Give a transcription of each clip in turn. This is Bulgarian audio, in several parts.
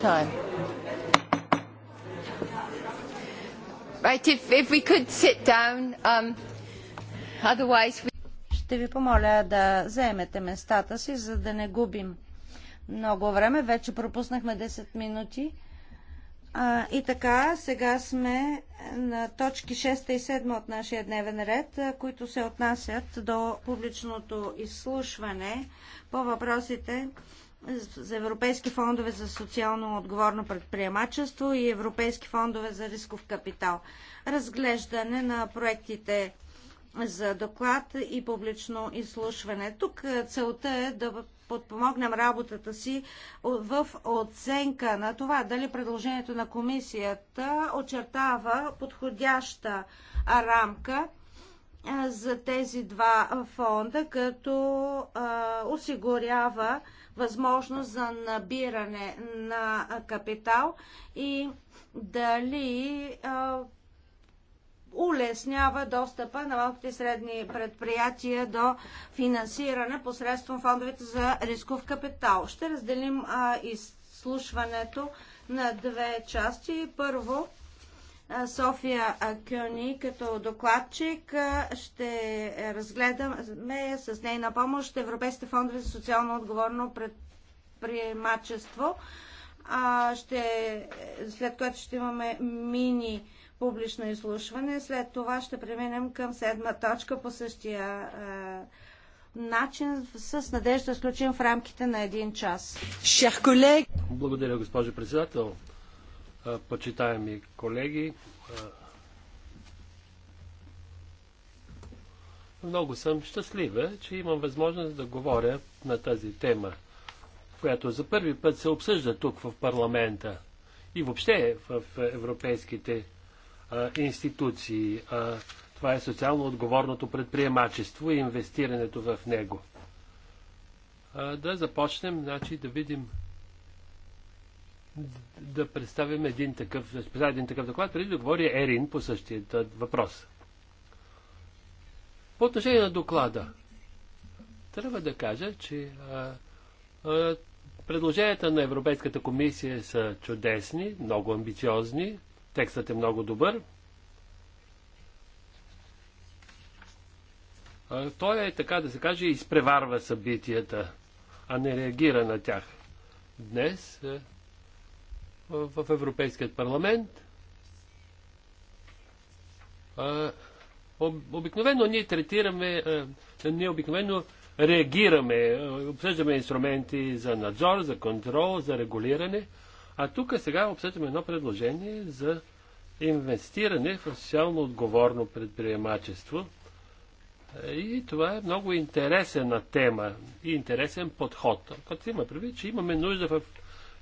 time. Right, if, if we could sit down, um, otherwise we... Ще ви помоля да заемете местата си, за да не губим много време. Вече пропуснахме 10 минути. А, и така, сега сме на точки 6 и 7 от нашия дневен ред, които се отнасят до публичното изслушване по въпросите за европейски фондове за социално отговорно предприемачество и европейски фондове за рисков капитал. Разглеждане на проектите за доклад и публично изслушване. Тук е, целта е да подпомогнем работата си в оценка на това дали предложението на комисията очертава подходяща рамка е, за тези два фонда, като е, осигурява възможност за набиране на капитал и дали улеснява достъпа на малките и средни предприятия до финансиране посредством фондовете за рисков капитал. Ще разделим а, изслушването на две части. Първо, София Кюни като докладчик. Ще разгледаме с нейна помощ Европейските фондове за социално отговорно предприемачество. Ще, след което ще имаме мини публично изслушване. След това ще преминем към седма точка по същия начин с надежда да сключим в рамките на един час. Благодаря, госпожо председател почитаеми колеги. Много съм щастлива, че имам възможност да говоря на тази тема, която за първи път се обсъжда тук в парламента и въобще в европейските а, институции. А, това е социално отговорното предприемачество и инвестирането в него. А, да започнем, значи да видим да представим един такъв, да един такъв доклад, преди да говори Ерин по същия въпрос. По отношение на доклада, трябва да кажа, че а, а, предложенията на Европейската комисия са чудесни, много амбициозни, текстът е много добър. А, той е, така да се каже, изпреварва събитията, а не реагира на тях. Днес в Европейският парламент. Обикновено ние третираме, ние обикновено реагираме, обсъждаме инструменти за надзор, за контрол, за регулиране, а тук сега обсъждаме едно предложение за инвестиране в социално отговорно предприемачество. И това е много интересена тема и интересен подход. Като има предвид, че имаме нужда в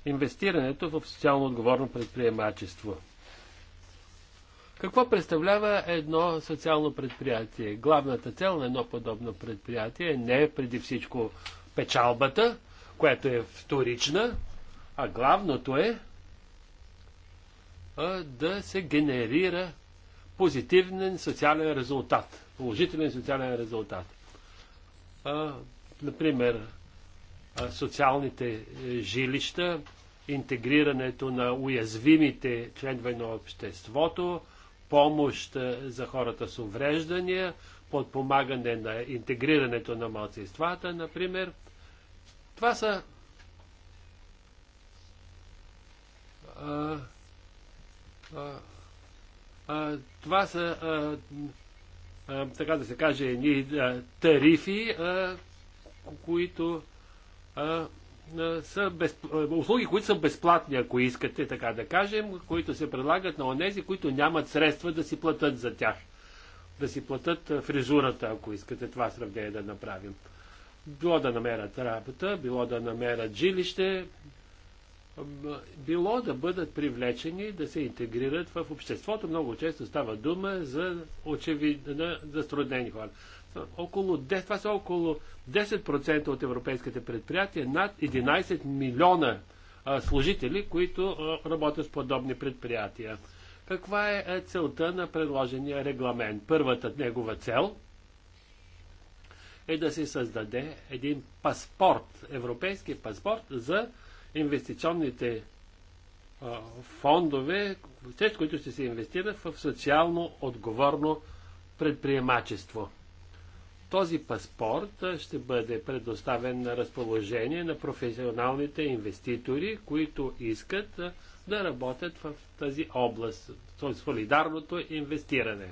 инвестирането в социално отговорно предприемачество. Какво представлява едно социално предприятие? Главната цел на едно подобно предприятие не е преди всичко печалбата, която е вторична, а главното е да се генерира позитивен социален резултат, положителен социален резултат. например, социалните е, жилища, интегрирането на уязвимите членове на обществото, помощ е, за хората с увреждания, подпомагане на интегрирането на малцинствата, например. Това са а, а, а, това са а, а, така да се каже едни а, тарифи, а, които са без, услуги, които са безплатни, ако искате, така да кажем, които се предлагат на онези, които нямат средства да си платят за тях. Да си платят фризурата, ако искате това сравнение да направим. Било да намерят работа, било да намерят жилище, било да бъдат привлечени, да се интегрират в обществото. Много често става дума за за струднени хора около това са около 10% от европейските предприятия, над 11 милиона а, служители, които а, работят с подобни предприятия. Каква е, е целта на предложения регламент? Първата негова цел е да се създаде един паспорт, европейски паспорт за инвестиционните фондове, чрез които ще се инвестира в социално отговорно предприемачество. Този паспорт ще бъде предоставен на разположение на професионалните инвеститори, които искат да работят в тази област, т.е. солидарното инвестиране.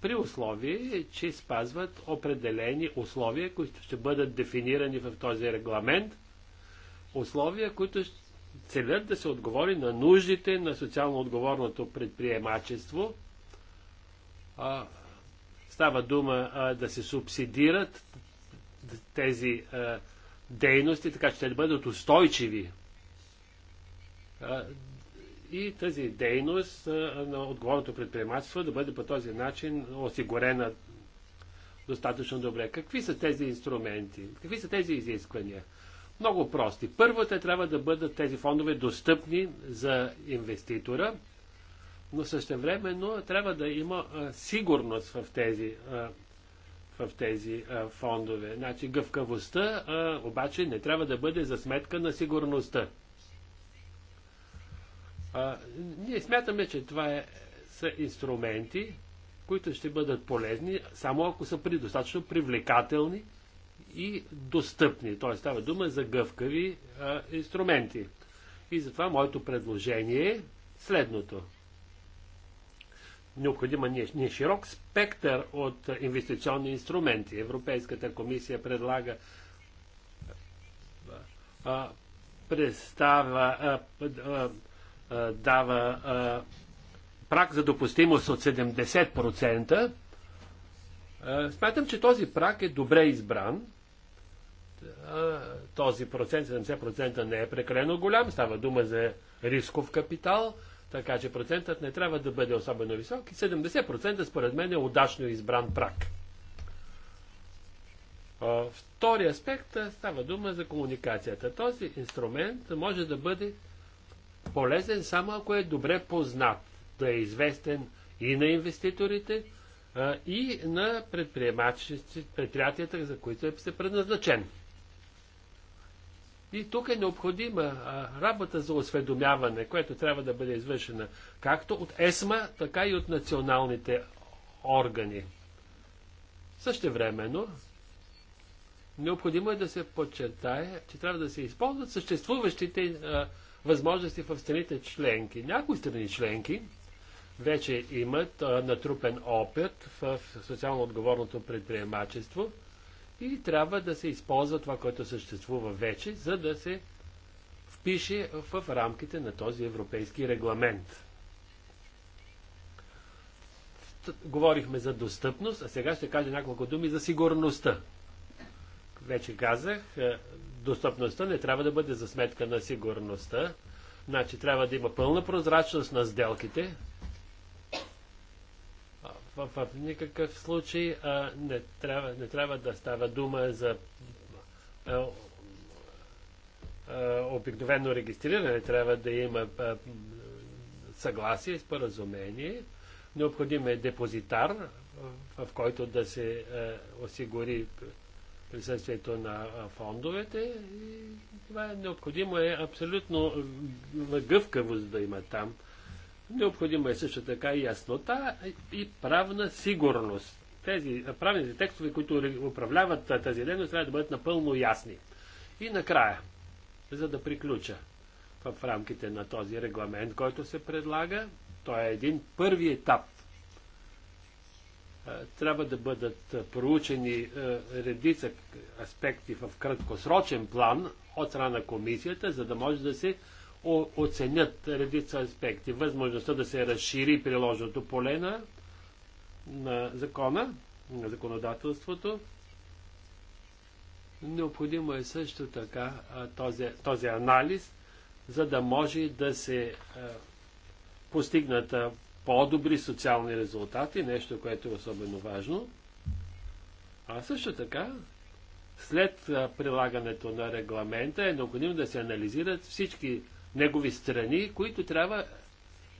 При условие, че спазват определени условия, които ще бъдат дефинирани в този регламент, условия, които целят да се отговори на нуждите на социално отговорното предприемачество – става дума а, да се субсидират тези а, дейности, така че те да бъдат устойчиви. А, и тази дейност а, на отговорното предприемачество да бъде по този начин осигурена достатъчно добре. Какви са тези инструменти? Какви са тези изисквания? Много прости. Първо, те трябва да бъдат тези фондове достъпни за инвеститора но същевременно трябва да има а, сигурност в тези, а, в тези а, фондове. Значи гъвкавостта а, обаче не трябва да бъде за сметка на сигурността. А, ние смятаме, че това е, са инструменти, които ще бъдат полезни само ако са при, достатъчно привлекателни и достъпни. Т.е. става дума за гъвкави а, инструменти. И затова моето предложение е следното – Необходима е ни широк спектър от инвестиционни инструменти. Европейската комисия предлага представа, дава прак за допустимост от 70%. смятам, че този прак е добре избран. този процент, 70% не е прекалено голям. Става дума за рисков капитал. Така че процентът не трябва да бъде особено висок. 70% според мен е удачно избран прак. Втори аспект става дума за комуникацията. Този инструмент може да бъде полезен само ако е добре познат, да е известен и на инвеститорите, и на предприемачите, предприятията, за които е предназначен. И тук е необходима работа за осведомяване, което трябва да бъде извършена както от ЕСМА, така и от националните органи. Същевременно, необходимо е да се подчертае, че трябва да се използват съществуващите възможности в страните членки. Някои страни членки вече имат натрупен опит в социално отговорното предприемачество – и трябва да се използва това, което съществува вече, за да се впише в рамките на този европейски регламент. Говорихме за достъпност, а сега ще кажа няколко думи за сигурността. Вече казах, е, достъпността не трябва да бъде за сметка на сигурността. Значи трябва да има пълна прозрачност на сделките, в, в никакъв случай а, не, трябва, не трябва да става дума за а, а, обикновено регистриране. Трябва да има а, съгласие, споразумение. Необходим е депозитар, в, в който да се а, осигури присъствието на фондовете. И това е необходимо е абсолютно гъвкавост да има там Необходима е също така и яснота и правна сигурност. Тези правните текстове, които управляват тази дейност, трябва да бъдат напълно ясни. И накрая, за да приключа в рамките на този регламент, който се предлага, той е един първи етап. Трябва да бъдат проучени редица аспекти в краткосрочен план от страна на комисията, за да може да се оценят редица аспекти. Възможността да се разшири приложното поле на, на закона, на законодателството. Необходимо е също така този, този анализ, за да може да се постигнат по-добри социални резултати, нещо, което е особено важно. А също така, след прилагането на регламента е необходимо да се анализират всички негови страни, които трябва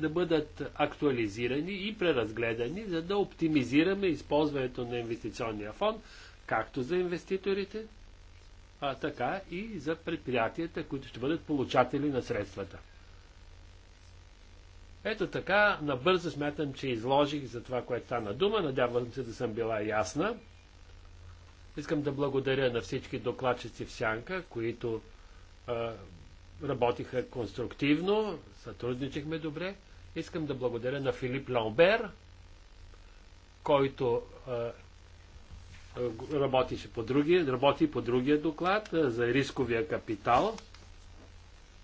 да бъдат актуализирани и преразгледани, за да оптимизираме използването на инвестиционния фонд, както за инвеститорите, а така и за предприятията, които ще бъдат получатели на средствата. Ето така, набързо смятам, че изложих за това, което стана дума. Надявам се да съм била ясна. Искам да благодаря на всички докладчици в Сянка, които а, работиха конструктивно, сътрудничихме добре. Искам да благодаря на Филип Ламбер, който а, работеше по другия, работи по другия доклад за рисковия капитал,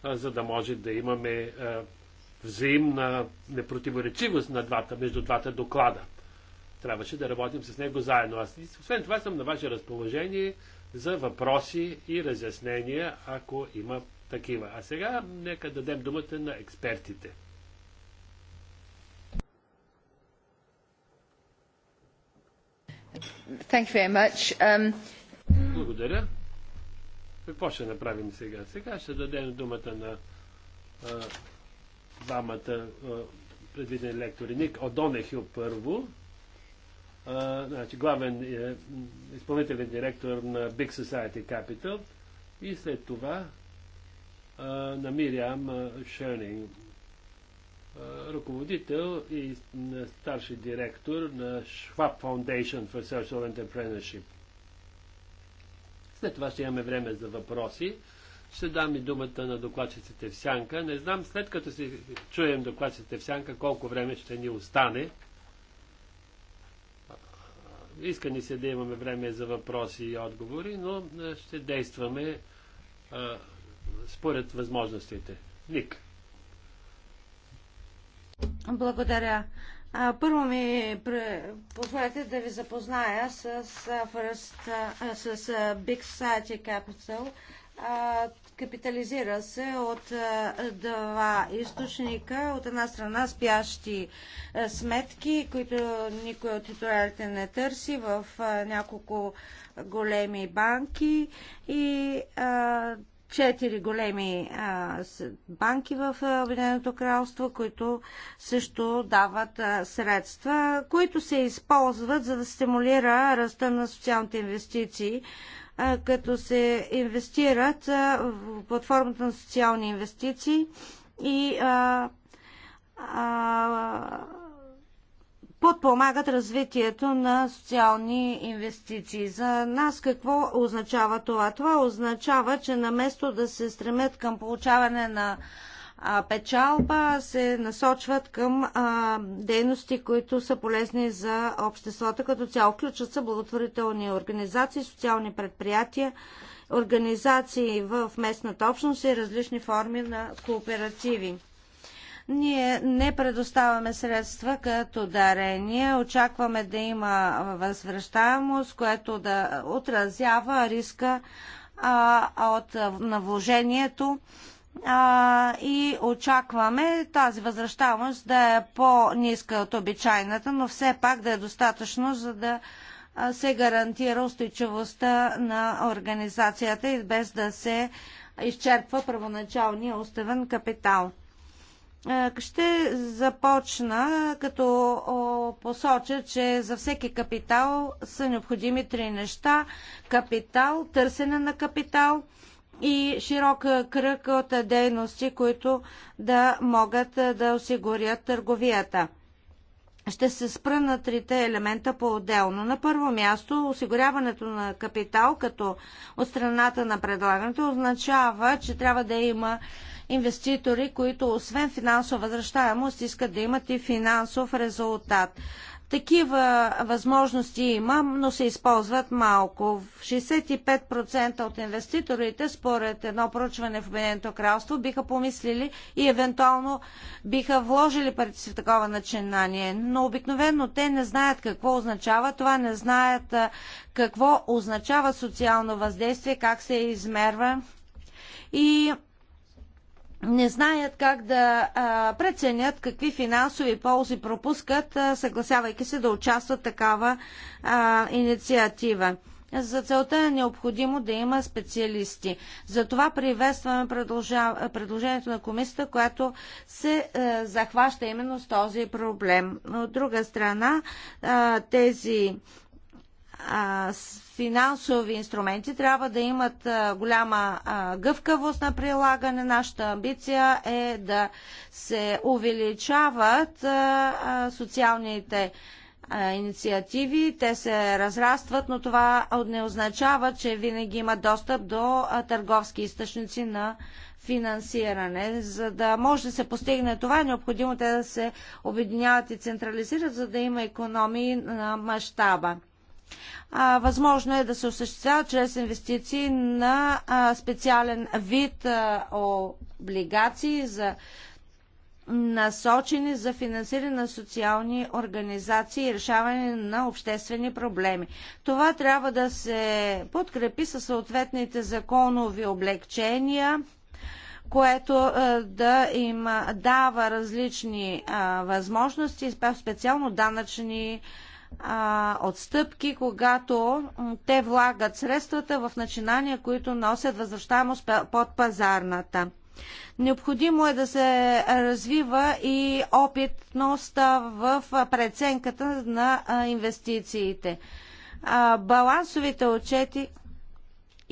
за да може да имаме взаимна непротиворечивост на двата, между двата доклада. Трябваше да работим с него заедно. Аз, освен това съм на ваше разположение за въпроси и разяснения, ако има такива. А сега нека дадем думата на експертите. Um... Благодаря. Какво ще направим сега? Сега ще дадем думата на а, двамата а, предвидени лектори. Ник Одонехил първо, а, значи, главен е, изпълнителен директор на Big Society Capital и след това на Мириам Шернинг, ръководител и старши директор на Schwab Foundation for Social Entrepreneurship. След това ще имаме време за въпроси. Ще дам и думата на докладчиците в сянка. Не знам, след като си чуем докладчиците в сянка, колко време ще ни остане. Иска ни се да имаме време за въпроси и отговори, но ще действаме според възможностите. Ник. Благодаря. Първо ми позволете да ви запозная с, First, с Big Society Capital. Капитализира се от два източника. От една страна спящи сметки, които никой от титулярите не търси в няколко големи банки и четири големи а, банки в Обединеното кралство, които също дават а, средства, които се използват за да стимулира ръста на социалните инвестиции, а, като се инвестират а, в платформата на социални инвестиции и а, а, подпомагат развитието на социални инвестиции. За нас какво означава това? Това означава, че наместо да се стремят към получаване на печалба, се насочват към а, дейности, които са полезни за обществото като цяло. Включват са благотворителни организации, социални предприятия, организации в местната общност и различни форми на кооперативи. Ние не предоставяме средства като дарение. Очакваме да има възвръщаемост, което да отразява риска а, от, навложението а, и очакваме тази възвръщаемост да е по-ниска от обичайната, но все пак да е достатъчно, за да се гарантира устойчивостта на организацията и без да се изчерпва първоначалния уставен капитал. Е, ще започна като посоча, че за всеки капитал са необходими три неща. Капитал, търсене на капитал и широк кръг от дейности, които да могат е, да осигурят търговията. Ще се спра на трите елемента по-отделно. На първо място, осигуряването на капитал като от страната на предлагането означава, че трябва да има инвеститори, които освен финансова възвръщаемост искат да имат и финансов резултат. Такива възможности има, но се използват малко. 65% от инвеститорите, според едно проучване в Обединеното кралство, биха помислили и евентуално биха вложили парите си в такова начинание. Но обикновено те не знаят какво означава това, не знаят какво означава социално въздействие, как се измерва. И не знаят как да а, преценят какви финансови ползи пропускат, а, съгласявайки се да участват такава а, инициатива. За целта е необходимо да има специалисти. Затова приветстваме предложението на комисията, което се е, захваща именно с този проблем. От друга страна, е, тези е, финансови инструменти трябва да имат голяма гъвкавост на прилагане. Нашата амбиция е да се увеличават социалните инициативи. Те се разрастват, но това не означава, че винаги има достъп до търговски източници на финансиране. За да може да се постигне това, е необходимо те да се обединяват и централизират, за да има економии на мащаба а, възможно е да се осъществява чрез инвестиции на а, специален вид а, облигации за насочени за финансиране на социални организации и решаване на обществени проблеми. Това трябва да се подкрепи със съответните законови облегчения, което да им дава различни а, възможности, специално данъчни а, а, отстъпки, когато те влагат средствата в начинания, които носят възвръщаемост под пазарната. Необходимо е да се развива и опитността в преценката на инвестициите. Балансовите отчети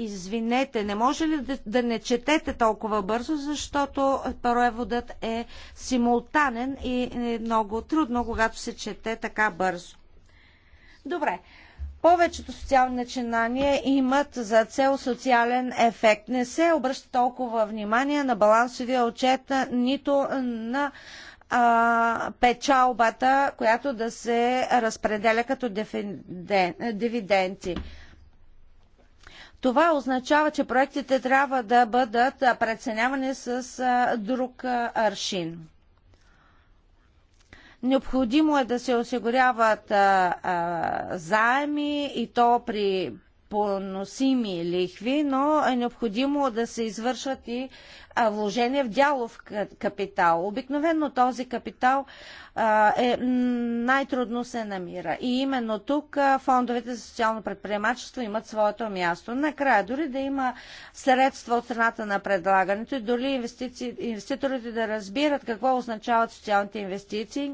Извинете, не може ли да, да не четете толкова бързо, защото проеводът е симултанен и е много трудно, когато се чете така бързо. Добре. Повечето социални начинания имат за цел социален ефект. Не се обръща толкова внимание на балансовия отчет, нито на а, печалбата, която да се разпределя като дивиденти. Това означава, че проектите трябва да бъдат преценявани с друг аршин. Необходимо е да се осигуряват а, а, заеми и то при поносими лихви, но е необходимо да се извършват и вложения в дялов капитал. Обикновено този капитал а, е, най-трудно се намира. И именно тук а, фондовете за социално предприемачество имат своето място. Накрая, дори да има средства от страната на предлагането и дори инвеститорите да разбират какво означават социалните инвестиции,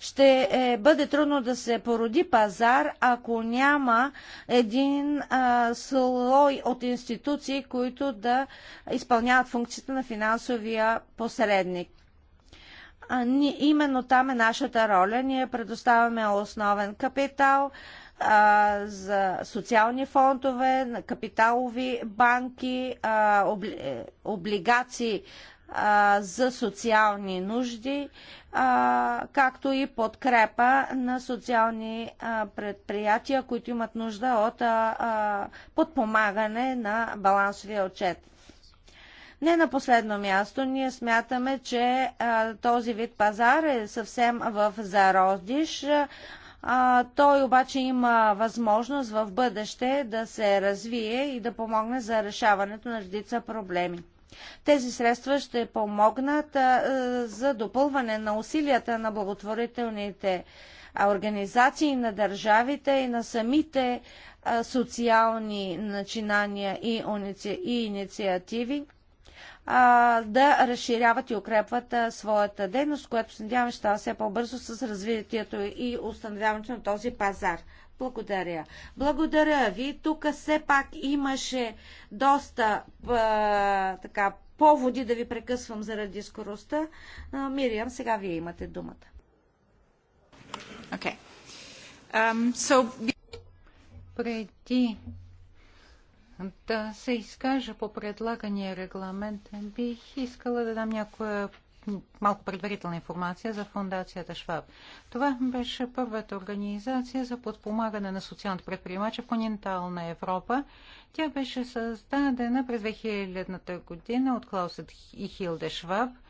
ще е, бъде трудно да се породи пазар, ако няма един а, слой от институции, които да изпълняват функцията на финансовия посредник именно там е нашата роля. Ние предоставяме основен капитал а, за социални фондове, капиталови банки, а, обли, е, облигации за социални нужди, както и подкрепа на социални предприятия, които имат нужда от подпомагане на балансовия отчет. Не на последно място, ние смятаме, че а, този вид пазар е съвсем в зародиш. А, той обаче има възможност в бъдеще да се развие и да помогне за решаването на редица проблеми. Тези средства ще помогнат за допълване на усилията на благотворителните организации, на държавите и на самите социални начинания и, уници... и инициативи а, да разширяват и укрепват а, своята дейност, която се надяваме ще става все по-бързо с развитието и установяването на този пазар. Благодаря. Благодаря ви. Тук все пак имаше доста а, така, поводи да ви прекъсвам заради скоростта. А, Мириам, сега вие имате думата. Okay. Um, so... Преди да се изкажа по предлагания регламент, бих искала да дам някоя малко предварителна информация за фундацията Шваб. Това беше първата организация за подпомагане на социалните предприемачи в континентална Европа. Тя беше създадена през 2000-та година от Клаусът и Хилде Шваб –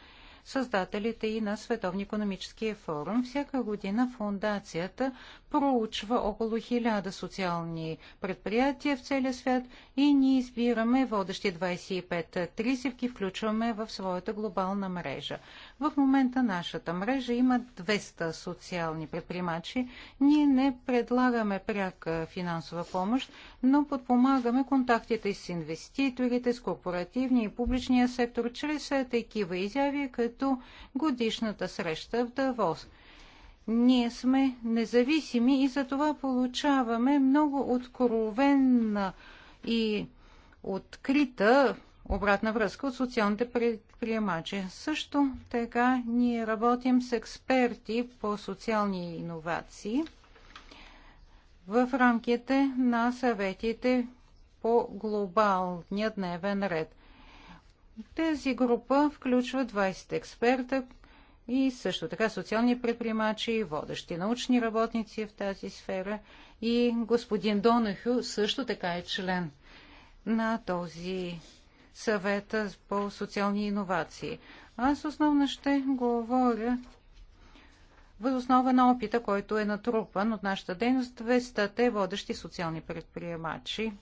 създателите и на Световния економически форум. Всяка година фундацията проучва около 1000 социални предприятия в целия свят и ние избираме водещи 25 трисивки, включваме в своята глобална мрежа. В момента нашата мрежа има 200 социални предприемачи. Ние не предлагаме пряка финансова помощ, но подпомагаме контактите с инвеститорите, с корпоративния и публичния сектор чрез такива изяви, като годишната среща в Давос. Ние сме независими и за това получаваме много откровенна и открита обратна връзка от социалните предприемачи. Също така ние работим с експерти по социални иновации в рамките на съветите по глобалния дневен ред. Тези група включва 20 експерта и също така социални предприемачи, водещи научни работници в тази сфера и господин Донахю също така е член на този съвета по социални иновации. Аз основно ще говоря въз основа на опита, който е натрупан от нашата дейност 200-те водещи социални предприемачи.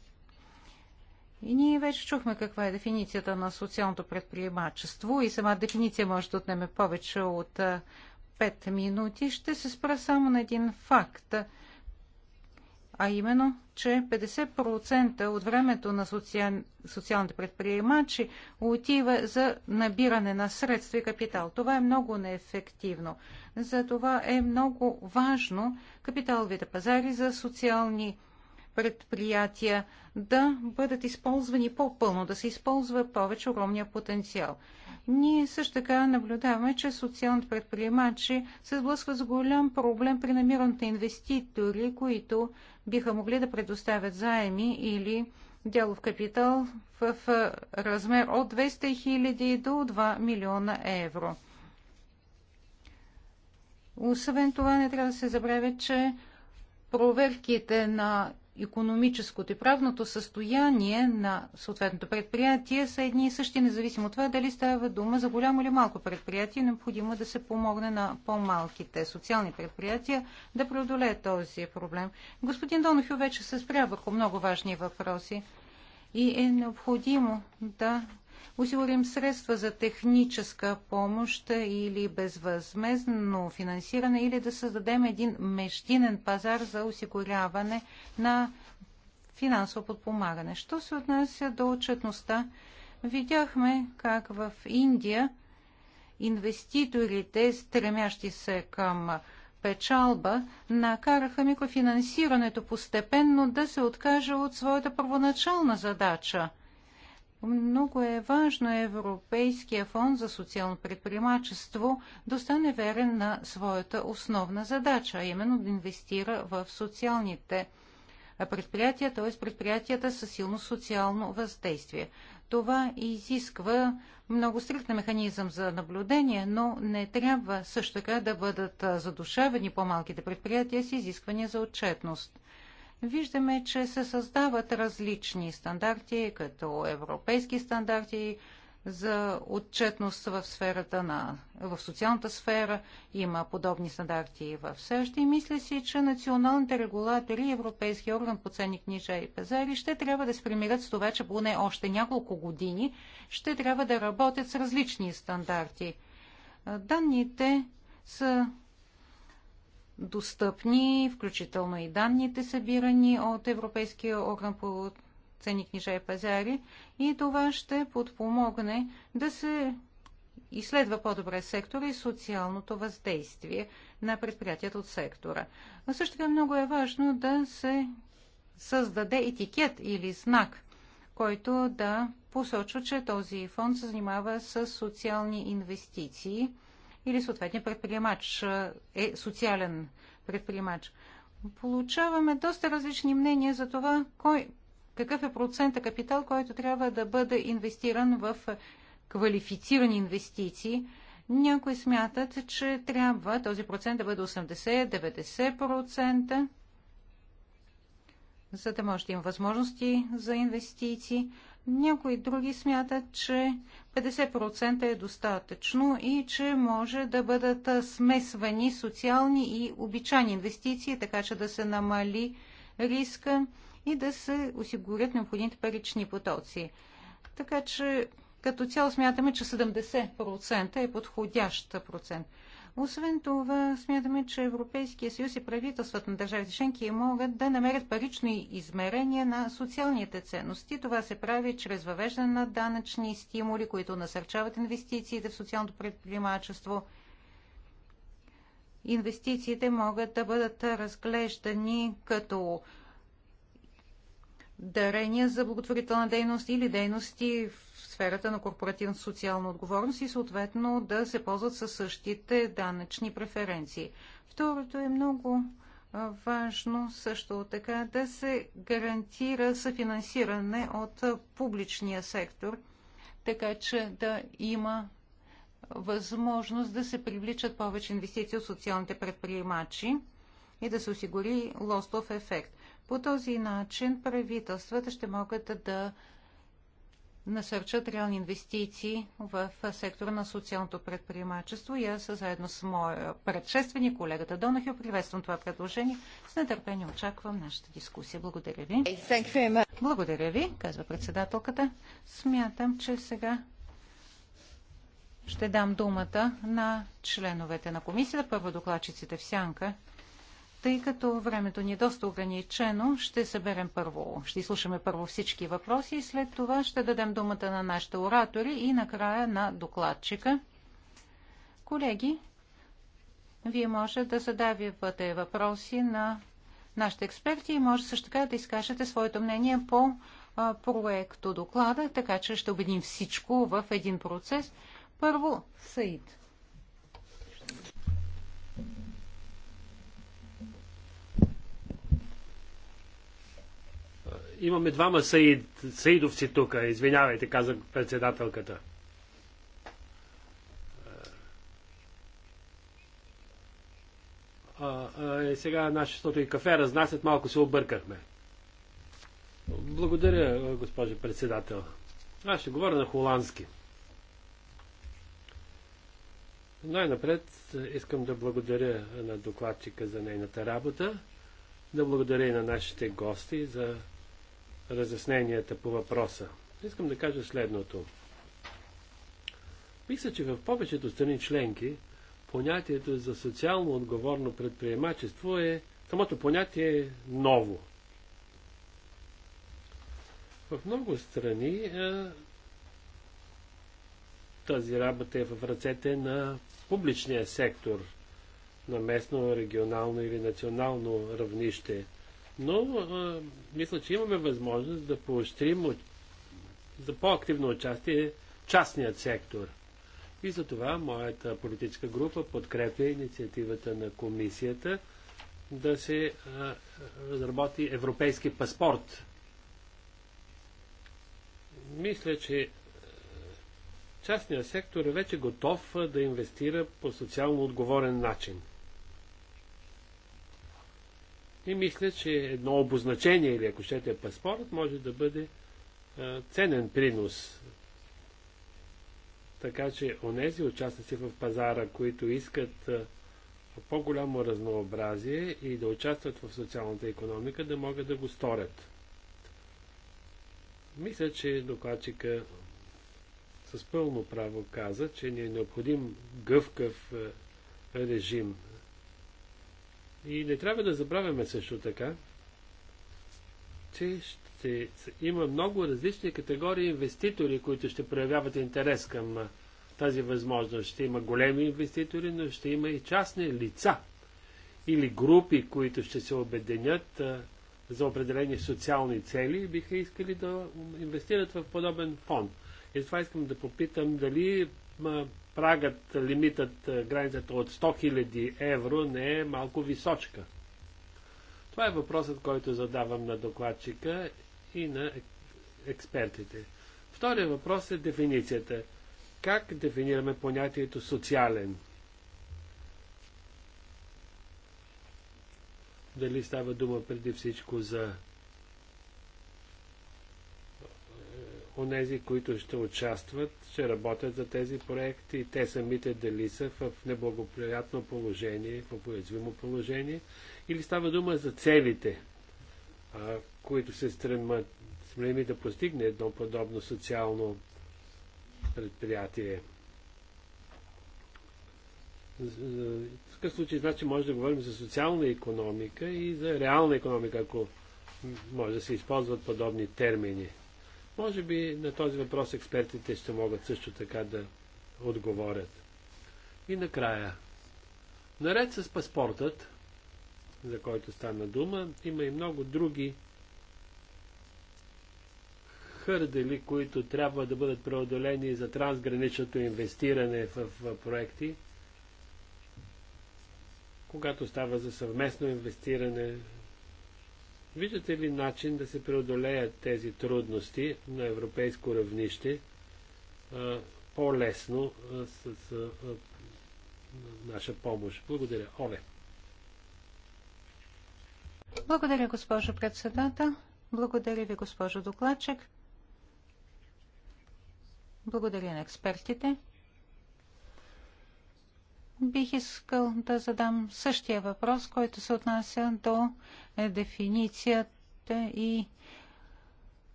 И ние вече чухме каква е дефиницията на социалното предприемачество и сама дефиниция може да отнеме повече от 5 минути. Ще се спра само на един факт – а именно, че 50% от времето на социал... социалните предприемачи отива за набиране на средства и капитал. Това е много неефективно. Затова е много важно капиталовите пазари за социални предприятия да бъдат използвани по-пълно, да се използва повече огромния потенциал. Ние също така наблюдаваме, че социалните предприемачи се сблъскват с голям проблем при намирането на инвеститори, които биха могли да предоставят заеми или дялов капитал в размер от 200 000 до 2 милиона евро. Освен това, не трябва да се забравя, че проверките на економическото и правното състояние на съответното предприятие са едни и същи, независимо от това дали става дума за голямо или малко предприятие. Необходимо да се помогне на по-малките социални предприятия да преодолее този проблем. Господин Донохю вече се спря върху много важни въпроси и е необходимо да осигурим средства за техническа помощ или безвъзмезно финансиране, или да създадем един мещинен пазар за осигуряване на финансово подпомагане. Що се отнася до отчетността, видяхме как в Индия инвеститорите, стремящи се към печалба, накараха микрофинансирането постепенно да се откаже от своята първоначална задача – много е важно Европейския фонд за социално предприемачество да стане верен на своята основна задача, а именно да инвестира в социалните предприятия, т.е. предприятията със силно социално въздействие. Това изисква много стриктен механизъм за наблюдение, но не трябва също така да бъдат задушавани по-малките предприятия с изисквания за отчетност виждаме, че се създават различни стандарти, като европейски стандарти за отчетност в сферата на, в социалната сфера. Има подобни стандарти в САЩ и мисля си, че националните регулатори и Европейски орган по ценни книжа и пазари ще трябва да се примирят с това, че поне още няколко години ще трябва да работят с различни стандарти. Данните са достъпни, включително и данните събирани от Европейския орган по цени книжа и пазари и това ще подпомогне да се изследва по-добре сектора и социалното въздействие на предприятията от сектора. А също така много е важно да се създаде етикет или знак, който да посочва, че този фонд се занимава с социални инвестиции – или съответния предприемач е социален предприемач. Получаваме доста различни мнения за това кой, какъв е процента капитал, който трябва да бъде инвестиран в квалифицирани инвестиции. Някои смятат, че трябва този процент да бъде 80-90%, за да може да има възможности за инвестиции. Някои други смятат, че 50% е достатъчно и че може да бъдат смесвани социални и обичайни инвестиции, така че да се намали риска и да се осигурят необходимите парични потоци. Така че като цяло смятаме, че 70% е подходящ процент. Освен това, смятаме, че Европейския съюз и правителствата на държавите членки могат да намерят парично измерения на социалните ценности. Това се прави чрез въвеждане на данъчни стимули, които насърчават инвестициите в социалното предприемачество. Инвестициите могат да бъдат разглеждани като дарения за благотворителна дейност или дейности в сферата на корпоративна социална отговорност и съответно да се ползват със същите данъчни преференции. Второто е много важно също така да се гарантира съфинансиране от публичния сектор, така че да има възможност да се привличат повече инвестиции от социалните предприемачи и да се осигури лостов ефект. По този начин правителствата ще могат да насърчат реални инвестиции в сектора на социалното предприемачество и аз заедно с моя предшественик, колегата Донахил, приветствам това предложение. С нетърпение очаквам нашата дискусия. Благодаря ви. Благодаря ви, казва председателката. Смятам, че сега ще дам думата на членовете на комисията, първо докладчиците в сянка. Тъй като времето ни е доста ограничено, ще съберем първо, ще изслушаме първо всички въпроси и след това ще дадем думата на нашите оратори и накрая на докладчика. Колеги, вие може да задавате въпроси на нашите експерти и може също така да изкажете своето мнение по проекто доклада, така че ще обедим всичко в един процес. Първо, Саид. имаме двама саид, саидовци тук. Извинявайте, каза председателката. А, а, е, сега нашето и кафе разнасят, малко се объркахме. Благодаря, госпожо председател. Аз ще говоря на холандски. Най-напред искам да благодаря на докладчика за нейната работа, да благодаря и на нашите гости за разясненията по въпроса. Искам да кажа следното. Мисля, че в повечето страни членки понятието за социално отговорно предприемачество е самото понятие е ново. В много страни е, тази работа е в ръцете на публичния сектор на местно, регионално или национално равнище – но а, мисля, че имаме възможност да поощрим от, за по-активно участие частният сектор. И за това моята политическа група подкрепя инициативата на комисията да се а, разработи европейски паспорт. Мисля, че частният сектор е вече готов да инвестира по социално отговорен начин. И мисля, че едно обозначение или ако щете паспорт може да бъде а, ценен принос. Така че онези участници в пазара, които искат по-голямо разнообразие и да участват в социалната економика, да могат да го сторят. Мисля, че докладчика с пълно право каза, че ни е необходим гъвкав режим и не трябва да забравяме също така, че ще има много различни категории инвеститори, които ще проявяват интерес към тази възможност. Ще има големи инвеститори, но ще има и частни лица или групи, които ще се обединят за определени социални цели и биха искали да инвестират в подобен фонд. И това искам да попитам дали прагът, лимитът, е, границата от 100 000 евро не е малко височка. Това е въпросът, който задавам на докладчика и на експертите. Втория въпрос е дефиницията. Как дефинираме понятието социален? Дали става дума преди всичко за онези, които ще участват, ще работят за тези проекти и те самите дали са в неблагоприятно положение, в уязвимо положение, или става дума за целите, а, които се стремат, стреми да постигне едно подобно социално предприятие. В такъв случай, значи, може да говорим за социална економика и за реална економика, ако може да се използват подобни термини. Може би на този въпрос експертите ще могат също така да отговорят. И накрая. Наред с паспортът, за който стана дума, има и много други хърдели, които трябва да бъдат преодолени за трансграничното инвестиране в, проекти, когато става за съвместно инвестиране Виждате ли начин да се преодолеят тези трудности на европейско равнище по-лесно с, с с наша помощ? Благодаря. Оле. Благодаря, госпожо председател. Благодаря ви, госпожо докладчик. Благодаря на експертите. Бих искал да задам същия въпрос, който се отнася до е, дефиницията и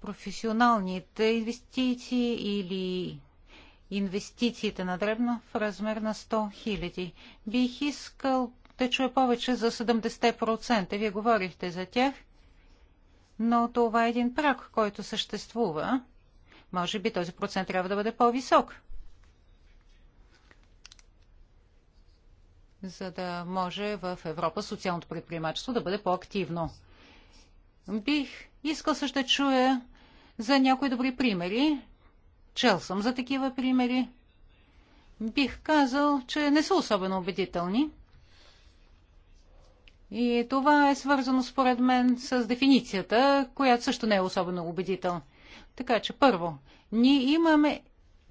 професионалните инвестиции или инвестициите на дребно в размер на 100 хиляди. Бих искал да чуя повече за 70%. Вие говорихте за тях, но това е един прак, който съществува. Може би този процент трябва да бъде по-висок. за да може в Европа социалното предприемачество да бъде по-активно. Бих искал също да чуя за някои добри примери. Чел съм за такива примери. Бих казал, че не са особено убедителни. И това е свързано според мен с дефиницията, която също не е особено убедителна. Така че първо, ние имаме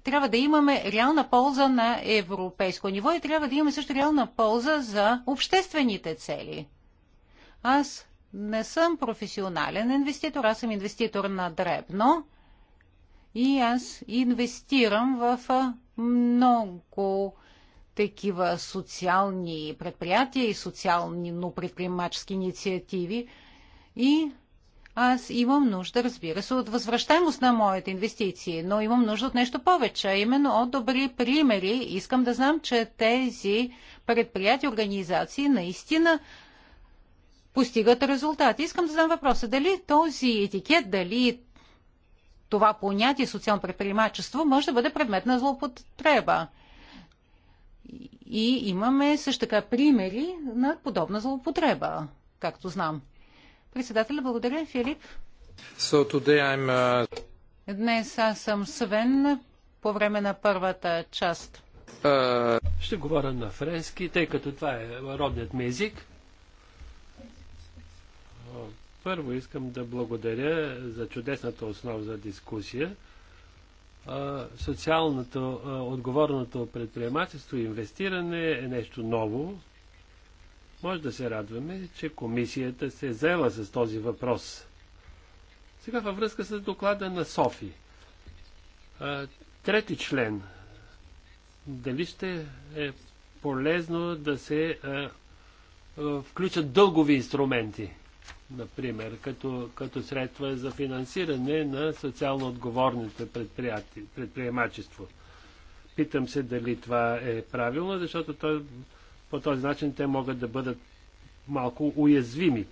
трябва да имаме реална полза на европейско ниво и трябва да имаме също реална полза за обществените цели. Аз не съм професионален инвеститор, аз съм инвеститор на дребно и аз инвестирам в много такива социални предприятия и социални, но предприемачески инициативи. И аз имам нужда, разбира се, от възвръщаемост на моите инвестиции, но имам нужда от нещо повече, именно от добри примери. Искам да знам, че тези предприятия, организации наистина постигат резултати. Искам да знам въпроса, дали този етикет, дали това понятие социално предприемачество може да бъде предмет на злоупотреба. И имаме също така примери на подобна злоупотреба, както знам. Председателя, благодаря, Филип. So today I'm, uh... Днес аз съм Свен по време на първата част. Uh... Ще говоря на френски, тъй като това е родният ми език. Първо искам да благодаря за чудесната основа за дискусия. Социалното, отговорното предприемачество и инвестиране е нещо ново, може да се радваме, че комисията се е заела с този въпрос. Сега във връзка с доклада на Софи. Трети член. Дали ще е полезно да се включат дългови инструменти, например, като, като средства за финансиране на социално отговорните предприемачество. Питам се дали това е правилно, защото той. По този начин те могат да бъдат малко уязвими.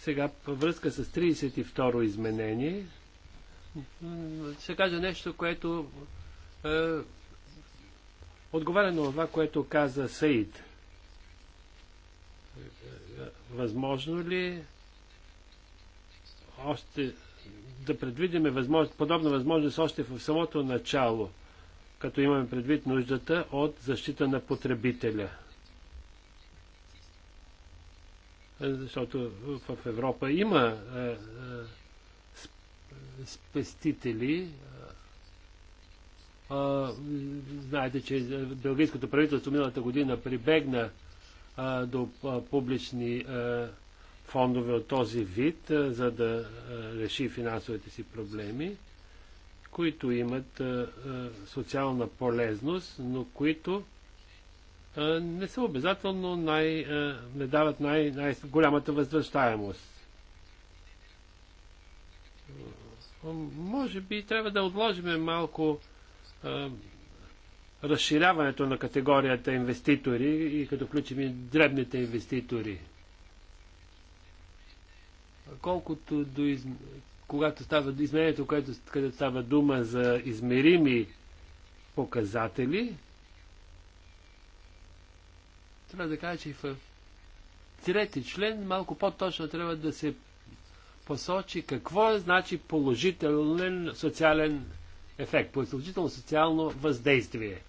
Сега, във връзка с 32-ро изменение, ще кажа нещо, което е, отговаря на това, което каза Саид. Възможно ли още да предвидиме възможно, подобна възможност още в самото начало – като имаме предвид нуждата от защита на потребителя. Защото в Европа има е, е, спестители. Е, знаете, че белгийското правителство миналата година прибегна до публични фондове от този вид, за да реши финансовите си проблеми които имат социална полезност, но които не са обязателно най, не дават най, най-голямата възвръщаемост. Може би трябва да отложим малко а, разширяването на категорията инвеститори и като включим и дребните инвеститори. Колкото до из когато става измерението, което, където става дума за измерими показатели, трябва да кажа, че в трети член малко по-точно трябва да се посочи какво е, значи положителен социален ефект, положително социално въздействие.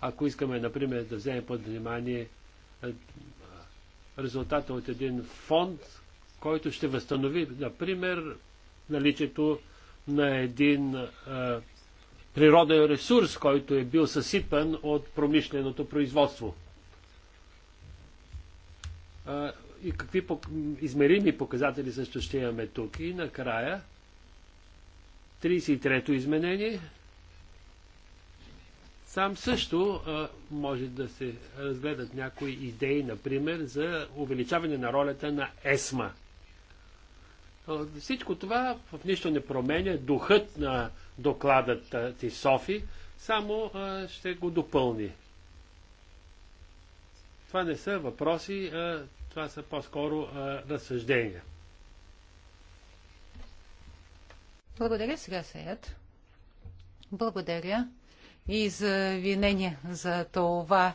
Ако искаме, например, да вземем под внимание резултата от един фонд, който ще възстанови, например, наличието на един а, природен ресурс, който е бил съсипан от промишленото производство. А, и какви измерими показатели също ще имаме тук. И накрая, 33-то изменение. Сам също а, може да се разгледат някои идеи, например, за увеличаване на ролята на ЕСМА – всичко това в нищо не променя духът на докладът ти Софи, само ще го допълни. Това не са въпроси, това са по-скоро разсъждения. Благодаря сега, Сеят. Благодаря и за винение за това,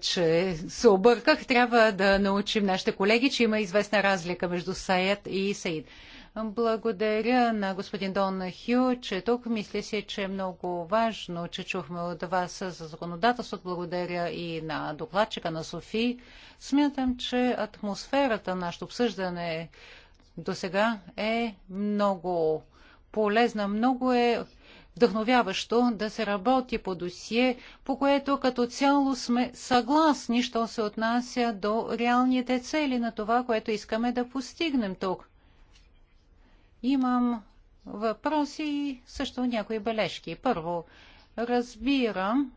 че се обърках. Трябва да научим нашите колеги, че има известна разлика между Саед и Саид. Благодаря на господин Дон Хю, че тук мисля си, че е много важно, че чухме от вас за законодателството. Благодаря и на докладчика на Софи. Смятам, че атмосферата на нашето обсъждане до сега е много полезна. Много е вдъхновяващо да се работи по досие, по което като цяло сме съгласни, що се отнася до реалните цели на това, което искаме да постигнем тук. Имам въпроси и също някои бележки. Първо, разбирам,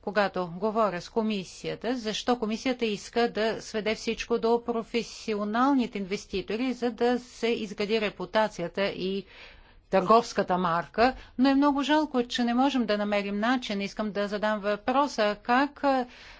когато говоря с комисията, защо комисията иска да сведе всичко до професионалните инвеститори, за да се изгради репутацията и търговската марка, но е много жалко, че не можем да намерим начин. Искам да задам въпроса как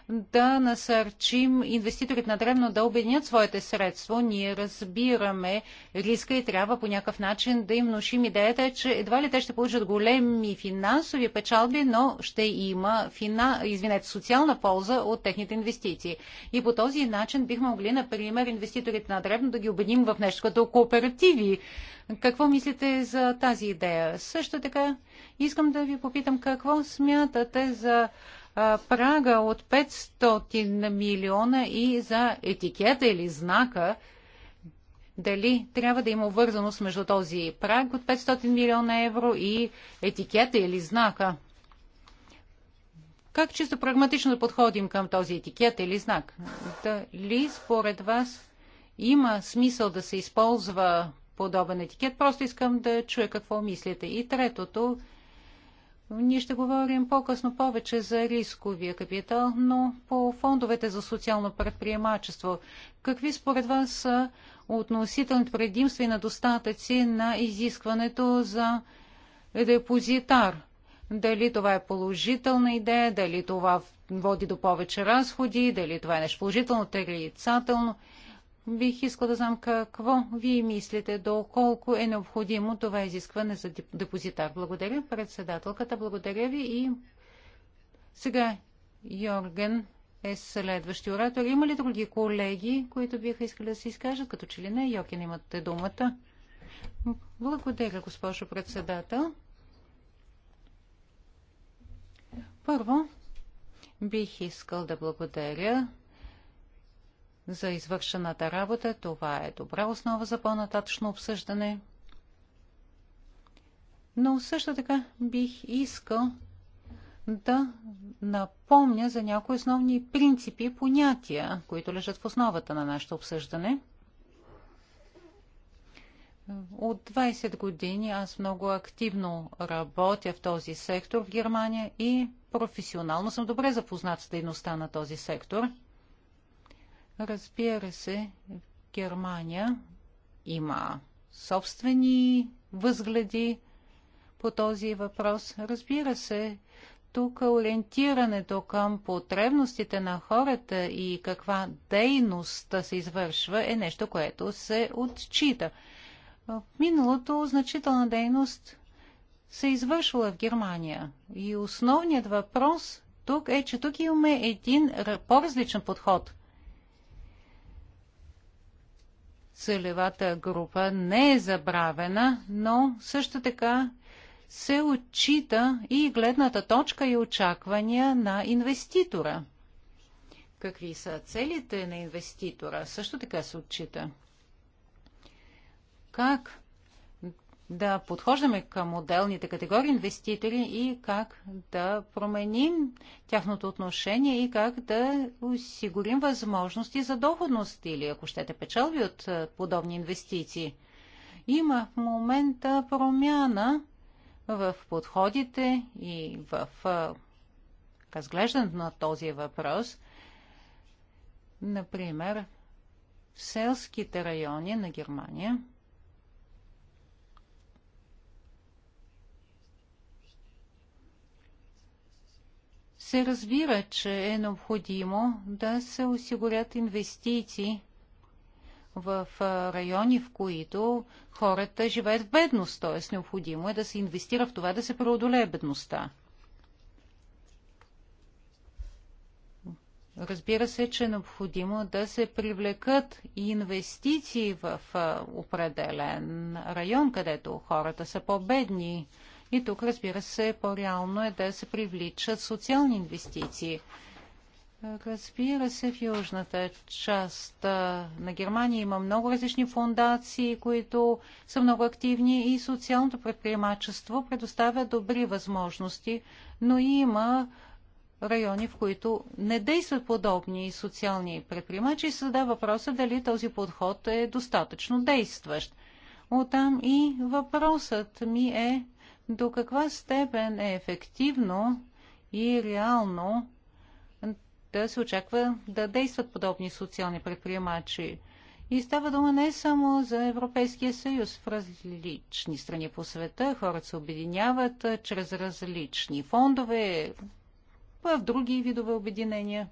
да насърчим инвеститорите на древно да обединят своите средства. Ние разбираме риска и трябва по някакъв начин да им внушим идеята, че едва ли те ще получат големи финансови печалби, но ще има фина... извинете, социална полза от техните инвестиции. И по този начин бихме могли, например, инвеститорите на древно да ги обединим в нещо като кооперативи какво мислите за тази идея? Също така искам да ви попитам какво смятате за прага от 500 милиона и за етикета или знака, дали трябва да има вързаност между този праг от 500 милиона евро и етикета или знака. Как чисто прагматично да подходим към този етикет или знак? Дали според вас има смисъл да се използва подобен етикет. Просто искам да чуя какво мислите. И третото, ние ще говорим по-късно повече за рисковия капитал, но по фондовете за социално предприемачество. Какви според вас са относителните предимства и недостатъци на изискването за депозитар? Дали това е положителна идея, дали това води до повече разходи, дали това е нещо положително, отрицателно. Бих искал да знам какво вие мислите, доколко е необходимо това изискване за депозитар. Благодаря, председателката. Благодаря ви и сега Йорген е следващия оратор. Има ли други колеги, които биха искали да се изкажат? Като че ли не, Йорген имате думата. Благодаря, госпожо председател. Първо, бих искал да благодаря за извършената работа. Това е добра основа за по-нататъчно обсъждане. Но също така бих искал да напомня за някои основни принципи и понятия, които лежат в основата на нашето обсъждане. От 20 години аз много активно работя в този сектор в Германия и професионално съм добре запознат с дейността на този сектор – Разбира се, Германия има собствени възгледи по този въпрос. Разбира се, тук ориентирането към потребностите на хората и каква дейност се извършва е нещо, което се отчита. В миналото значителна дейност се извършвала в Германия. И основният въпрос тук е, че тук имаме един по-различен подход – целевата група не е забравена, но също така се отчита и гледната точка и очаквания на инвеститора. Какви са целите на инвеститора? Също така се отчита. Как да подхождаме към отделните категории инвеститори и как да променим тяхното отношение и как да осигурим възможности за доходност или, ако щете, печалби от подобни инвестиции. Има в момента промяна в подходите и в разглеждането на този въпрос. Например, в селските райони на Германия – се разбира, че е необходимо да се осигурят инвестиции в райони, в които хората живеят в бедност, т.е. необходимо е да се инвестира в това да се преодолее бедността. Разбира се, че е необходимо да се привлекат инвестиции в определен район, където хората са по-бедни. И тук, разбира се, по-реално е да се привличат социални инвестиции. Разбира се, в южната част на Германия има много различни фундации, които са много активни и социалното предприемачество предоставя добри възможности, но има райони, в които не действат подобни социални предприемачи и създава задава въпроса дали този подход е достатъчно действащ. Оттам и въпросът ми е до каква степен е ефективно и реално да се очаква да действат подобни социални предприемачи. И става дума не само за Европейския съюз. В различни страни по света хората се объединяват чрез различни фондове, в други видове обединения.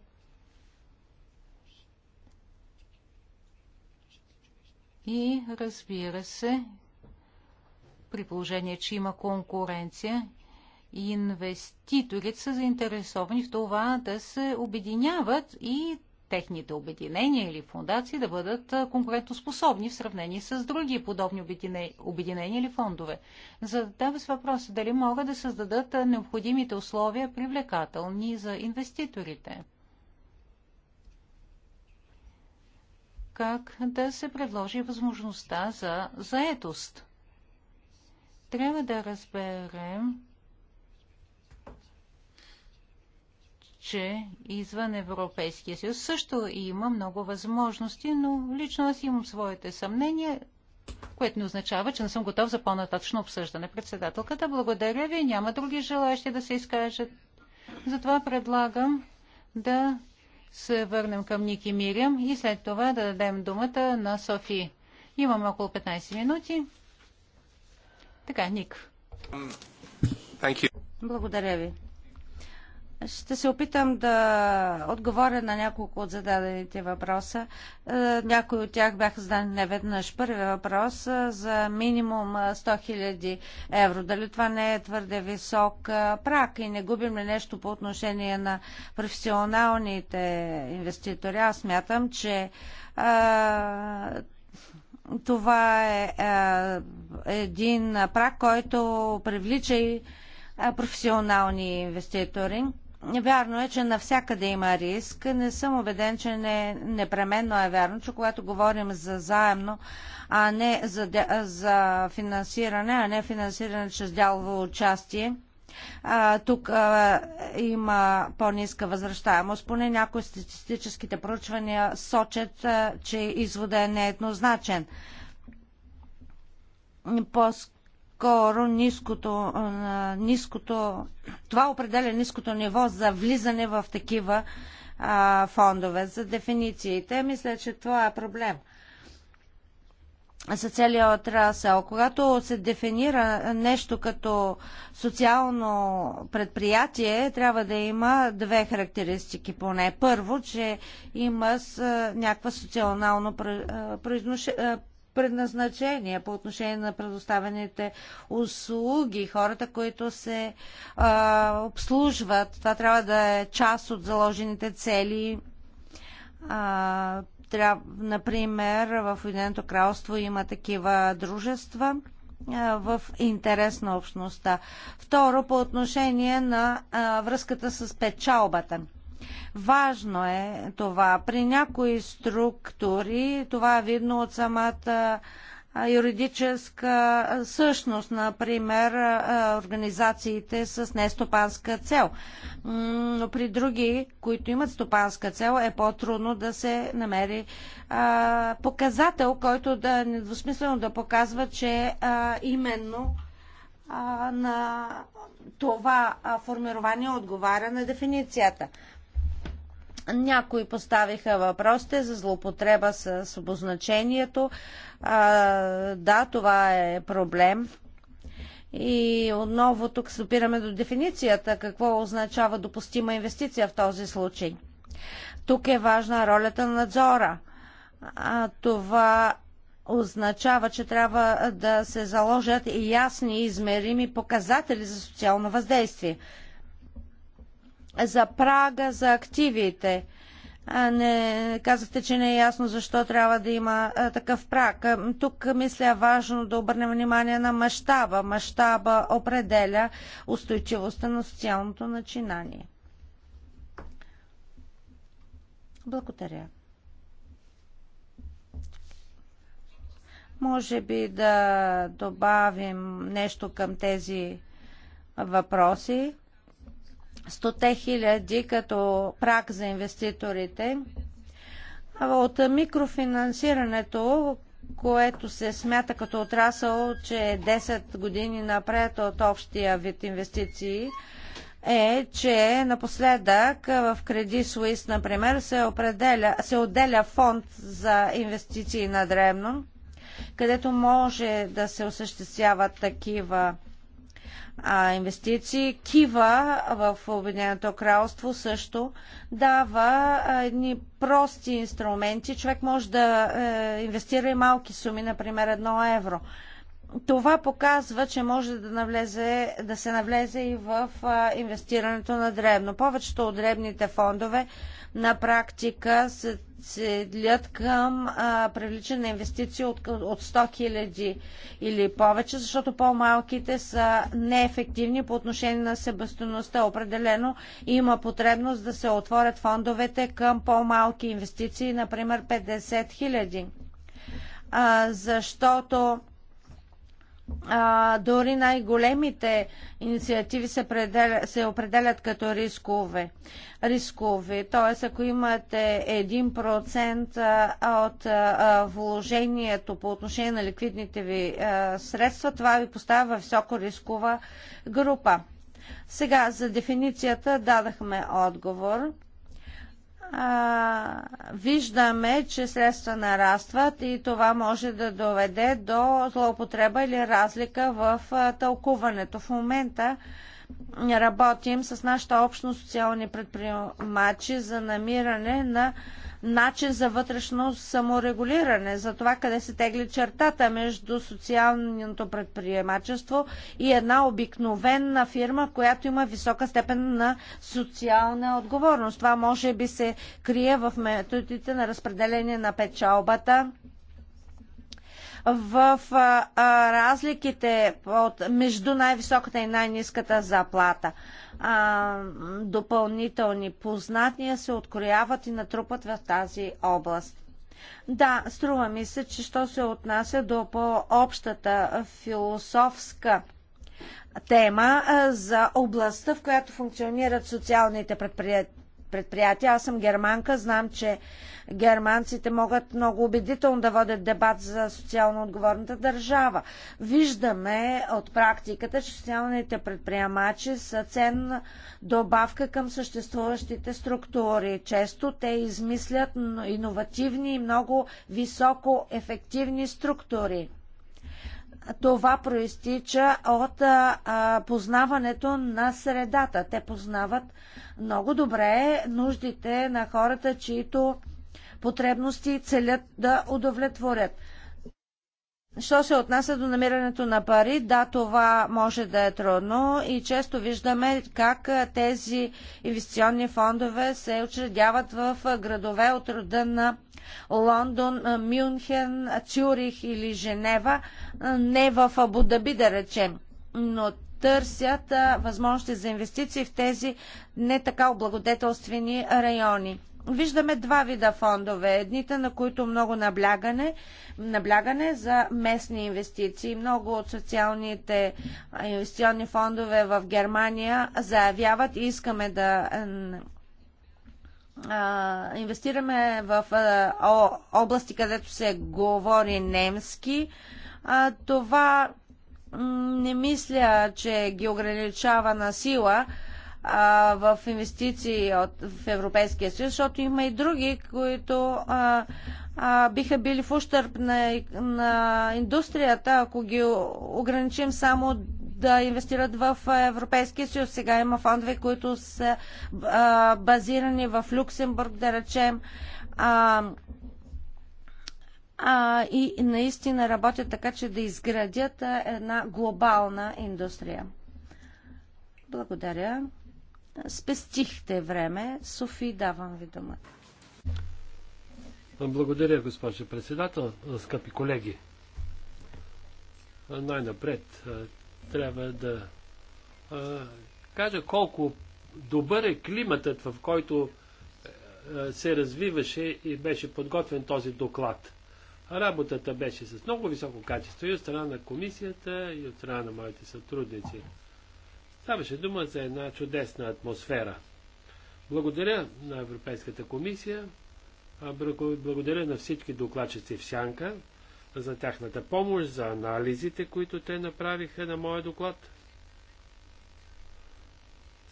И разбира се, при положение, че има конкуренция, инвеститорите са заинтересовани в това да се обединяват и техните обединения или фундации да бъдат конкурентоспособни в сравнение с други подобни обединения или фондове. Задава се въпроса дали могат да създадат необходимите условия привлекателни за инвеститорите. Как да се предложи възможността за заетост? Трябва да разберем, че извън Европейския съюз също има много възможности, но лично аз имам своите съмнения, което не означава, че не съм готов за по-нататъчно обсъждане. Председателката, благодаря ви. Няма други желащи да се изкажат. Затова предлагам да се върнем към Ники Мирям и след това да дадем думата на Софи. Имаме около 15 минути. Така, Ник. Благодаря ви. Ще се опитам да отговоря на няколко от зададените въпроса. Е, някои от тях бяха зададени не веднъж. Първият въпрос е, за минимум 100 е, 000 евро. Дали това не е твърде висок прак и не губим ли нещо по отношение на професионалните инвеститори? Аз смятам, че това е, е един прак, който привлича и е, професионални инвеститори. Вярно е, че навсякъде има риск. Не съм убеден, че не, непременно е вярно, че когато говорим за заемно, а не за, за финансиране, а не финансиране чрез дялово участие, а, тук а, има по-ниска възвръщаемост. Поне някои статистическите проучвания сочат, а, че извода е нееднозначен. По-скоро ниското, а, ниското, това определя ниското ниво за влизане в такива а, фондове. За дефинициите, мисля, че това е проблем. А, за целия отрасъл. Когато се дефинира нещо като социално предприятие, трябва да има две характеристики поне. Първо, че има с, някаква социално предназначение по отношение на предоставените услуги, хората, които се а, обслужват. Това трябва да е част от заложените цели а, трябва, например, в Уединеното кралство има такива дружества в интерес на общността. Второ, по отношение на връзката с печалбата. Важно е това. При някои структури това е видно от самата юридическа същност, например организациите с нестопанска цел. Но при други, които имат стопанска цел, е по-трудно да се намери показател, който да недвусмислено да показва, че именно на това формирование отговаря на дефиницията. Някои поставиха въпросите за злоупотреба с обозначението. А, да, това е проблем. И отново тук се опираме до дефиницията, какво означава допустима инвестиция в този случай. Тук е важна ролята на надзора. А, това означава, че трябва да се заложат ясни и измерими показатели за социално въздействие за прага за активите. Не, казахте, че не е ясно защо трябва да има а, такъв прак. Тук мисля важно да обърнем внимание на мащаба. Мащаба определя устойчивостта на социалното начинание. Благодаря. Може би да добавим нещо към тези въпроси. 100 хиляди като прак за инвеститорите. От микрофинансирането, което се смята като отрасъл, че е 10 години напред от общия вид инвестиции, е, че напоследък в Credit Suisse, например, се, определя, се отделя фонд за инвестиции на древно, където може да се осъществяват такива а, инвестиции. Кива в Обединеното кралство също дава а, едни прости инструменти. Човек може да е, инвестира и малки суми, например едно евро. Това показва, че може да, навлезе, да се навлезе и в а, инвестирането на дребно. Повечето от дребните фондове на практика се целят към а, привличане на инвестиции от, от 100 хиляди или повече, защото по-малките са неефективни по отношение на себестойността. Определено има потребност да се отворят фондовете към по-малки инвестиции, например 50 хиляди. защото а, дори най-големите инициативи се, се определят като рискове. рискове. Тоест, ако имате 1% от а, вложението по отношение на ликвидните ви а, средства, това ви поставя високо рискова група. Сега за дефиницията дадахме отговор а, виждаме, че средства нарастват и това може да доведе до злоупотреба или разлика в а, тълкуването. В момента работим с нашата общност социални предприемачи за намиране на начин за вътрешно саморегулиране, за това къде се тегли чертата между социалното предприемачество и една обикновена фирма, която има висока степен на социална отговорност. Това може би се крие в методите на разпределение на печалбата в а, а, разликите от, между най-високата и най-низката заплата. А, допълнителни познатния се открояват и натрупат в тази област. Да, струва ми се, че що се отнася до по-общата философска тема за областта, в която функционират социалните предприятия предприятия. Аз съм германка, знам, че германците могат много убедително да водят дебат за социално отговорната държава. Виждаме от практиката, че социалните предприемачи са ценна добавка към съществуващите структури. Често те измислят иновативни и много високо ефективни структури това проистича от а, а, познаването на средата. Те познават много добре нуждите на хората, чието потребности целят да удовлетворят. Що се отнася до намирането на пари, да, това може да е трудно и често виждаме как тези инвестиционни фондове се учредяват в градове от рода на Лондон, Мюнхен, Цюрих или Женева, не в Абудаби, да речем, но търсят възможности за инвестиции в тези не така облагодетелствени райони. Виждаме два вида фондове. Едните, на които много наблягане, наблягане за местни инвестиции. Много от социалните инвестиционни фондове в Германия заявяват, и искаме да инвестираме в области, където се говори немски. това не мисля, че ги ограничава на сила а, в инвестиции от, в Европейския съюз, защото има и други, които а, а, биха били в ущърп на, на индустрията, ако ги ограничим само да инвестират в Европейския съюз. Сега има фондове, които са а, базирани в Люксембург, да речем. А, а, и наистина работят така, че да изградят една глобална индустрия. Благодаря. Спестихте време. Софи, давам ви думата. Благодаря, госпожо председател, скъпи колеги. Най-напред трябва да кажа колко добър е климатът, в който се развиваше и беше подготвен този доклад. Работата беше с много високо качество и от страна на комисията, и от страна на моите сътрудници. Ставаше дума за една чудесна атмосфера. Благодаря на Европейската комисия, благодаря на всички докладчици в Сянка за тяхната помощ, за анализите, които те направиха на моя доклад.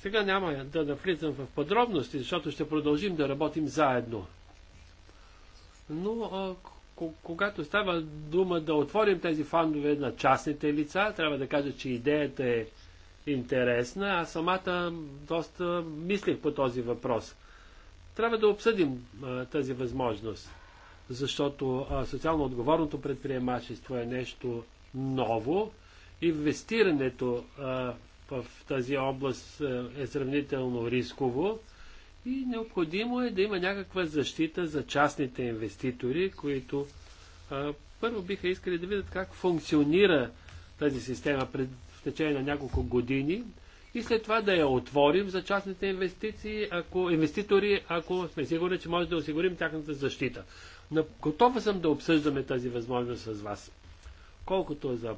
Сега няма да навлизам в подробности, защото ще продължим да работим заедно. Но а, когато става дума да отворим тези фандове на частните лица, трябва да кажа, че идеята е интересна. а самата доста мислих по този въпрос. Трябва да обсъдим а, тази възможност, защото а, социално отговорното предприемачество е нещо ново. Инвестирането а, в тази област е сравнително рисково и необходимо е да има някаква защита за частните инвеститори, които а, първо биха искали да видят как функционира тази система в течение на няколко години и след това да я отворим за частните инвестиции, ако, инвеститори, ако сме сигурни, че може да осигурим тяхната защита. Но готова съм да обсъждаме тази възможност с вас. Колкото за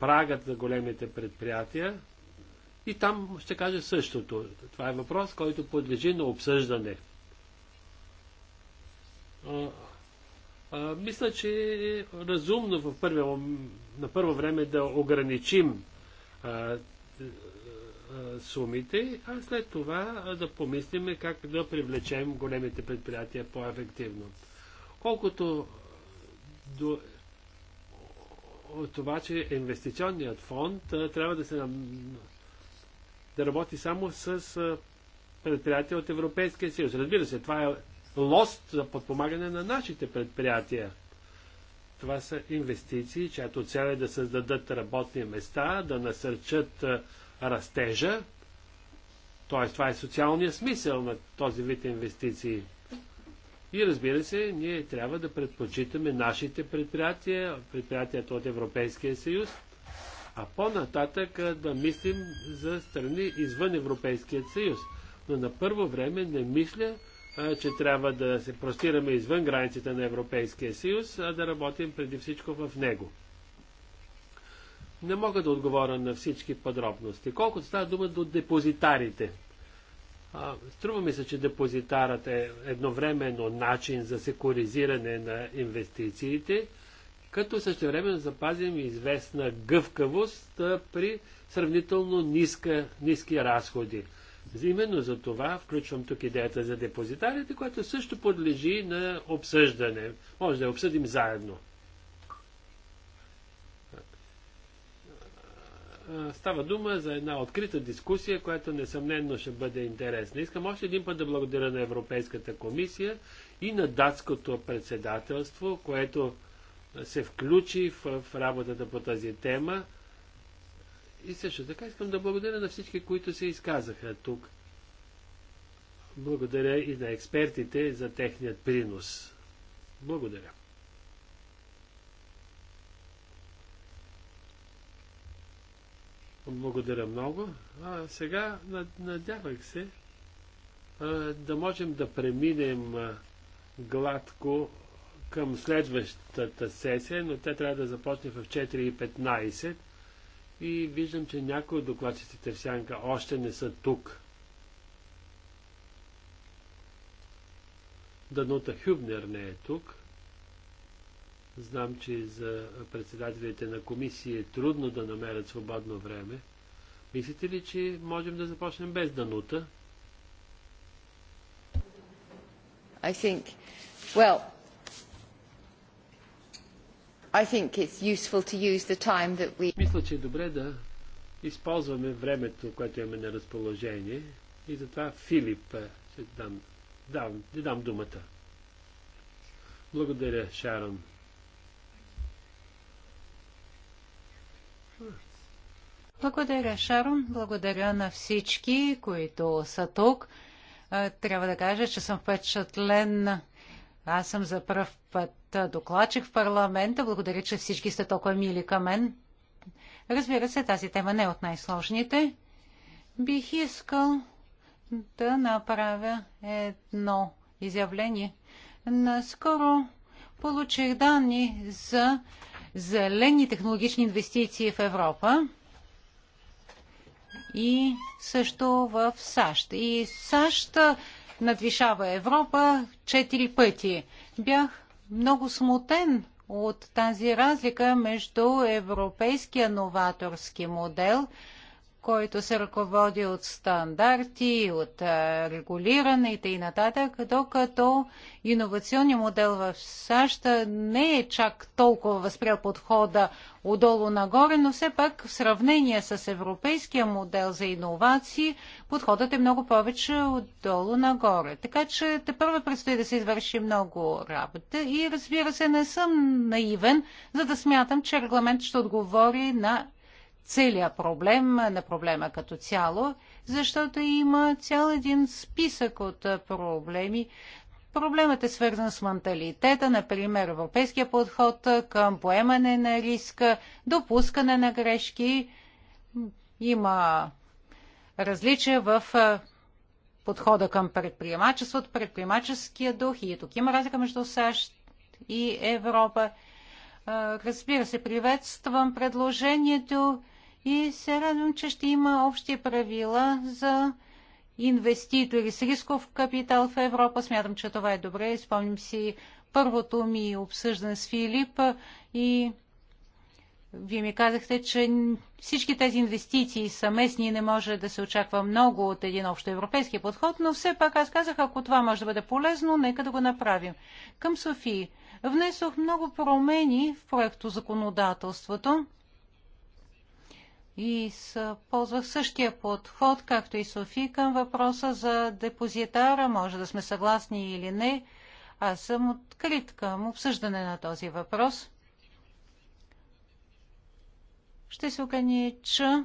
прагът за големите предприятия, и там ще кажа същото. Това е въпрос, който подлежи на обсъждане. А, а, мисля, че е разумно в първо, на първо време да ограничим сумите, а след това да помислим как да привлечем големите предприятия по-ефективно. Колкото до това, че инвестиционният фонд трябва да се да работи само с предприятия от Европейския съюз. Разбира се, това е лост за подпомагане на нашите предприятия. Това са инвестиции, чиято цел е да създадат работни места, да насърчат растежа. Тоест, това е социалният смисъл на този вид инвестиции. И разбира се, ние трябва да предпочитаме нашите предприятия, предприятията от Европейския съюз, а по-нататък да мислим за страни извън Европейския съюз. Но на първо време не мисля, че трябва да се простираме извън границите на Европейския съюз, а да работим преди всичко в него. Не мога да отговоря на всички подробности. Колкото става дума до депозитарите. А, струва ми се, че депозитарът е едновременно начин за секуризиране на инвестициите, като същевременно запазим известна гъвкавост при сравнително ниска, ниски разходи. Именно за това включвам тук идеята за депозитарите, която също подлежи на обсъждане. Може да я обсъдим заедно. Става дума за една открита дискусия, която несъмненно ще бъде интересна. Искам още един път да благодаря на Европейската комисия и на датското председателство, което се включи в, в работата по тази тема. И също така искам да благодаря на всички, които се изказаха тук. Благодаря и на експертите за техният принос. Благодаря. Благодаря много. А сега надявах се да можем да преминем гладко към следващата сесия, но тя трябва да започне в 4.15. И виждам, че някои от докладчиците в сянка още не са тук. Данута Хюбнер не е тук. Знам, че за председателите на комисии е трудно да намерят свободно време. Мислите ли, че можем да започнем без Данута? I think, well, I think it's useful to use the time that we... Мисля, че е добре да използваме времето, което имаме на разположение. И затова Филип е, ще дам, дам, ще дам думата. Благодаря, Шарон. Благодаря, Шарон. Благодаря на всички, които са тук. Е, трябва да кажа, че съм впечатлен аз съм за първ път докладчик в парламента. Благодаря, че всички сте толкова мили към мен. Разбира се, тази тема не е от най-сложните. Бих искал да направя едно изявление. Наскоро получих данни за зелени технологични инвестиции в Европа и също в САЩ. И САЩ надвишава Европа четири пъти. Бях много смутен от тази разлика между европейския новаторски модел – който се ръководи от стандарти, от регулиране и т.н., докато иновационният модел в САЩ не е чак толкова възприел подхода отдолу нагоре, но все пак в сравнение с европейския модел за иновации, подходът е много повече отдолу нагоре. Така че те първо предстои да се извърши много работа и разбира се не съм наивен, за да смятам, че регламент ще отговори на целият проблем, на проблема като цяло, защото има цял един списък от проблеми. Проблемът е свързан с менталитета, например европейския подход към поемане на риска, допускане на грешки. Има различия в подхода към предприемачеството, предприемаческия дух и тук има разлика между САЩ и Европа. Разбира се, приветствам предложението и се радвам, че ще има общи правила за инвеститори с рисков капитал в Европа. Смятам, че това е добре. Изпомним си първото ми обсъждане с Филип и вие ми казахте, че всички тези инвестиции са местни и не може да се очаква много от един общо европейски подход, но все пак аз казах, ако това може да бъде полезно, нека да го направим. Към Софии внесох много промени в проекто законодателството и ползвах същия подход, както и Софи към въпроса за депозитара. Може да сме съгласни или не. Аз съм открит към обсъждане на този въпрос. Ще се огранича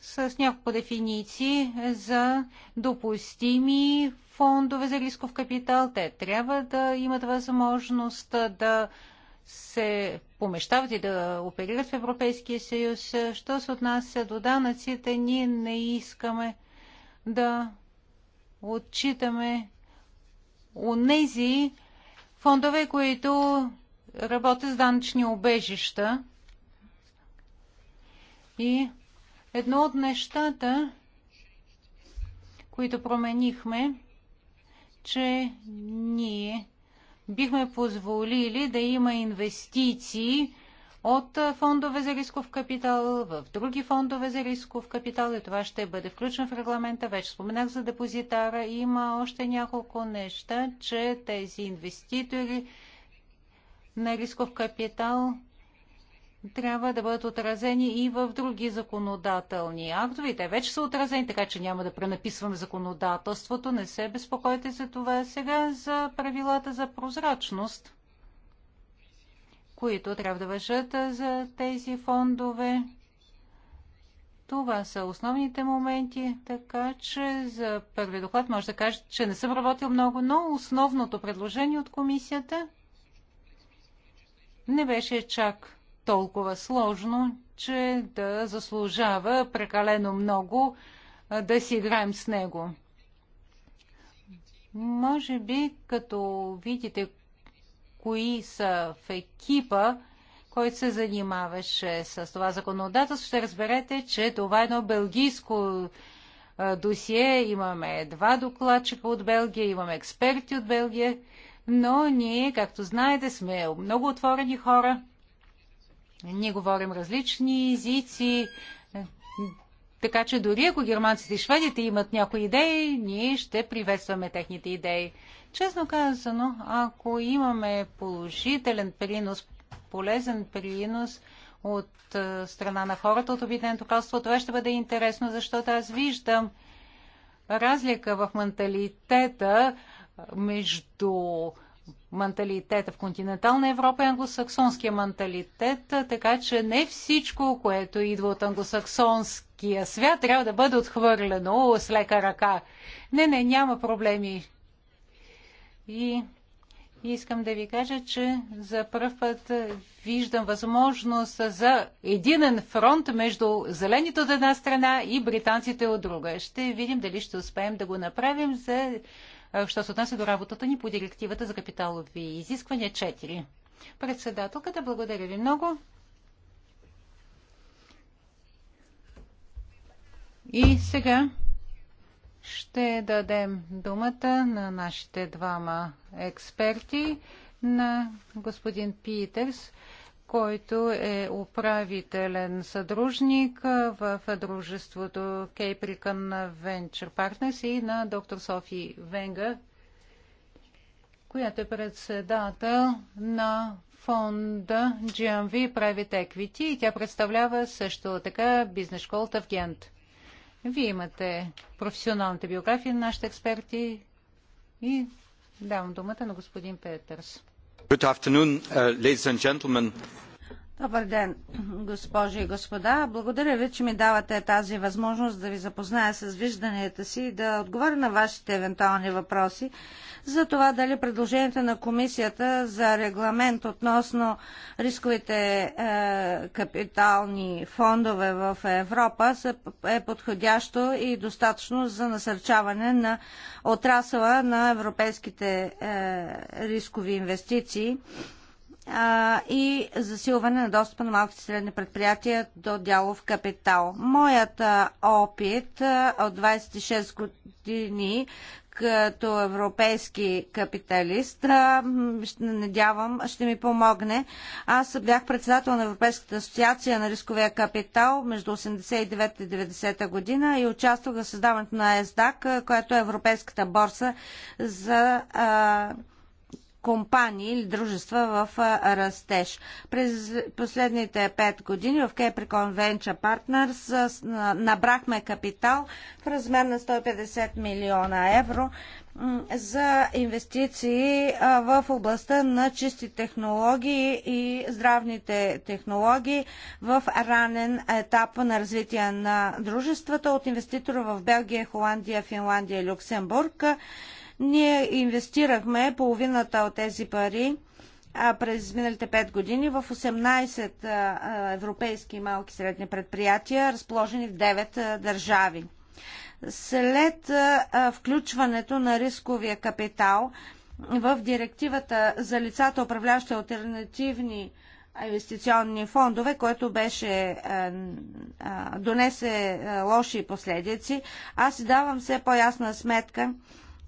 с няколко дефиниции за допустими фондове за рисков капитал. Те трябва да имат възможност да се помещават и да оперират в Европейския съюз. Що се отнася до данъците, ние не искаме да отчитаме онези фондове, които работят с данъчни обежища. И едно от нещата, които променихме, че ние бихме позволили да има инвестиции от фондове за рисков капитал в други фондове за рисков капитал и това ще бъде включено в регламента. Вече споменах за депозитара. Има още няколко неща, че тези инвеститори на рисков капитал трябва да бъдат отразени и в други законодателни актове. Те вече са отразени, така че няма да пренаписваме законодателството. Не се безпокойте за това. Сега за правилата за прозрачност, които трябва да въжат за тези фондове. Това са основните моменти, така че за първи доклад може да кажа, че не съм работил много, но основното предложение от комисията не беше чак толкова сложно, че да заслужава прекалено много да си играем с него. Може би, като видите кои са в екипа, който се занимаваше с това законодателство, ще разберете, че това е едно белгийско досие. Имаме два докладчика от Белгия, имаме експерти от Белгия, но ние, както знаете, сме много отворени хора ние говорим различни езици, е, така че дори ако германците и шведите имат някои идеи, ние ще приветстваме техните идеи. Честно казано, ако имаме положителен принос, полезен принос от е, страна на хората от Обединеното кралство, това ще бъде интересно, защото аз виждам разлика в менталитета е, между менталитета в континентална Европа е англосаксонския менталитет, така че не всичко, което идва от англосаксонския свят, трябва да бъде отхвърлено с лека ръка. Не, не, няма проблеми. И искам да ви кажа, че за първ път виждам възможност за единен фронт между зелените от една страна и британците от друга. Ще видим дали ще успеем да го направим за е, що се отнася до работата ни по директивата за капиталови изисквания 4. Председателката, благодаря ви много. И сега ще дадем думата на нашите двама експерти, на господин Питерс който е управителен съдружник в дружеството Capricorn Venture Partners и на доктор Софи Венга, която е председател на фонда GMV Private Equity и тя представлява също така бизнес школата в Гент. Вие имате професионалната биография на нашите експерти и давам думата на господин Петърс. Good afternoon, ladies and gentlemen. Добър ден, госпожи и господа. Благодаря ви, че ми давате тази възможност да ви запозная с вижданията си и да отговоря на вашите евентуални въпроси за това дали предложението на комисията за регламент относно рисковите е, капитални фондове в Европа е подходящо и достатъчно за насърчаване на отрасъла на европейските е, рискови инвестиции а, и засилване на достъпа на малките и средни предприятия до дялов капитал. Моят а, опит а, от 26 години като европейски капиталист, надявам, ще ми помогне. Аз бях председател на Европейската асоциация на рисковия капитал между 89 и 90 година и участвах в създаването на ЕСДАК, която е Европейската борса за компании или дружества в растеж. През последните 5 години в Capricorn Venture Partners набрахме капитал в размер на 150 милиона евро за инвестиции в областта на чисти технологии и здравните технологии в ранен етап на развитие на дружествата от инвеститора в Белгия, Холандия, Финландия и Люксембург. Ние инвестирахме половината от тези пари а през миналите 5 години в 18 европейски малки средни предприятия, разположени в 9 държави. След включването на рисковия капитал в директивата за лицата, управляващи альтернативни инвестиционни фондове, което беше донесе лоши последици, аз си давам все по-ясна сметка,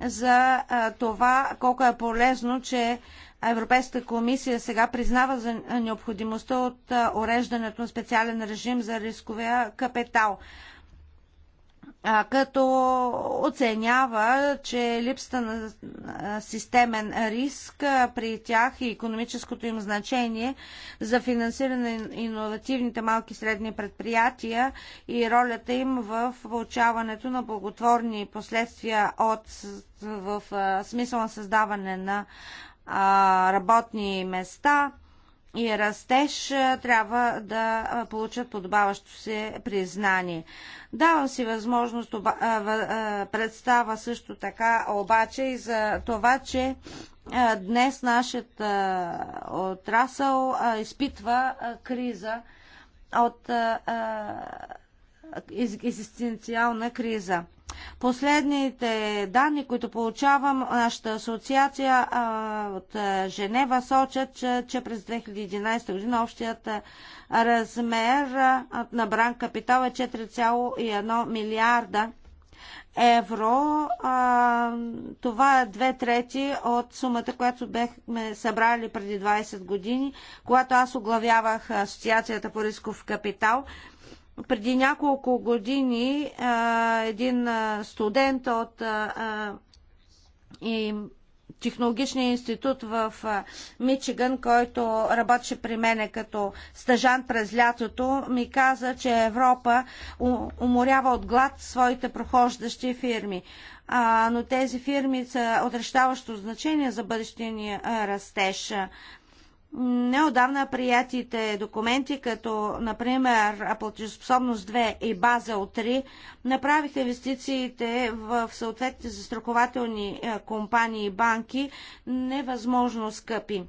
за това колко е полезно, че Европейската комисия сега признава за необходимостта от уреждането на специален режим за рисковия капитал като оценява, че липсата на системен риск при тях и економическото им значение за финансиране на иновативните малки и средни предприятия и ролята им в получаването на благотворни последствия от, в, смисъл на създаване на работни места – и растеж трябва да получат подобаващо се признание. Давам си възможност представа също така обаче и за това, че днес нашият отрасъл изпитва криза от екзистенциална криза. Последните данни, които получавам, нашата асоциация от Женева сочат, че, че през 2011 година общият размер на бран капитал е 4,1 милиарда евро. това е две трети от сумата, която бехме събрали преди 20 години, когато аз оглавявах Асоциацията по рисков капитал. Преди няколко години един студент от технологичния институт в Мичиган, който работеше при мене като стъжан през лятото, ми каза, че Европа уморява от глад своите прохождащи фирми. А, но тези фирми са отрещаващо значение за бъдещия ни растеж неодавна приятите документи, като например платежоспособност 2 и база от 3, направиха инвестициите в съответните застрахователни е, компании и банки невъзможно скъпи.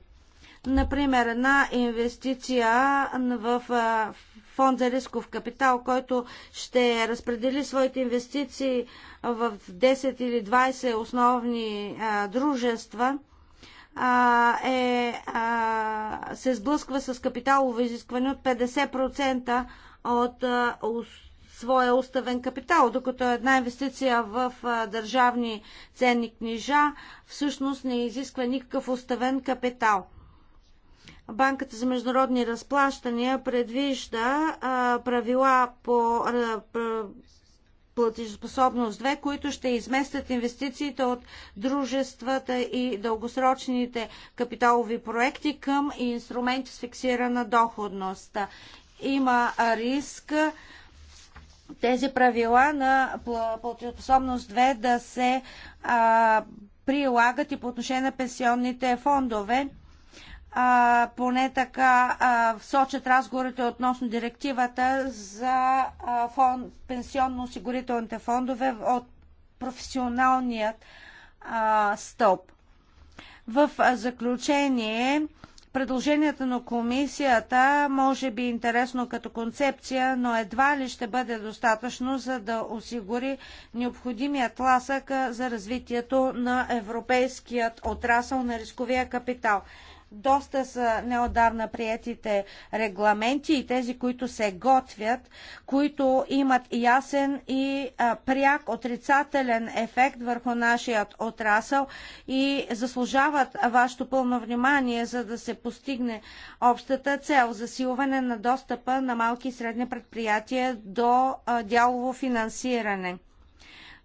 Например, една инвестиция в е, фонд за рисков капитал, който ще разпредели своите инвестиции в 10 или 20 основни е, дружества – е, се сблъсква с капиталово изискване от 50% от своя уставен капитал, докато една инвестиция в държавни ценни книжа всъщност не изисква никакъв уставен капитал. Банката за международни разплащания предвижда правила по платежоспособност 2, които ще изместят инвестициите от дружествата и дългосрочните капиталови проекти към инструменти с фиксирана доходност. Има риск тези правила на платежоспособност 2 да се а, прилагат и по отношение на пенсионните фондове а, поне така а, сочат разговорите относно директивата за а, фон, пенсионно-осигурителните фондове от професионалният а, стълб. В заключение, предложението на комисията може би е интересно като концепция, но едва ли ще бъде достатъчно, за да осигури необходимия тласък за развитието на европейският отрасъл на рисковия капитал. Доста са неодавна приетите регламенти и тези, които се готвят, които имат ясен и пряк отрицателен ефект върху нашият отрасъл и заслужават вашето пълно внимание, за да се постигне общата цел засилване на достъпа на малки и средни предприятия до дялово финансиране.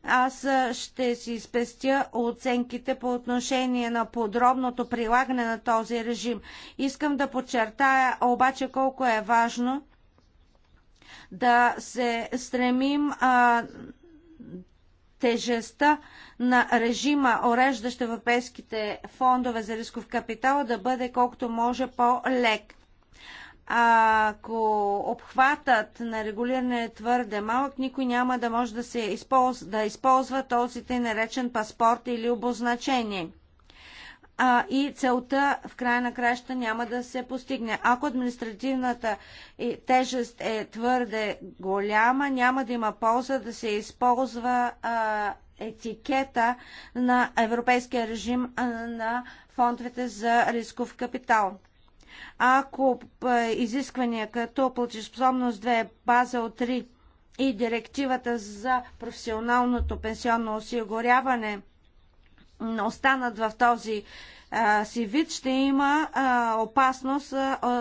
Аз ще си спестя оценките по отношение на подробното прилагане на този режим. Искам да подчертая обаче колко е важно да се стремим а, тежестта на режима, ореждащ европейските фондове за рисков капитал, да бъде колкото може по-лек ако обхватът на регулиране е твърде малък, никой няма да може да, се използва, да използва този тъй наречен паспорт или обозначение. А, и целта в края на краща няма да се постигне. Ако административната тежест е твърде голяма, няма да има полза да се използва а, етикета на европейския режим а, на фондовете за рисков капитал. Ако е, изисквания като платежоспособност 2, база от 3 и директивата за професионалното пенсионно осигуряване останат в този е, си вид, ще има е, опасност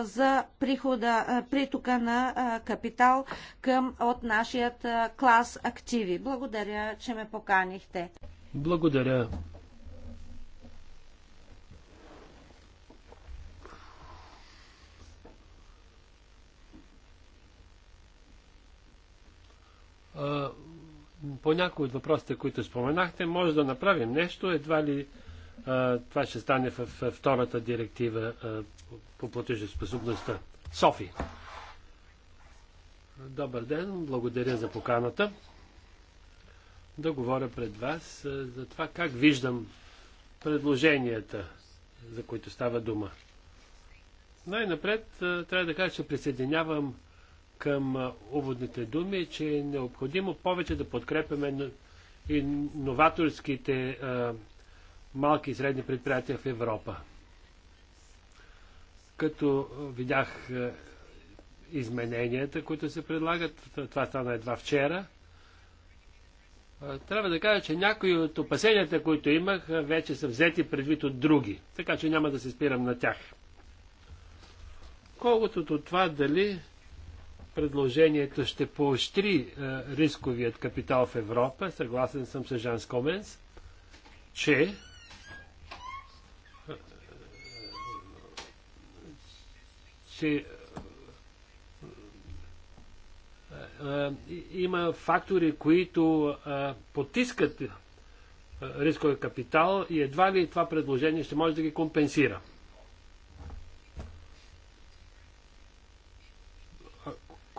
за прихода, притока на капитал към от нашият клас активи. Благодаря, че ме поканихте. Благодаря по някои от въпросите, които споменахте, може да направим нещо, едва ли а, това ще стане в, в втората директива а, по платежеспособността. Софи. Добър ден, благодаря за поканата. Да говоря пред вас а, за това как виждам предложенията, за които става дума. Най-напред трябва да кажа, че присъединявам към уводните думи, че е необходимо повече да подкрепяме и новаторските малки и средни предприятия в Европа. Като видях измененията, които се предлагат, това стана едва вчера, трябва да кажа, че някои от опасенията, които имах, вече са взети предвид от други, така че няма да се спирам на тях. Колкото от това дали предложението ще поощри е, рисковият капитал в Европа, съгласен съм с Жан Скоменс, че е, че е, има фактори, които потискат рискови капитал и едва ли това предложение ще може да ги компенсира.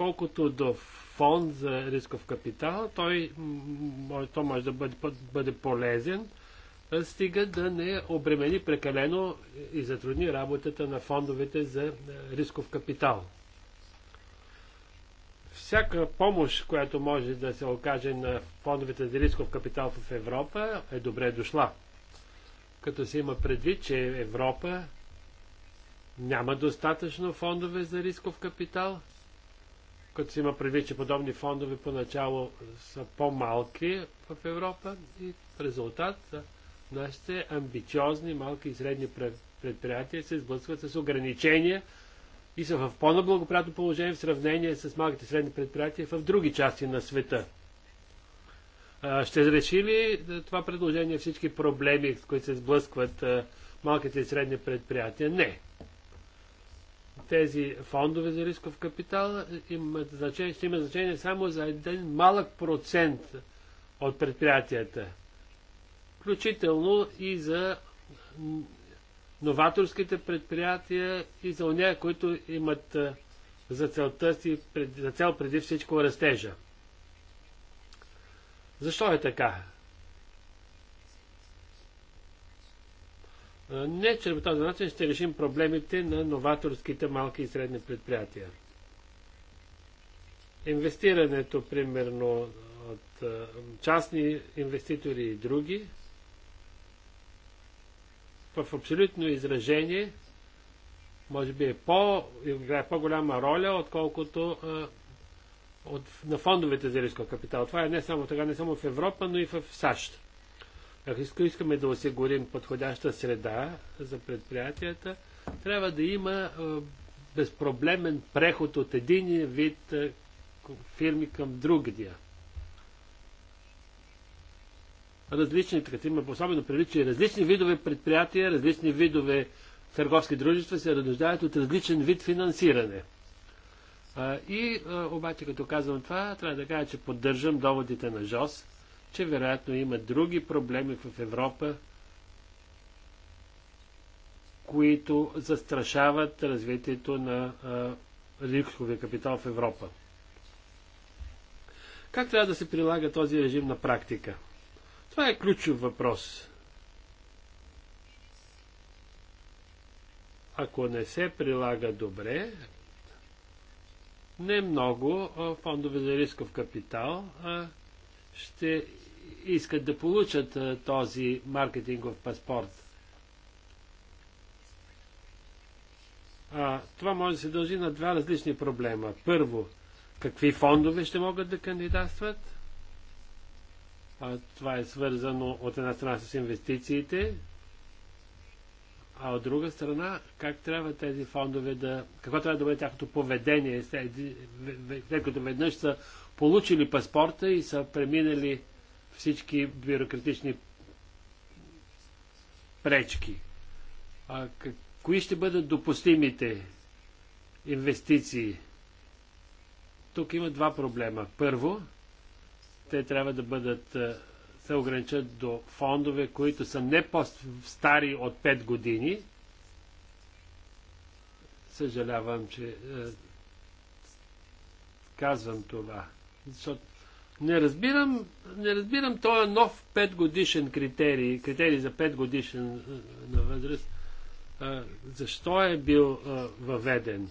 Колкото до фонд за рисков капитал, той, то може да бъде, бъде полезен, стига да не обремени прекалено и затрудни работата на фондовете за е, рисков капитал. Всяка помощ, която може да се окаже на фондовете за рисков капитал в Европа, е добре дошла. Като се има предвид, че Европа няма достатъчно фондове за рисков капитал – като се има предвид, че подобни фондове поначало са по-малки в Европа и в резултат нашите амбициозни малки и средни предприятия се сблъскват с ограничения и са в по-наблагоприятно положение в сравнение с малките и средни предприятия в други части на света. Ще реши ли това предложение всички проблеми, с които се сблъскват малките и средни предприятия? Не тези фондове за рисков капитал имат значение, ще има значение само за един малък процент от предприятията. Включително и за новаторските предприятия и за оня, които имат за целта си, за цел преди всичко растежа. Защо е така? Не, че по този начин ще решим проблемите на новаторските малки и средни предприятия. Инвестирането, примерно, от частни инвеститори и други, в абсолютно изражение, може би е по, играе по-голяма роля, отколкото а, от, на фондовете за рисков капитал. Това е не само така, не само в Европа, но и в САЩ. Ако искаме да осигурим подходяща среда за предприятията, трябва да има безпроблемен преход от един вид фирми към другия. Различни, така има особено приличие, различни видове предприятия, различни видове търговски дружества се разнуждават от различен вид финансиране. и обаче, като казвам това, трябва да кажа, че поддържам доводите на ЖОС – че вероятно има други проблеми в Европа, които застрашават развитието на рисковия капитал в Европа. Как трябва да се прилага този режим на практика? Това е ключов въпрос. Ако не се прилага добре, не много фондове за рисков капитал ще искат да получат този маркетингов паспорт. А, това може да се дължи на два различни проблема. Първо, какви фондове ще могат да кандидатстват? А, това е свързано от една страна с инвестициите, а от друга страна, как трябва тези фондове да. Какво трябва да бъде тяхното поведение, след като веднъж са получили паспорта и са преминали всички бюрократични пречки. А, кои ще бъдат допустимите инвестиции? Тук има два проблема. Първо, те трябва да бъдат се ограничат до фондове, които са не по-стари от 5 години. Съжалявам, че е, казвам това. Защото не разбирам, не разбирам този нов 5 годишен критерий, критерий за 5 годишен е, на възраст, е, защо е бил е, въведен.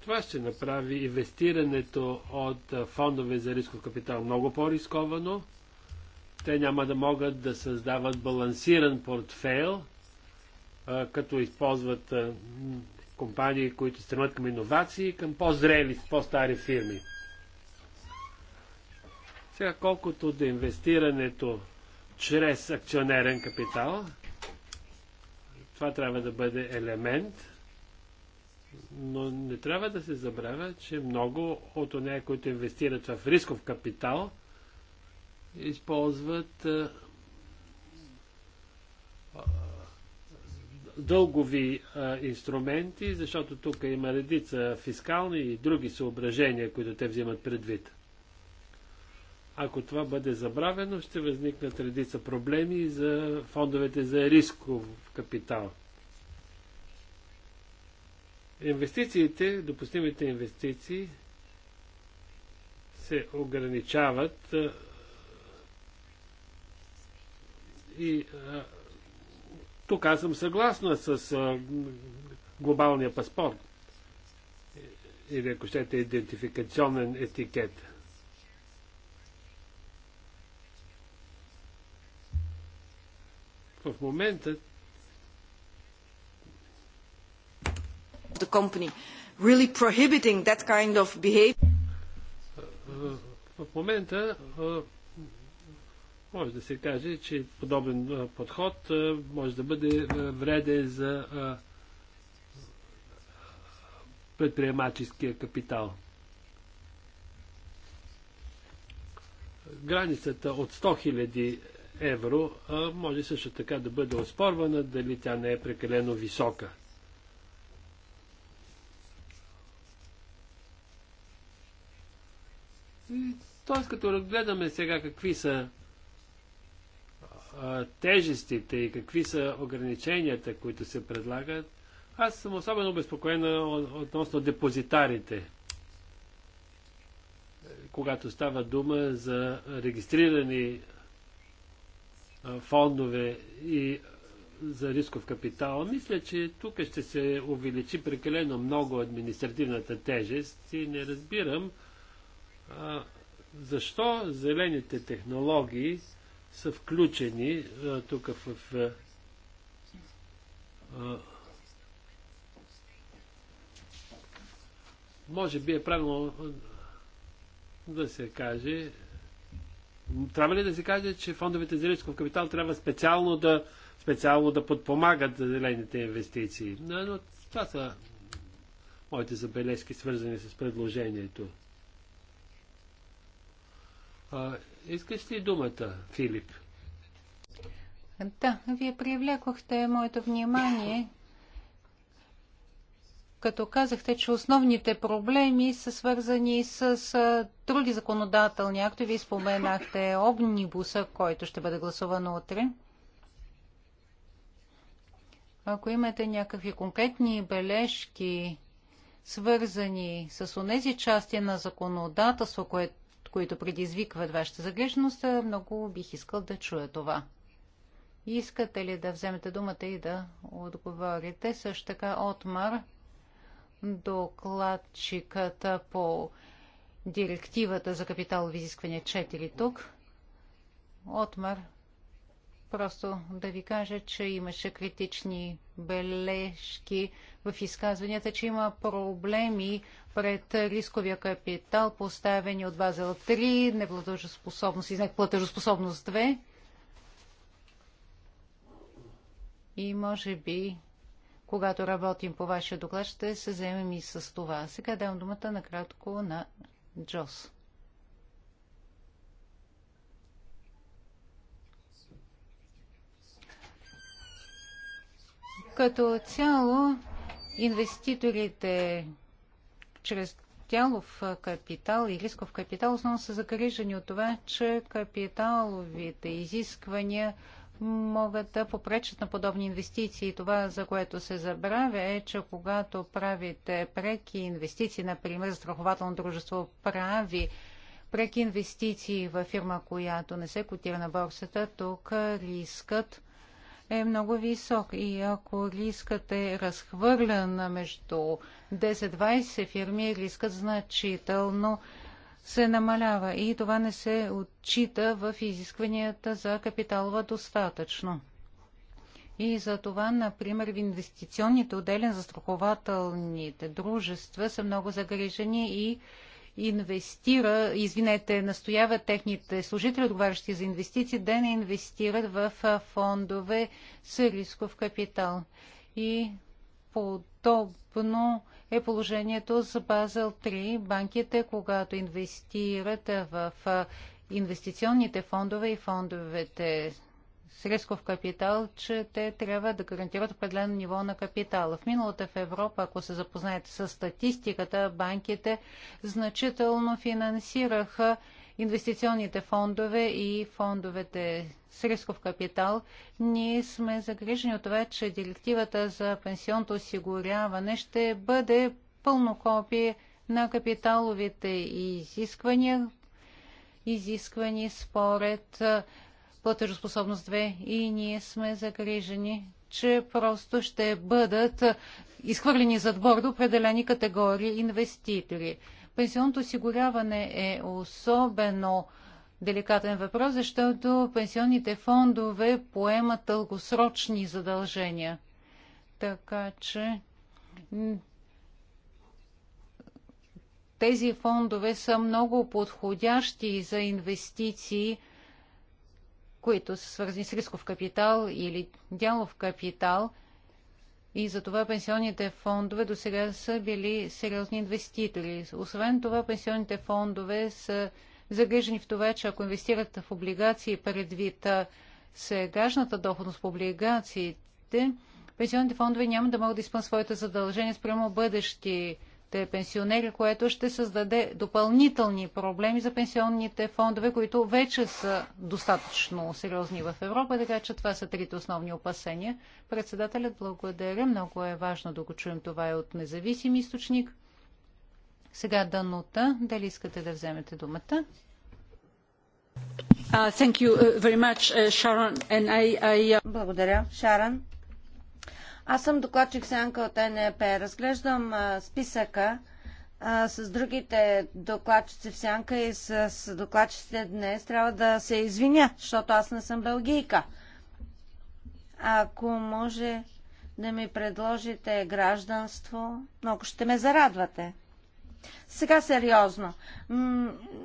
Това ще направи инвестирането от фондове за рисков капитал много по-рисковано. Те няма да могат да създават балансиран портфейл, като използват компании, които стремат към иновации, към по-зрели, по-стари фирми. Сега колкото до инвестирането чрез акционерен капитал, това трябва да бъде елемент, но не трябва да се забравя, че много от нея, които инвестират в рисков капитал, използват дългови а, инструменти, защото тук има редица фискални и други съображения, които те взимат предвид. Ако това бъде забравено, ще възникнат редица проблеми за фондовете за рисков капитал. Инвестициите, допустимите инвестиции се ограничават а, и а, тук аз съм съгласна с а, глобалния паспорт или ако щете идентификационен етикет. В момента the company really prohibiting that kind of behavior. В момента може да се каже, че подобен подход може да бъде вреден за предприемаческия капитал. Границата от 100 000 евро може също така да бъде оспорвана, дали тя не е прекалено висока. Тоест, като разгледаме сега какви са тежестите и какви са ограниченията, които се предлагат, аз съм особено обезпокоена относно депозитарите. Когато става дума за регистрирани фондове и за рисков капитал, мисля, че тук ще се увеличи прекалено много административната тежест и не разбирам а, защо зелените технологии са включени тук в може би е правилно да се каже трябва ли да се каже, че фондовете за рисков капитал трябва специално да, специално да подпомагат зелените инвестиции? Но, но това са моите забележки, свързани с предложението. А, Искаш ли думата, Филип? Да, вие привлякохте моето внимание, като казахте, че основните проблеми са свързани с други законодателни акти. Вие споменахте обнибуса, който ще бъде гласуван утре. Ако имате някакви конкретни бележки, свързани с онези части на законодателство, което които предизвикват вашата загриженост, много бих искал да чуя това. Искате ли да вземете думата и да отговорите? Също така Отмар, докладчиката по директивата за капиталови изисквания 4 тук. Отмар, просто да ви кажа, че имаше критични бележки в изказванията, че има проблеми пред рисковия капитал, поставени от Базел 3, неплатежоспособност и неплатежоспособност 2. И може би, когато работим по вашия доклад, ще се вземем и с това. Сега давам думата накратко на Джос. Като цяло, инвеститорите чрез тялов капитал и рисков капитал основно са загрижени от това, че капиталовите изисквания могат да попречат на подобни инвестиции. Това, за което се забравя, е, че когато правите преки инвестиции, например, страхователно дружество прави преки инвестиции във фирма, която не се котира на борсата, тук рискът е много висок и ако рискът е разхвърлян между 10-20 фирми, рискът значително се намалява и това не се отчита в изискванията за капиталова достатъчно. И за това, например, в инвестиционните отделен на застрахователните дружества са много загрижени и инвестира, извинете, настоява техните служители, отговарящи за инвестиции, да не инвестират в фондове с рисков капитал. И подобно е положението за Базел 3. Банките, когато инвестират в инвестиционните фондове и фондовете с рисков капитал, че те трябва да гарантират определено ниво на капитала. В миналата в Европа, ако се запознаете с статистиката, банките значително финансираха инвестиционните фондове и фондовете с рисков капитал, ние сме загрижени от това, че директивата за пенсионното осигуряване ще бъде пълно копие на капиталовите изисквания, изисквани според платежоспособност 2 и ние сме загрижени, че просто ще бъдат изхвърлени зад борда определени категории инвеститори. Пенсионното осигуряване е особено деликатен въпрос, защото пенсионните фондове поемат дългосрочни задължения. Така че тези фондове са много подходящи за инвестиции – които са свързани с рисков капитал или дялов капитал. И затова пенсионните фондове до сега са били сериозни инвеститори. Освен това, пенсионните фондове са загрижени в това, че ако инвестират в облигации предвид сегашната доходност по облигациите, пенсионните фондове няма да могат да изпълнят своите задължения спрямо бъдещи българските пенсионери, което ще създаде допълнителни проблеми за пенсионните фондове, които вече са достатъчно сериозни в Европа, така че това са трите основни опасения. Председателят благодаря. Много е важно да го чуем. Това е от независим източник. Сега Данута, дали искате да вземете думата? Uh, uh, uh, благодаря, Шаран. Аз съм докладчик Сянка от НЕП. Разглеждам а, списъка а, с другите докладчици в Сянка и с, с докладчиците днес. Трябва да се извиня, защото аз не съм белгийка. Ако може да ми предложите гражданство, много ще ме зарадвате. Сега сериозно.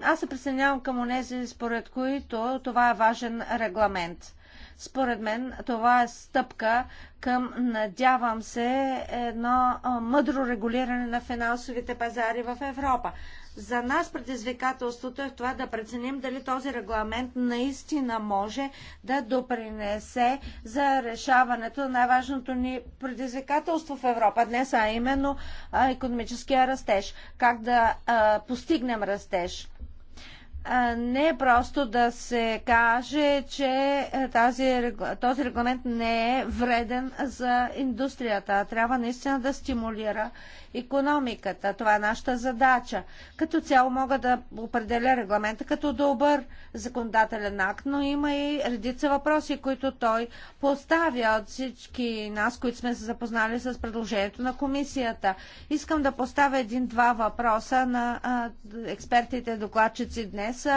Аз се присъединявам към онези, според които това е важен регламент. Според мен това е стъпка към, надявам се, едно мъдро регулиране на финансовите пазари в Европа. За нас предизвикателството е в това да преценим дали този регламент наистина може да допринесе за решаването на най-важното ни предизвикателство в Европа днес, а именно економическия растеж. Как да постигнем растеж? не е просто да се каже, че е, тази, този регламент не е вреден за индустрията, трябва наистина да стимулира економиката. Това е нашата задача. Като цяло мога да определя регламента като добър законодателен акт, но има и редица въпроси, които той поставя от всички нас, които сме се запознали с предложението на комисията. Искам да поставя един-два въпроса на експертите докладчици днес днес,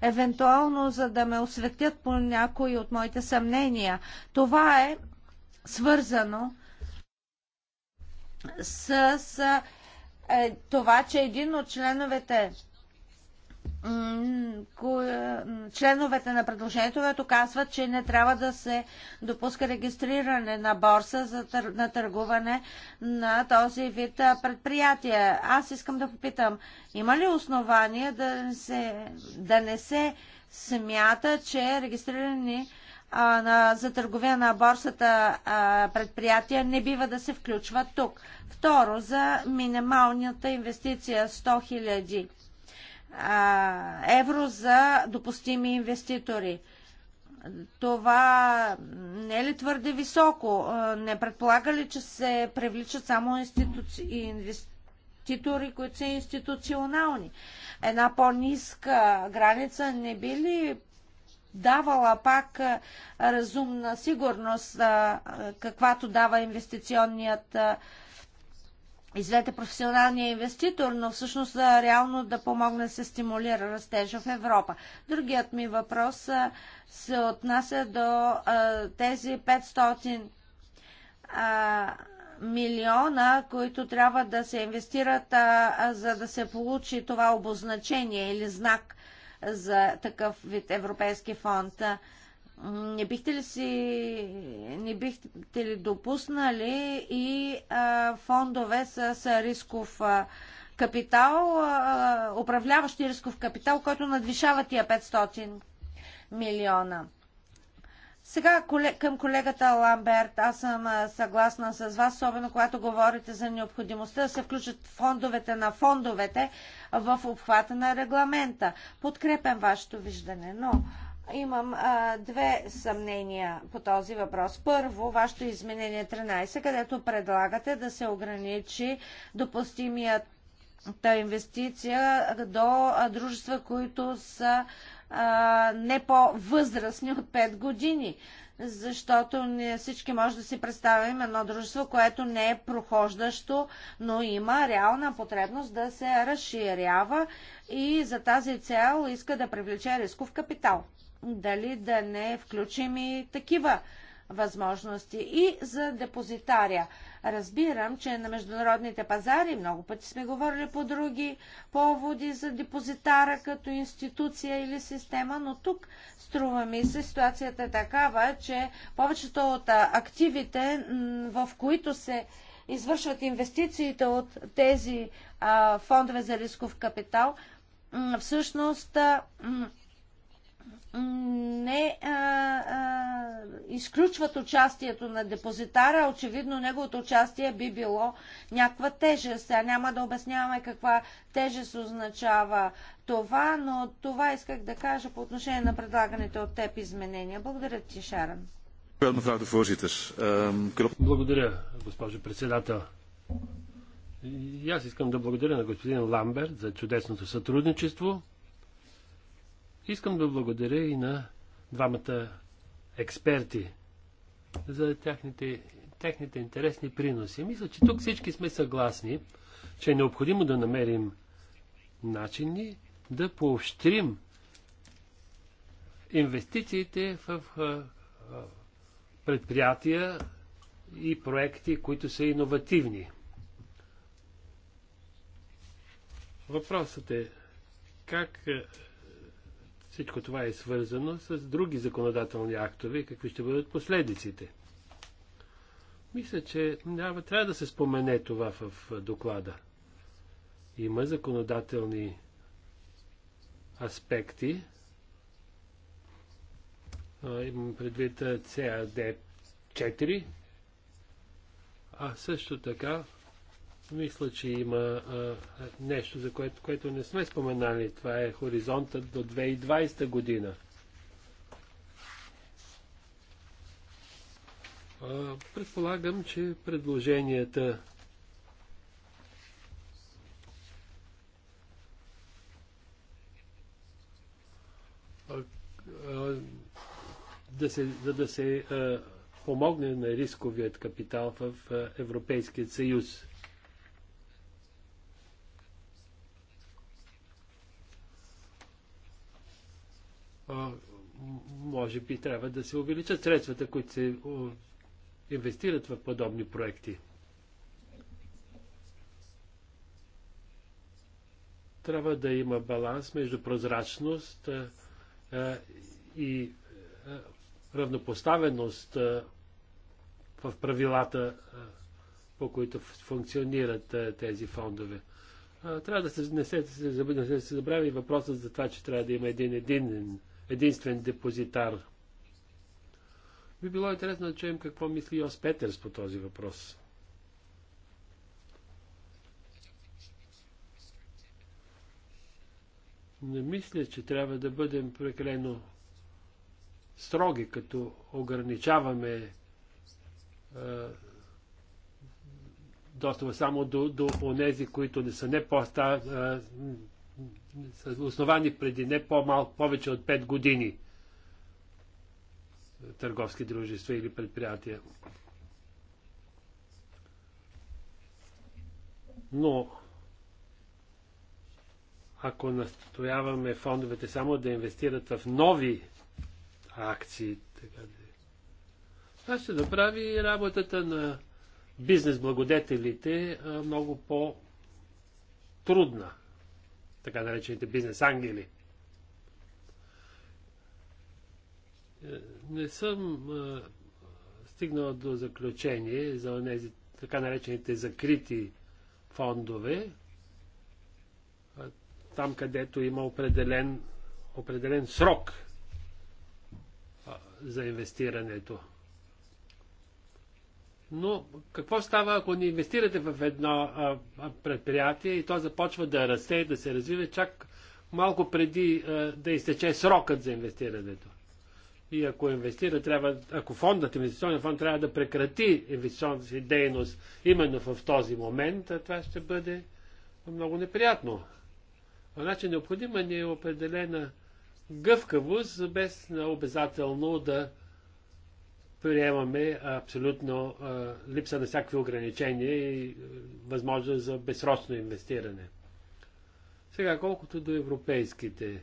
евентуално за да ме осветят по някои от моите съмнения. Това е свързано с, с е, това, че един от членовете членовете на предложението, което казват, че не трябва да се допуска регистриране на борса за тър... на търгуване на този вид предприятия. Аз искам да попитам, има ли основание да не се, да не се смята, че регистрирани а, на, за търговия на борсата а, предприятия не бива да се включват тук? Второ, за минималната инвестиция 100 000 евро за допустими инвеститори. Това не е ли твърде високо? Не предполага ли, че се привличат само институци... инвеститори, които са институционални? Една по-ниска граница не би ли давала пак разумна сигурност, каквато дава инвестиционният извлете професионалния инвеститор, но всъщност да, реално да помогне да се стимулира растежа в Европа. Другият ми въпрос а, се отнася до а, тези 500 а, милиона, които трябва да се инвестират, а, а, за да се получи това обозначение или знак за такъв вид европейски фонд. А, не бихте ли си, не бихте ли допуснали и а, фондове с, с рисков а, капитал, а, управляващи рисков капитал, който надвишава тия 500 милиона? Сега към колегата Ламберт, аз съм съгласна с вас, особено когато говорите за необходимостта да се включат фондовете на фондовете в обхвата на регламента. Подкрепям вашето виждане, но Имам а, две съмнения по този въпрос. Първо, вашето изменение 13, където предлагате да се ограничи допустимията инвестиция до дружества, които са а, не по-възрастни от 5 години. Защото не всички може да си представим едно дружество, което не е прохождащо, но има реална потребност да се разширява и за тази цел иска да привлече рисков капитал дали да не включим и такива възможности. И за депозитаря. Разбирам, че на международните пазари много пъти сме говорили по други поводи за депозитара като институция или система, но тук струва ми се ситуацията е такава, че повечето от активите, в които се извършват инвестициите от тези фондове за рисков капитал, всъщност не а, а, изключват участието на депозитара, очевидно неговото участие би било някаква тежест. Сега няма да обясняваме каква тежест означава това, но това исках да кажа по отношение на предлаганите от теб изменения. Благодаря ти, Шаран. Благодаря, госпожо председател. И аз искам да благодаря на господин Ламберт за чудесното сътрудничество Искам да благодаря и на двамата експерти за техните, техните интересни приноси. Мисля, че тук всички сме съгласни, че е необходимо да намерим начини да поощрим инвестициите в предприятия и проекти, които са иновативни. Въпросът е как всичко това е свързано с други законодателни актове, какви ще бъдат последиците. Мисля, че трябва, трябва да се спомене това в доклада. Има законодателни аспекти. Имам предвид CAD 4, а също така мисля, че има а, нещо, за което, което не сме споменали. Това е хоризонтът до 2020 година. А, предполагам, че предложенията а, а, да се, за да се а, помогне на рисковият капитал в Европейския съюз. може би трябва да се увеличат средствата, които се инвестират в подобни проекти. Трябва да има баланс между прозрачност и равнопоставеност в правилата, по които функционират тези фондове. Трябва да се, не се, се забрави въпросът за това, че трябва да има един единен единствен депозитар. Би било интересно да чуем какво мисли Йос Петерс по този въпрос. Не мисля, че трябва да бъдем прекалено строги, като ограничаваме е, достава само до, до онези, които не са не, по основани преди не по-малко, повече от 5 години търговски дружества или предприятия. Но ако настояваме фондовете само да инвестират в нови акции, така да е, това ще направи работата на бизнес благодетелите много по-трудна така наречените бизнес ангели. Е, не съм е, стигнал до заключение за тези така наречените закрити фондове, там където има определен, определен срок за инвестирането. Но какво става, ако не инвестирате в едно а, предприятие и то започва да расте да се развива чак малко преди а, да изтече срокът за инвестирането? И ако инвестира, трябва, ако фондът, инвестиционният фонд трябва да прекрати инвестиционната си дейност именно в този момент, това ще бъде много неприятно. Значи необходима ни е определена гъвкавост, без обязателно да приемаме абсолютно а, липса на всякакви ограничения и възможност за безсрочно инвестиране. Сега, колкото до европейските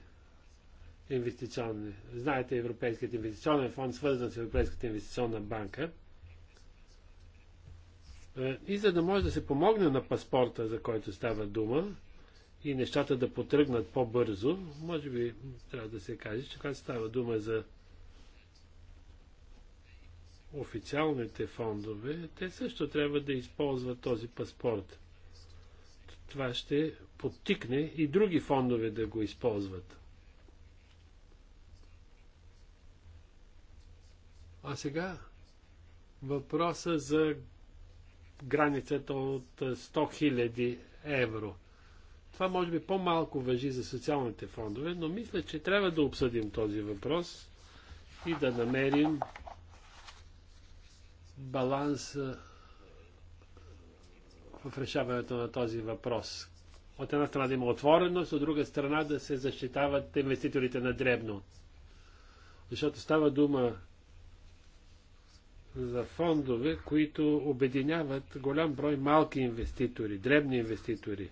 инвестиционни, знаете, Европейският инвестиционен фонд, свързан с Европейската инвестиционна банка, и за да може да се помогне на паспорта, за който става дума, и нещата да потръгнат по-бързо, може би трябва да се каже, че когато става дума за официалните фондове, те също трябва да използват този паспорт. Това ще подтикне и други фондове да го използват. А сега въпроса за границата от 100 000 евро. Това може би по-малко въжи за социалните фондове, но мисля, че трябва да обсъдим този въпрос и да намерим баланс в решаването на този въпрос. От една страна да има отвореност, от друга страна да се защитават инвеститорите на дребно. Защото става дума за фондове, които обединяват голям брой малки инвеститори, дребни инвеститори.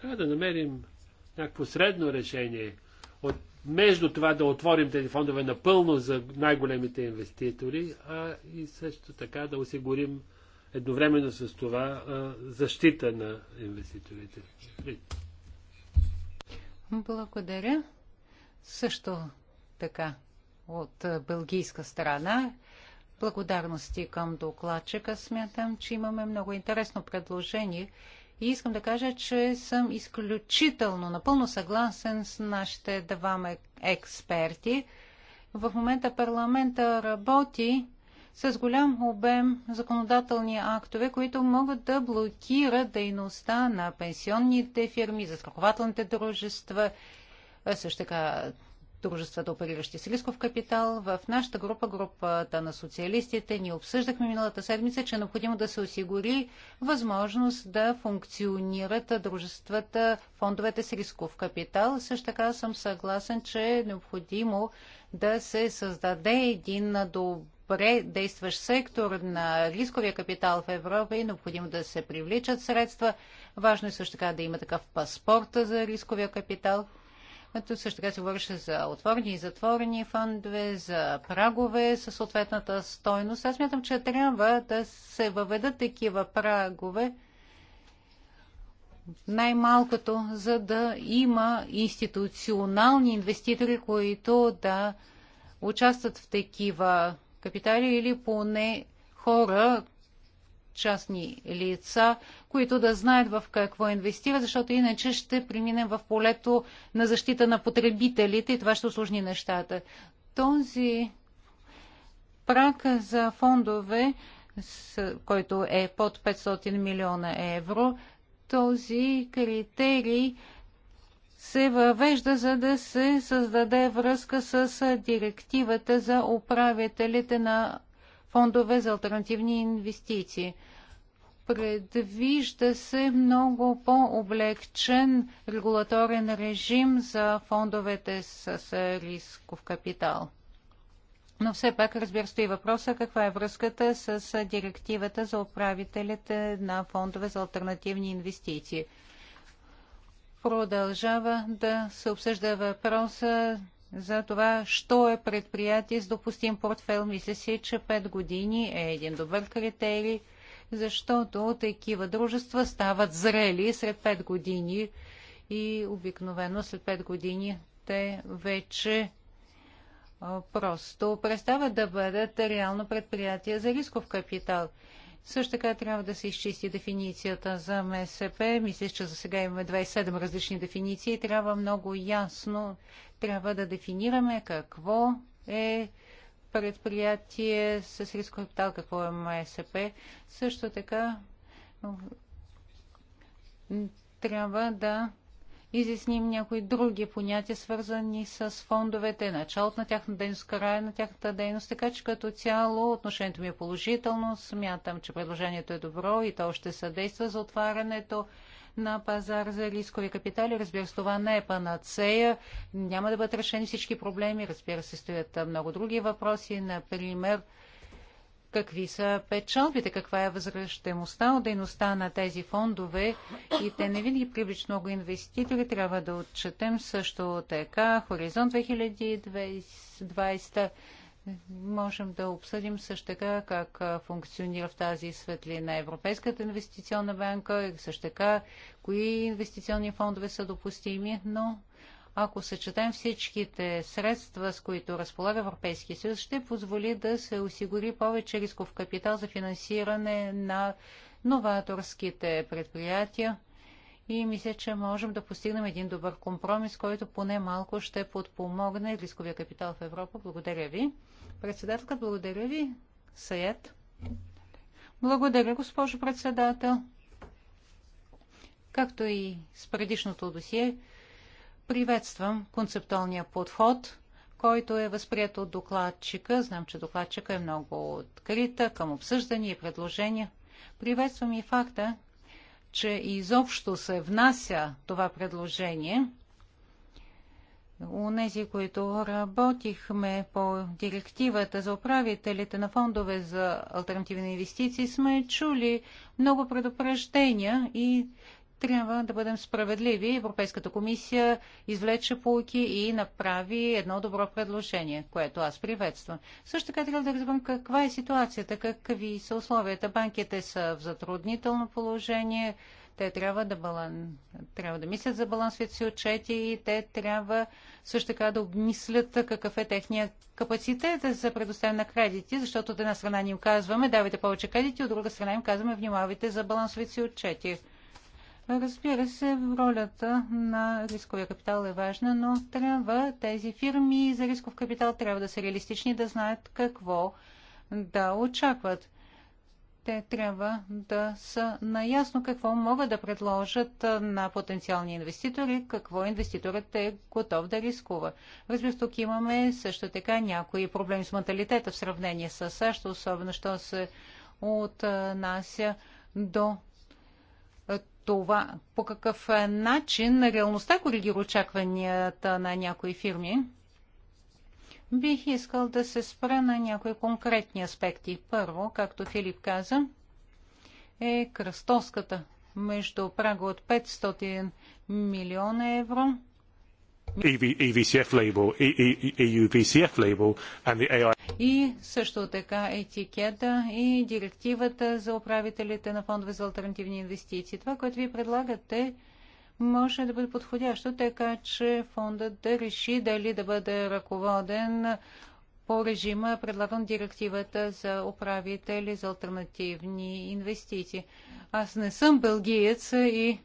Трябва да намерим някакво средно решение от между това да отворим тези фондове напълно за най-големите инвеститори, а и също така да осигурим едновременно с това защита на инвеститорите. Благодаря. Също така от бългийска страна. Благодарности към докладчика. Смятам, че имаме много интересно предложение и искам да кажа, че съм изключително напълно съгласен с нашите двама експерти. В момента парламента работи с голям обем законодателни актове, които могат да блокират дейността на пенсионните фирми, застрахователните дружества, също така дружествата, опериращи с рисков капитал. В нашата група, групата на социалистите, ни обсъждахме миналата седмица, че е необходимо да се осигури възможност да функционират дружествата, фондовете с рисков капитал. Също така съм съгласен, че е необходимо да се създаде един добре действащ сектор на рисковия капитал в Европа и необходимо да се привличат средства. Важно е също така да има такъв паспорт за рисковия капитал. Ето също така се говореше за отворени и затворени фондове, за прагове със съответната стойност. Аз мятам, че трябва да се въведат такива прагове, най-малкото, за да има институционални инвеститори, които да участват в такива капитали или поне хора, частни лица, които да знаят в какво инвестират, защото иначе ще преминем в полето на защита на потребителите и това ще осложни нещата. Този прак за фондове, който е под 500 милиона евро, този критерий се въвежда, за да се създаде връзка с директивата за управителите на фондове за альтернативни инвестиции. Предвижда се много по-облегчен регулаторен режим за фондовете с, рисков капитал. Но все пак, разбира се, и въпроса е каква е връзката с директивата за управителите на фондове за альтернативни инвестиции. Продължава да се обсъжда въпроса за това, що е предприятие с допустим портфел. Мисля си, че 5 години е един добър критерий, защото такива дружества стават зрели след 5 години и обикновено след 5 години те вече просто престават да бъдат реално предприятия за рисков капитал. Също така трябва да се изчисти дефиницията за МСП. Мисля, че за сега имаме 27 различни дефиниции. Трябва много ясно трябва да дефинираме какво е предприятие с рисков капитал, какво е МСП. Също така трябва да изясним някои други понятия, свързани с фондовете, началото на тяхната дейност, края на тяхната дейност. Така че като цяло отношението ми е положително. Смятам, че предложението е добро и то ще съдейства за отварянето на пазар за рискови капитали. Разбира се, това не е панацея. Няма да бъдат решени всички проблеми. Разбира се, стоят много други въпроси. Например, какви са печалбите, каква е възвръщаемостта от дейността на тези фондове и те не винаги привличат много инвеститори. Трябва да отчетем също така Хоризонт 2020. Можем да обсъдим също така как функционира в тази светлина Европейската инвестиционна банка и също така кои инвестиционни фондове са допустими, но ако съчетаем всичките средства, с които разполага Европейския съюз, ще позволи да се осигури повече рисков капитал за финансиране на новаторските предприятия. И мисля, че можем да постигнем един добър компромис, който поне малко ще подпомогне рисковия капитал в Европа. Благодаря ви. Председателка, благодаря ви. Саят. Благодаря, госпожо председател. Както и с предишното досие, Приветствам концептуалния подход, който е възприят от докладчика. Знам, че докладчика е много открита към обсъждания и предложения. Приветствам и факта, че изобщо се внася това предложение. у нези, които работихме по директивата за управителите на фондове за альтернативни инвестиции, сме чули много предупреждения и трябва да бъдем справедливи. Европейската комисия извлече полки и направи едно добро предложение, което аз приветствам. Също така трябва да разберем каква е ситуацията, какви са условията. Банките са в затруднително положение, те трябва да, балан... трябва да мислят за балансовите си отчети и те трябва също така да обмислят какъв е техният капацитет за предоставяне на кредити, защото от една страна ни им казваме давайте повече кредити, от друга страна им казваме внимавайте за балансовите си отчети. Разбира се, ролята на рисковия капитал е важна, но трябва тези фирми за рисков капитал трябва да са реалистични, да знаят какво да очакват. Те трябва да са наясно какво могат да предложат на потенциални инвеститори, какво инвеститорът е готов да рискува. Разбира се, тук имаме също така някои проблеми с менталитета в сравнение с САЩ, особено що се отнася до това по какъв е, начин реалността коригира очакванията на някои фирми. Бих искал да се спра на някои конкретни аспекти. Първо, както Филип каза, е кръстоската между прага от 500 милиона евро – и също така етикета и директивата за управителите на фондове за альтернативни инвестиции. Това, което ви предлагате, може да бъде подходящо, така че фондът да реши дали да бъде ръководен по режима, предлаган директивата за управители за альтернативни инвестиции. Аз не съм бългиец и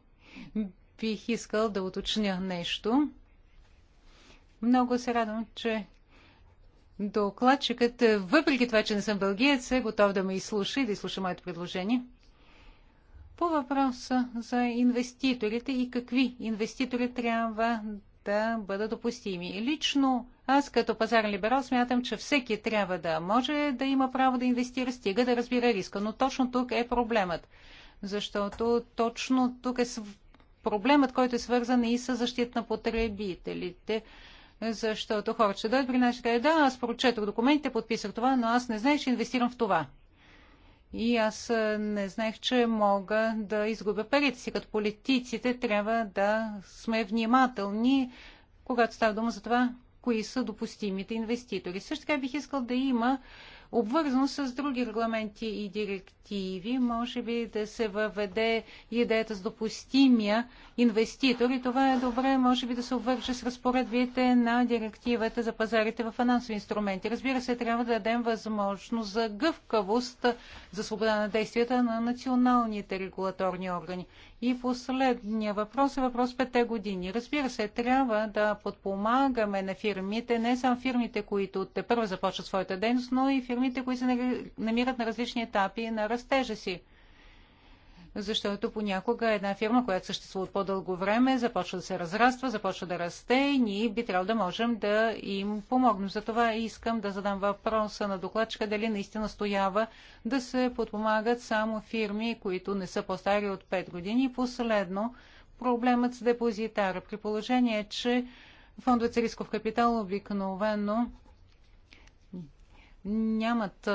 бих искал да уточня нещо. Много се радвам, че докладчикът, е, въпреки това, че не съм бългиец, е готов да ме изслуша и да изслуша моето предложение. По въпроса за инвеститорите и какви инвеститори трябва да бъдат допустими. Лично аз като пазарен либерал смятам, че всеки трябва да може да има право да инвестира, стига да разбира риска. Но точно тук е проблемът. Защото точно тук е проблемът, който е свързан и с защита на потребителите защото хората ще дойдат при нас и кажат, да, аз прочетох документите, подписах това, но аз не знаех, че инвестирам в това. И аз не знаех, че мога да изгубя парите си. Като политиците трябва да сме внимателни, когато става дума за това, кои са допустимите инвеститори. Също така бих искал да има обвързано с други регламенти и директиви. Може би да се въведе идеята с допустимия инвеститор и това е добре, може би да се обвърже с разпоредбите на директивата за пазарите в финансови инструменти. Разбира се, трябва да дадем възможност за гъвкавост, за свобода на действията на националните регулаторни органи. И последния въпрос е въпрос петте години. Разбира се, трябва да подпомагаме на фирмите, не само фирмите, които те първо започват своята дейност, но и фирмите, които се намират на различни етапи на растежа си защото понякога една фирма, която съществува от по-дълго време, започва да се разраства, започва да расте и ние би трябвало да можем да им помогнем. Затова искам да задам въпроса на докладчика дали наистина стоява да се подпомагат само фирми, които не са по-стари от 5 години. И последно, проблемът с депозитара. При положение, че фондът за рисков капитал обикновено нямат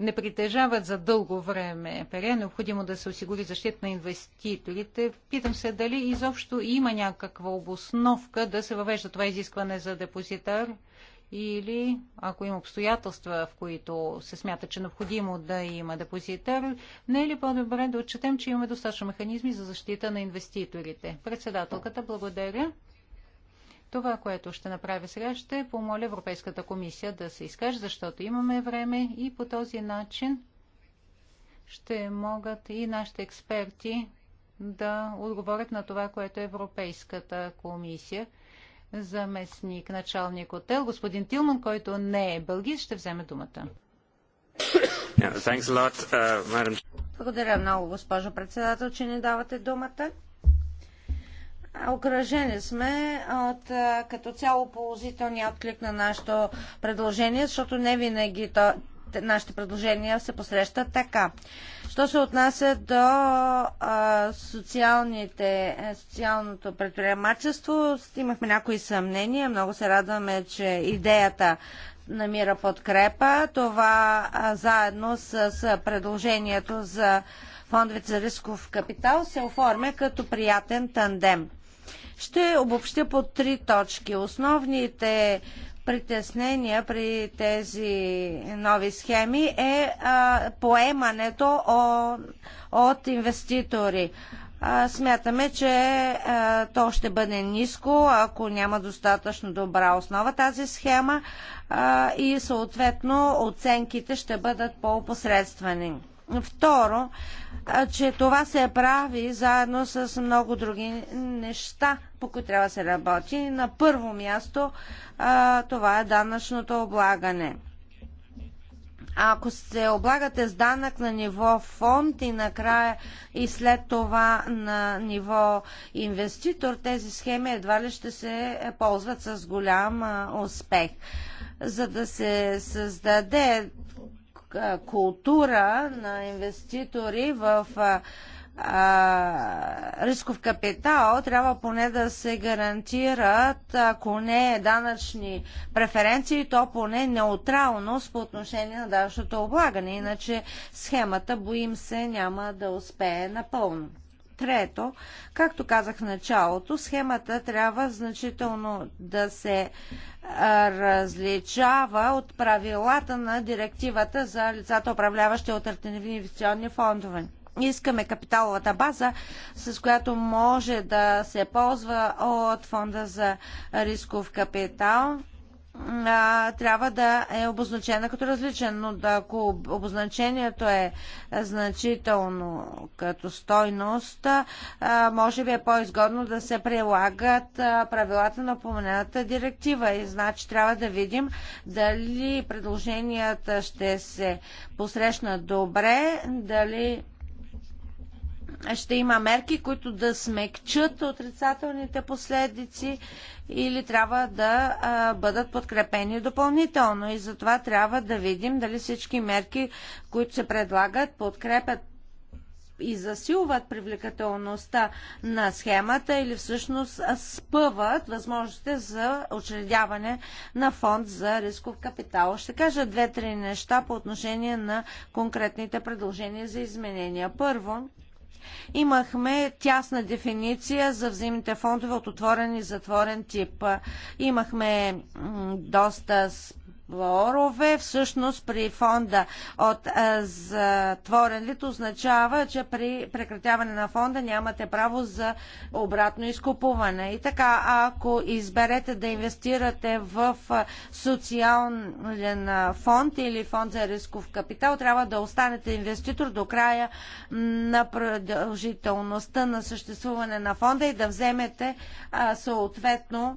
не притежават за дълго време ПР, е необходимо да се осигури защита на инвеститорите. Питам се дали изобщо има някаква обосновка да се въвежда това изискване за депозитар или ако има обстоятелства, в които се смята, че е необходимо да има депозитар, не е ли по-добре да отчетем, че имаме достатъчно механизми за защита на инвеститорите? Председателката, благодаря. Това, което ще направя сега, ще помоля Европейската комисия да се изкаже, защото имаме време и по този начин ще могат и нашите експерти да отговорят на това, което е Европейската комисия заместник началник отдел, господин Тилман, който не е бългист, ще вземе думата. Uh, Благодаря много, госпожо председател, че ни давате думата. Окръжени сме от като цяло положителния отклик на нашето предложение, защото не винаги то, нашите предложения се посрещат така. Що се отнася до а, социалните, е, социалното предприемачество, имахме някои съмнения. Много се радваме, че идеята намира подкрепа. Това а, заедно с, с предложението за фондовете за рисков капитал се оформя като приятен тандем. Ще обобщя по три точки. Основните притеснения при тези нови схеми е а, поемането о, от инвеститори. А, смятаме, че а, то ще бъде ниско, ако няма достатъчно добра основа тази схема а, и съответно оценките ще бъдат по-опосредствени. Второ, че това се прави заедно с много други неща, по които трябва да се работи. На първо място това е данъчното облагане. Ако се облагате с данък на ниво фонд и накрая и след това на ниво инвеститор, тези схеми едва ли ще се ползват с голям успех. За да се създаде култура на инвеститори в а, рисков капитал, трябва поне да се гарантират, ако не данъчни преференции, то поне неутралност по отношение на данъчното облагане. Иначе схемата, боим се, няма да успее напълно. Трето, както казах в началото, схемата трябва значително да се различава от правилата на директивата за лицата, управляващи альтернативни инвестиционни фондове искаме капиталовата база, с която може да се ползва от фонда за рисков капитал а, трябва да е обозначена като различен, но да, ако обозначението е значително като стойност, а, може би е по-изгодно да се прилагат а, правилата на поменената директива и значи трябва да видим дали предложенията ще се посрещнат добре, дали ще има мерки, които да смекчат отрицателните последици или трябва да а, бъдат подкрепени допълнително. И затова трябва да видим дали всички мерки, които се предлагат, подкрепят и засилват привлекателността на схемата или всъщност спъват възможностите за учредяване на фонд за рисков капитал. Ще кажа две-три неща по отношение на конкретните предложения за изменения. Първо, Имахме тясна дефиниция за взаимните фондове от отворен и затворен тип. Имахме доста лорове. Всъщност при фонда от затворен вид означава, че при прекратяване на фонда нямате право за обратно изкупуване. И така, ако изберете да инвестирате в социален фонд или фонд за рисков капитал, трябва да останете инвеститор до края на продължителността на съществуване на фонда и да вземете съответно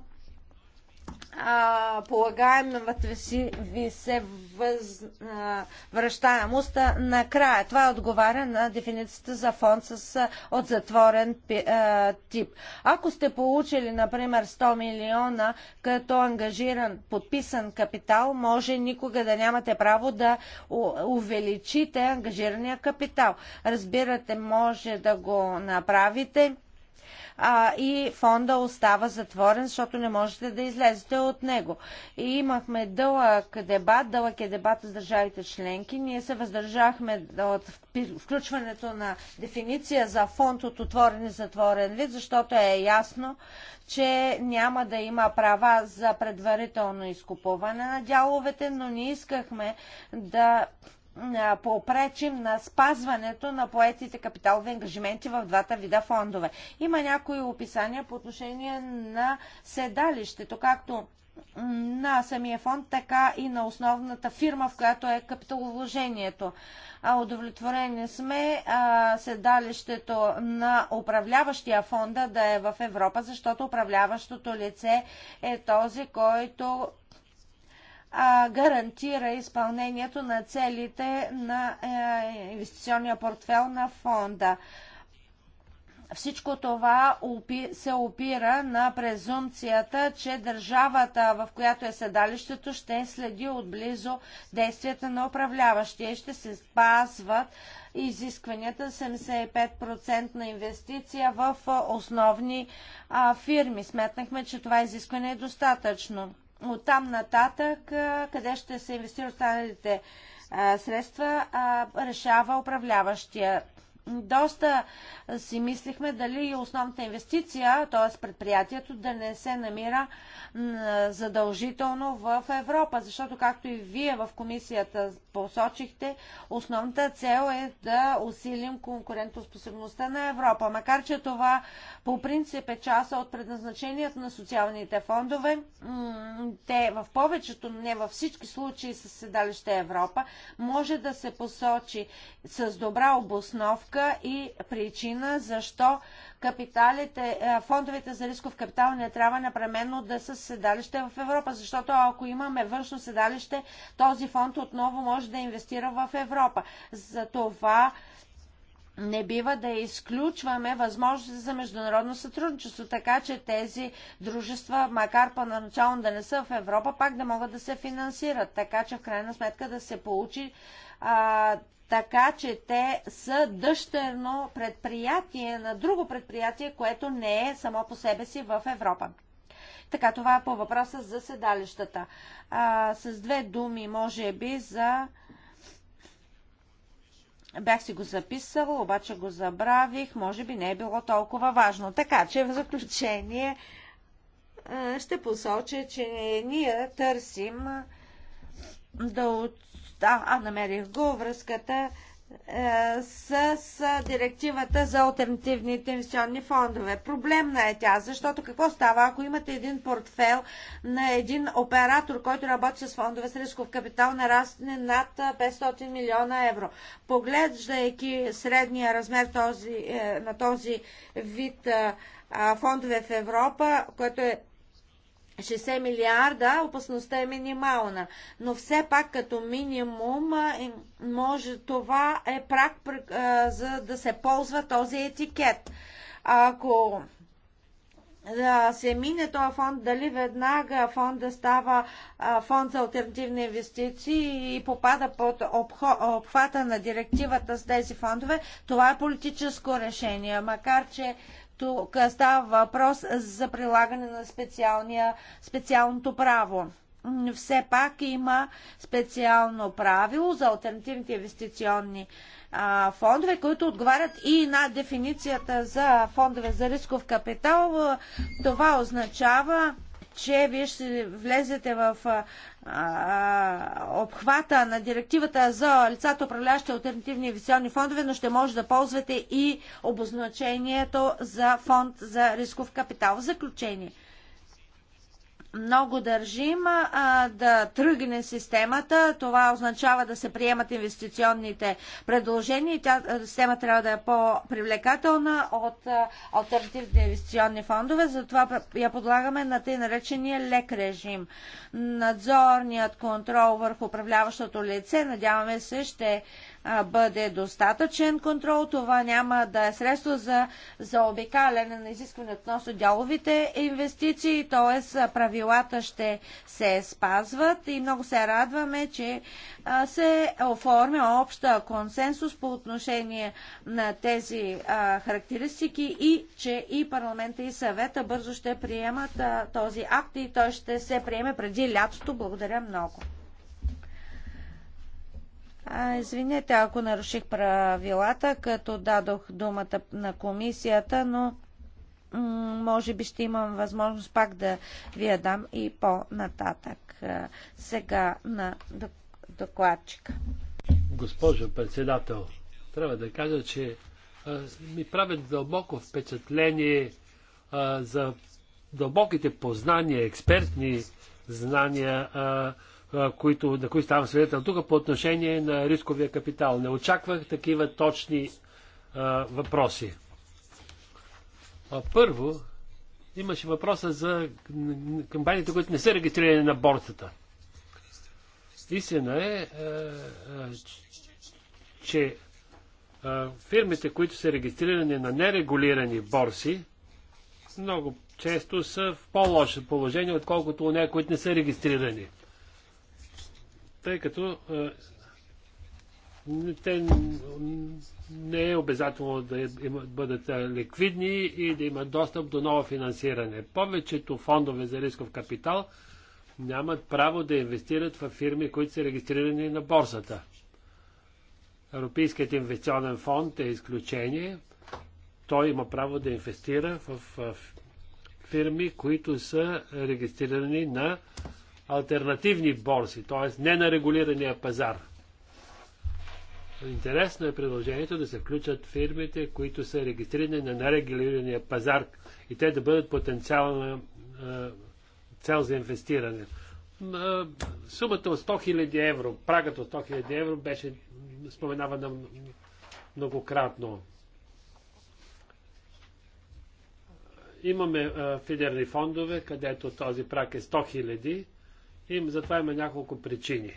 полагаемата си ви се въз, а, връщаемост накрая. Това отговаря на дефиницията за фонд с, а, от затворен а, тип. Ако сте получили, например, 100 милиона като ангажиран, подписан капитал, може никога да нямате право да увеличите ангажирания капитал. Разбирате, може да го направите а, и фонда остава затворен, защото не можете да излезете от него. И имахме дълъг дебат, дълъг е дебат с държавите членки. Ние се въздържахме от включването на дефиниция за фонд от отворен и затворен вид, защото е ясно, че няма да има права за предварително изкупуване на дяловете, но не искахме да попречим на спазването на поетите капиталови ангажименти в двата вида фондове. Има някои описания по отношение на седалището, както на самия фонд, така и на основната фирма, в която е капиталовложението. А удовлетворени сме а, седалището на управляващия фонда да е в Европа, защото управляващото лице е този, който а, гарантира изпълнението на целите на а, е, инвестиционния портфел на фонда. Всичко това се опира на презумцията, че държавата, в която е седалището, ще следи отблизо действията на управляващия и ще се спазват изискванията 75% на инвестиция в основни фирми. Сметнахме, че това изискване е достатъчно от там нататък, къде ще се инвестира останалите средства, решава управляващия доста си мислихме дали основната инвестиция, т.е. предприятието, да не се намира задължително в Европа, защото както и вие в комисията посочихте, основната цел е да усилим конкурентоспособността на Европа. Макар, че това по принцип е част от предназначението на социалните фондове, те в повечето, не във всички случаи с седалище Европа, може да се посочи с добра обосновка и причина защо капиталите, е, фондовете за рисков капитал не трябва непременно да са седалище в Европа, защото ако имаме външно седалище, този фонд отново може да инвестира в Европа. За това не бива да изключваме възможности за международно сътрудничество, така че тези дружества, макар по по-начално да не са в Европа, пак да могат да се финансират, така че в крайна сметка да се получи а, така че те са дъщерно предприятие на друго предприятие, което не е само по себе си в Европа. Така, това е по въпроса за седалищата. А, с две думи, може би, за... Бях си го записал, обаче го забравих. Може би не е било толкова важно. Така че, в заключение, ще посоча, че ние търсим да от да, а намерих го връзката е, с, с директивата за альтернативните инвестиционни фондове. Проблемна е тя, защото какво става, ако имате един портфел на един оператор, който работи с фондове с рисков капитал, нарасне над 500 е, милиона евро. Поглеждайки средния размер този, е, на този вид фондове в Европа, което е 60 милиарда, опасността е минимална. Но все пак като минимум е, може, това е прак за да се ползва този етикет. Ако да се мине този фонд, дали веднага фонда става фонд за альтернативни инвестиции и попада под обхвата на директивата с тези фондове, това е политическо решение. Макар, че тук става въпрос за прилагане на специалното право все пак има специално правило за альтернативните инвестиционни а, фондове, които отговарят и на дефиницията за фондове за рисков капитал. Това означава че вие ще влезете в а, а, обхвата на директивата за лицата, управляващи альтернативни инвестиционни фондове, но ще може да ползвате и обозначението за фонд за рисков капитал. В заключение, много държим а, да тръгне системата. Това означава да се приемат инвестиционните предложения и тя, система трябва да е по-привлекателна от а, альтернативни инвестиционни фондове. Затова я подлагаме на тъй наречения лек режим. Надзорният контрол върху управляващото лице, надяваме се, ще бъде достатъчен контрол, това няма да е средство за, за обикаляне на изискване относно дяловите инвестиции, т.е. правилата ще се спазват и много се радваме, че се оформя обща консенсус по отношение на тези а, характеристики и че и парламента и съвета бързо ще приемат а, този акт и той ще се приеме преди лятото. Благодаря много. А, извинете, ако наруших правилата, като дадох думата на комисията, но може би ще имам възможност пак да ви я дам и по-нататък. Сега на докладчика. Госпожо председател, трябва да кажа, че а, ми правят дълбоко впечатление а, за дълбоките познания, експертни знания, а, които, на които ставам свидетел тук по отношение на рисковия капитал. Не очаквах такива точни а, въпроси. А, първо, имаше въпроса за кампаниите, които не са регистрирани на борцата. Истина е, а, а, че а, фирмите, които са регистрирани на нерегулирани борси, много често са в по-лошо положение, отколкото у нея, които не са регистрирани тъй като те не е обязателно да е, бъдат ликвидни и да имат достъп до ново финансиране. Повечето фондове за рисков капитал нямат право да инвестират в фирми, които са регистрирани на борсата. Европейският инвестиционен фонд е изключение. Той има право да инвестира в фирми, които са регистрирани на альтернативни борси, т.е. не на регулирания пазар. Интересно е предложението да се включат фирмите, които са регистрирани на нерегулирания пазар и те да бъдат потенциална е, цел за инвестиране. Е, сумата от 100 000 евро, прагът от 100 000 евро беше споменавана многократно. Имаме е, фидерни фондове, където този прак е 100 000 и затова има няколко причини.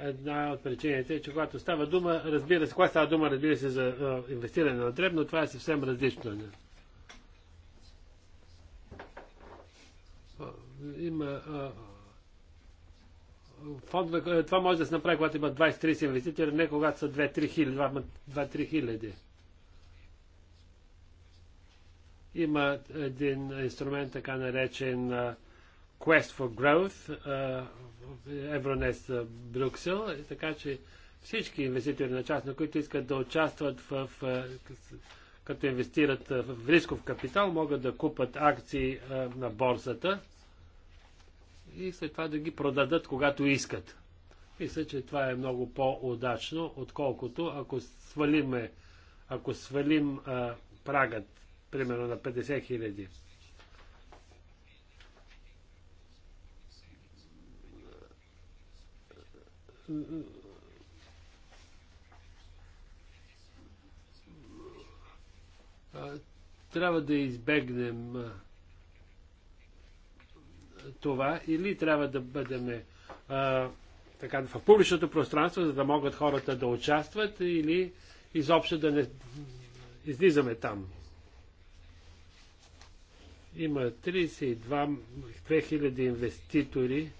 Една от причините е, че когато става дума, разбира се, когато става дума, разбира се, за инвестиране на дребно, това е съвсем различно. Има фондове, това може да се направи, когато има 20-30 инвеститори, не когато са 2-3 хиляди. 2-3 хиляди. Има един инструмент, така наречен Quest for Growth, Евронес Брюксел, така че всички инвеститори на част, на които искат да участват в, в като инвестират в рисков капитал, могат да купат акции на борсата и след това да ги продадат, когато искат. Мисля, че това е много по-удачно, отколкото ако свалим, ако свалим а, прагът, примерно на 50 хиляди трябва да избегнем това или трябва да бъдем така, в публичното пространство, за да могат хората да участват или изобщо да не излизаме там. Има 32 2000 инвеститори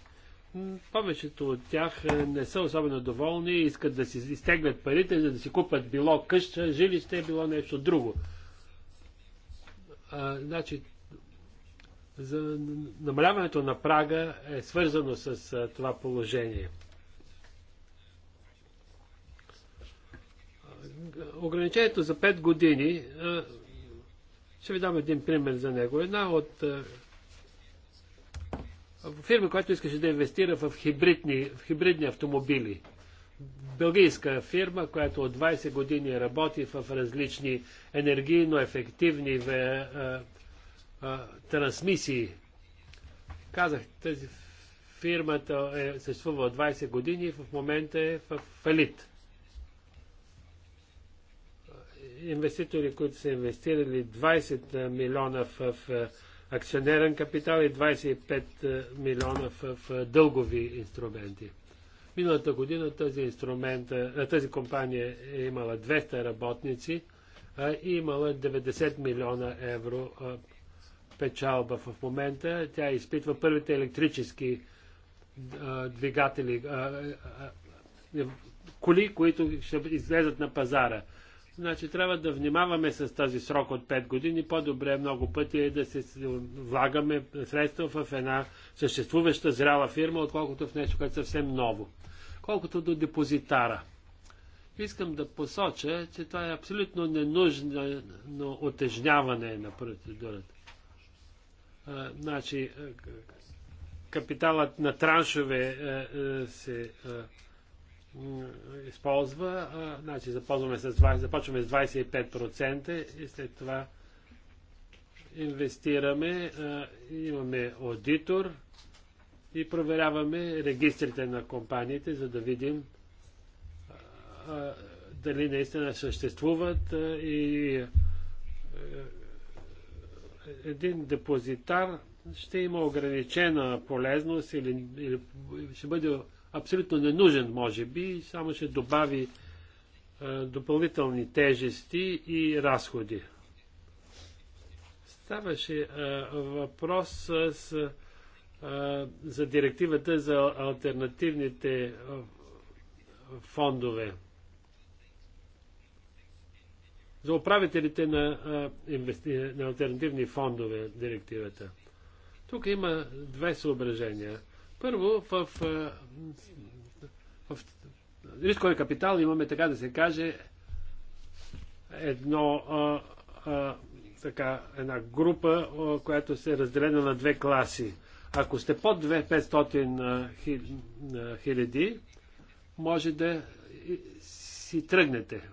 повечето от тях е, не са особено доволни, и искат да си изтеглят парите, за да си купат било къща, жилище, било нещо друго. А, значи, за намаляването на прага е свързано с а, това положение. Ограничението за 5 години, а, ще ви дам един пример за него. Една от фирма, която искаше да инвестира в хибридни, в хибридни автомобили. Белгийска фирма, която от 20 години работи в различни енергийно ефективни в, а, а, трансмисии. Казах, тази фирмата е, съществувала от 20 години и в момента е в фалит. Инвеститори, които са инвестирали 20 милиона в, в акционерен капитал и 25 е, милиона в, в дългови инструменти. Миналата година тази, инструмент, е, е, тази компания е имала 200 работници и имала 90 милиона евро печалба в момента. Тя изпитва първите електрически двигатели, коли, които ще излезат на пазара. Значи трябва да внимаваме с тази срок от 5 години. По-добре е много пъти е да се влагаме средства в една съществуваща зряла фирма, отколкото в нещо, което е съвсем ново. Колкото до депозитара. Искам да посоча, че това е абсолютно ненужно отежняване на процедурата. А, значи, капиталът на траншове а, а, се а, използва. значи започваме с, 20, започваме с 25% и след това инвестираме, имаме аудитор и проверяваме регистрите на компаниите, за да видим дали наистина съществуват и е, един депозитар ще има ограничена полезност или, или ще бъде абсолютно ненужен, може би, само ще добави а, е, допълнителни тежести и разходи. Ставаше а, е, въпрос с, а, е, за директивата за альтернативните а, фондове. За управителите на, а, инвести... на альтернативни фондове директивата. Тук има две съображения – първо, в, в, е, в рисковия капитал имаме, така да се каже, едно, а, е, а, е, така, една група, а, която се е разделена на две класи. Ако сте под 500 хиляди, може да си тръгнете.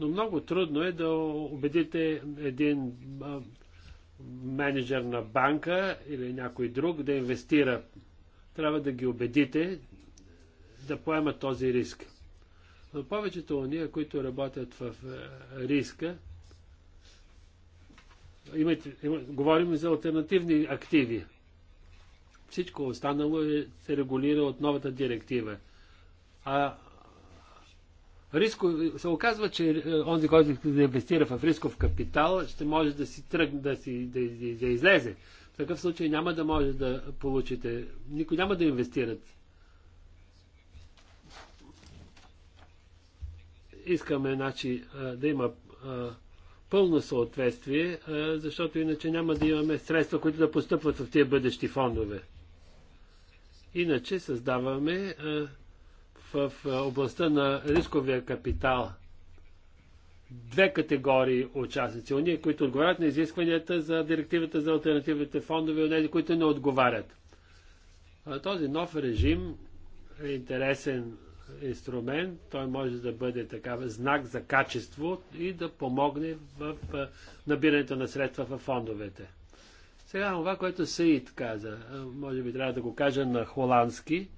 Но много трудно е да убедите един менеджер на банка или някой друг да инвестира трябва да ги убедите да поемат този риск. Но повечето от ние, които работят в е, риска, имат, имат, говорим за альтернативни активи. Всичко останало е, се регулира от новата директива. А риско, се оказва, че е, онзи, който да инвестира в рисков капитал, ще може да си тръгне, да, си, да, да, да излезе в такъв случай няма да може да получите, никой няма да инвестират. Искаме значи, да има пълно съответствие, защото иначе няма да имаме средства, които да постъпват в тези бъдещи фондове. Иначе създаваме в областта на рисковия капитал – две категории участници. Ония, които отговарят на изискванията за директивата за альтернативните фондове и онези, които не отговарят. Този нов режим е интересен инструмент. Той може да бъде такава знак за качество и да помогне в набирането на средства в фондовете. Сега това, което Саид каза, може би трябва да го кажа на холандски,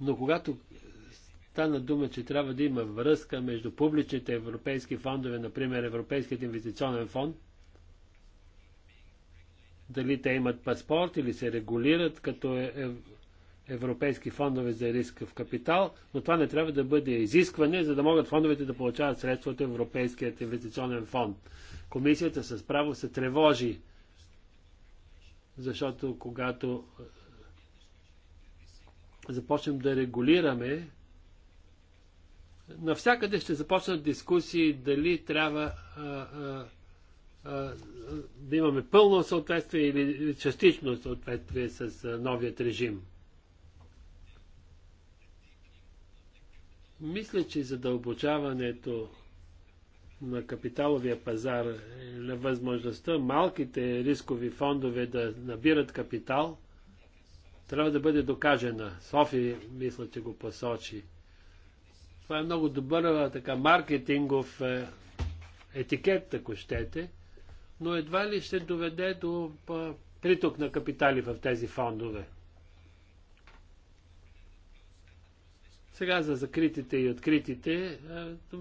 но когато стана дума, че трябва да има връзка между публичните европейски фондове, например Европейският инвестиционен фонд, дали те имат паспорт или се регулират като е, е, европейски фондове за риск в капитал, но това не трябва да бъде изискване, за да могат фондовете да получават средства от Европейският инвестиционен фонд. Комисията с право се тревожи, защото когато е, започнем да регулираме навсякъде ще започнат дискусии дали трябва а, а, а, да имаме пълно съответствие или частично съответствие с а, новият режим. Мисля, че задълбочаването на капиталовия пазар е на възможността малките рискови фондове да набират капитал трябва да бъде докажена. Софи, мисля, че го посочи – това е много добър така, маркетингов е, етикет, ако щете, но едва ли ще доведе до приток на капитали в тези фондове. Сега за закритите и откритите. Е,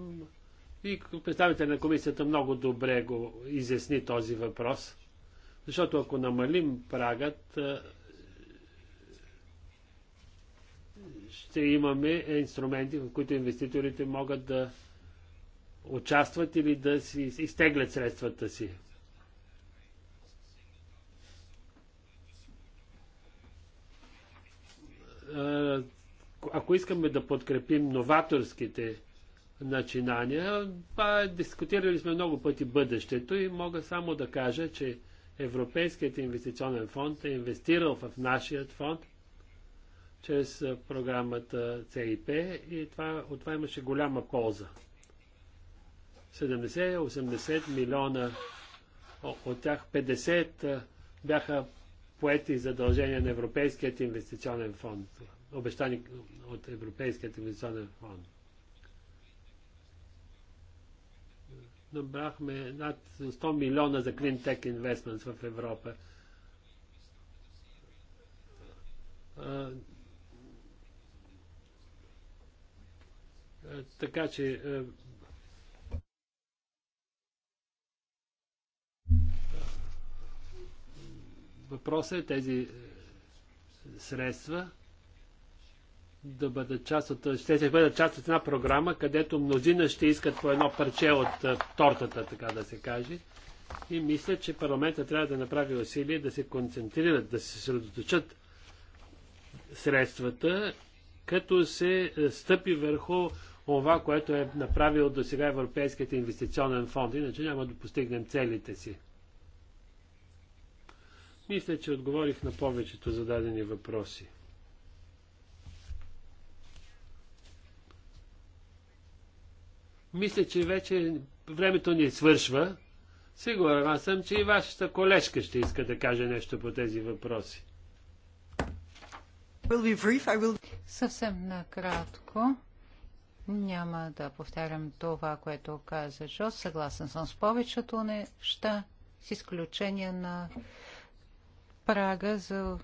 и представител на комисията много добре го изясни този въпрос. Защото ако намалим прагът, е, ще имаме инструменти, в които инвеститорите могат да участват или да си изтеглят средствата си. Ако искаме да подкрепим новаторските начинания, па, дискутирали сме много пъти бъдещето и мога само да кажа, че Европейският инвестиционен фонд е инвестирал в нашият фонд – чрез програмата ЦИП и това, от това имаше голяма полза. 70-80 милиона, от тях 50 бяха поети задължения на Европейският инвестиционен фонд, обещани от Европейският инвестиционен фонд. Набрахме над 100 милиона за Clean Tech Investments в Европа. Така че е, въпросът е тези е, средства да бъдат част от, ще се бъдат част от една програма, където мнозина ще искат по едно парче от е, тортата, така да се каже. И мисля, че парламента трябва да направи усилие да се концентрират, да се съсредоточат средствата, като се стъпи върху това, което е направил до сега Европейският инвестиционен фонд, иначе няма да постигнем целите си. Мисля, че отговорих на повечето зададени въпроси. Мисля, че вече времето ни свършва. Сигурен съм, че и вашата колежка ще иска да каже нещо по тези въпроси. Съвсем накратко. Няма да повтарям това, което каза Джо. Съгласен съм с повечето неща, с изключение на прага за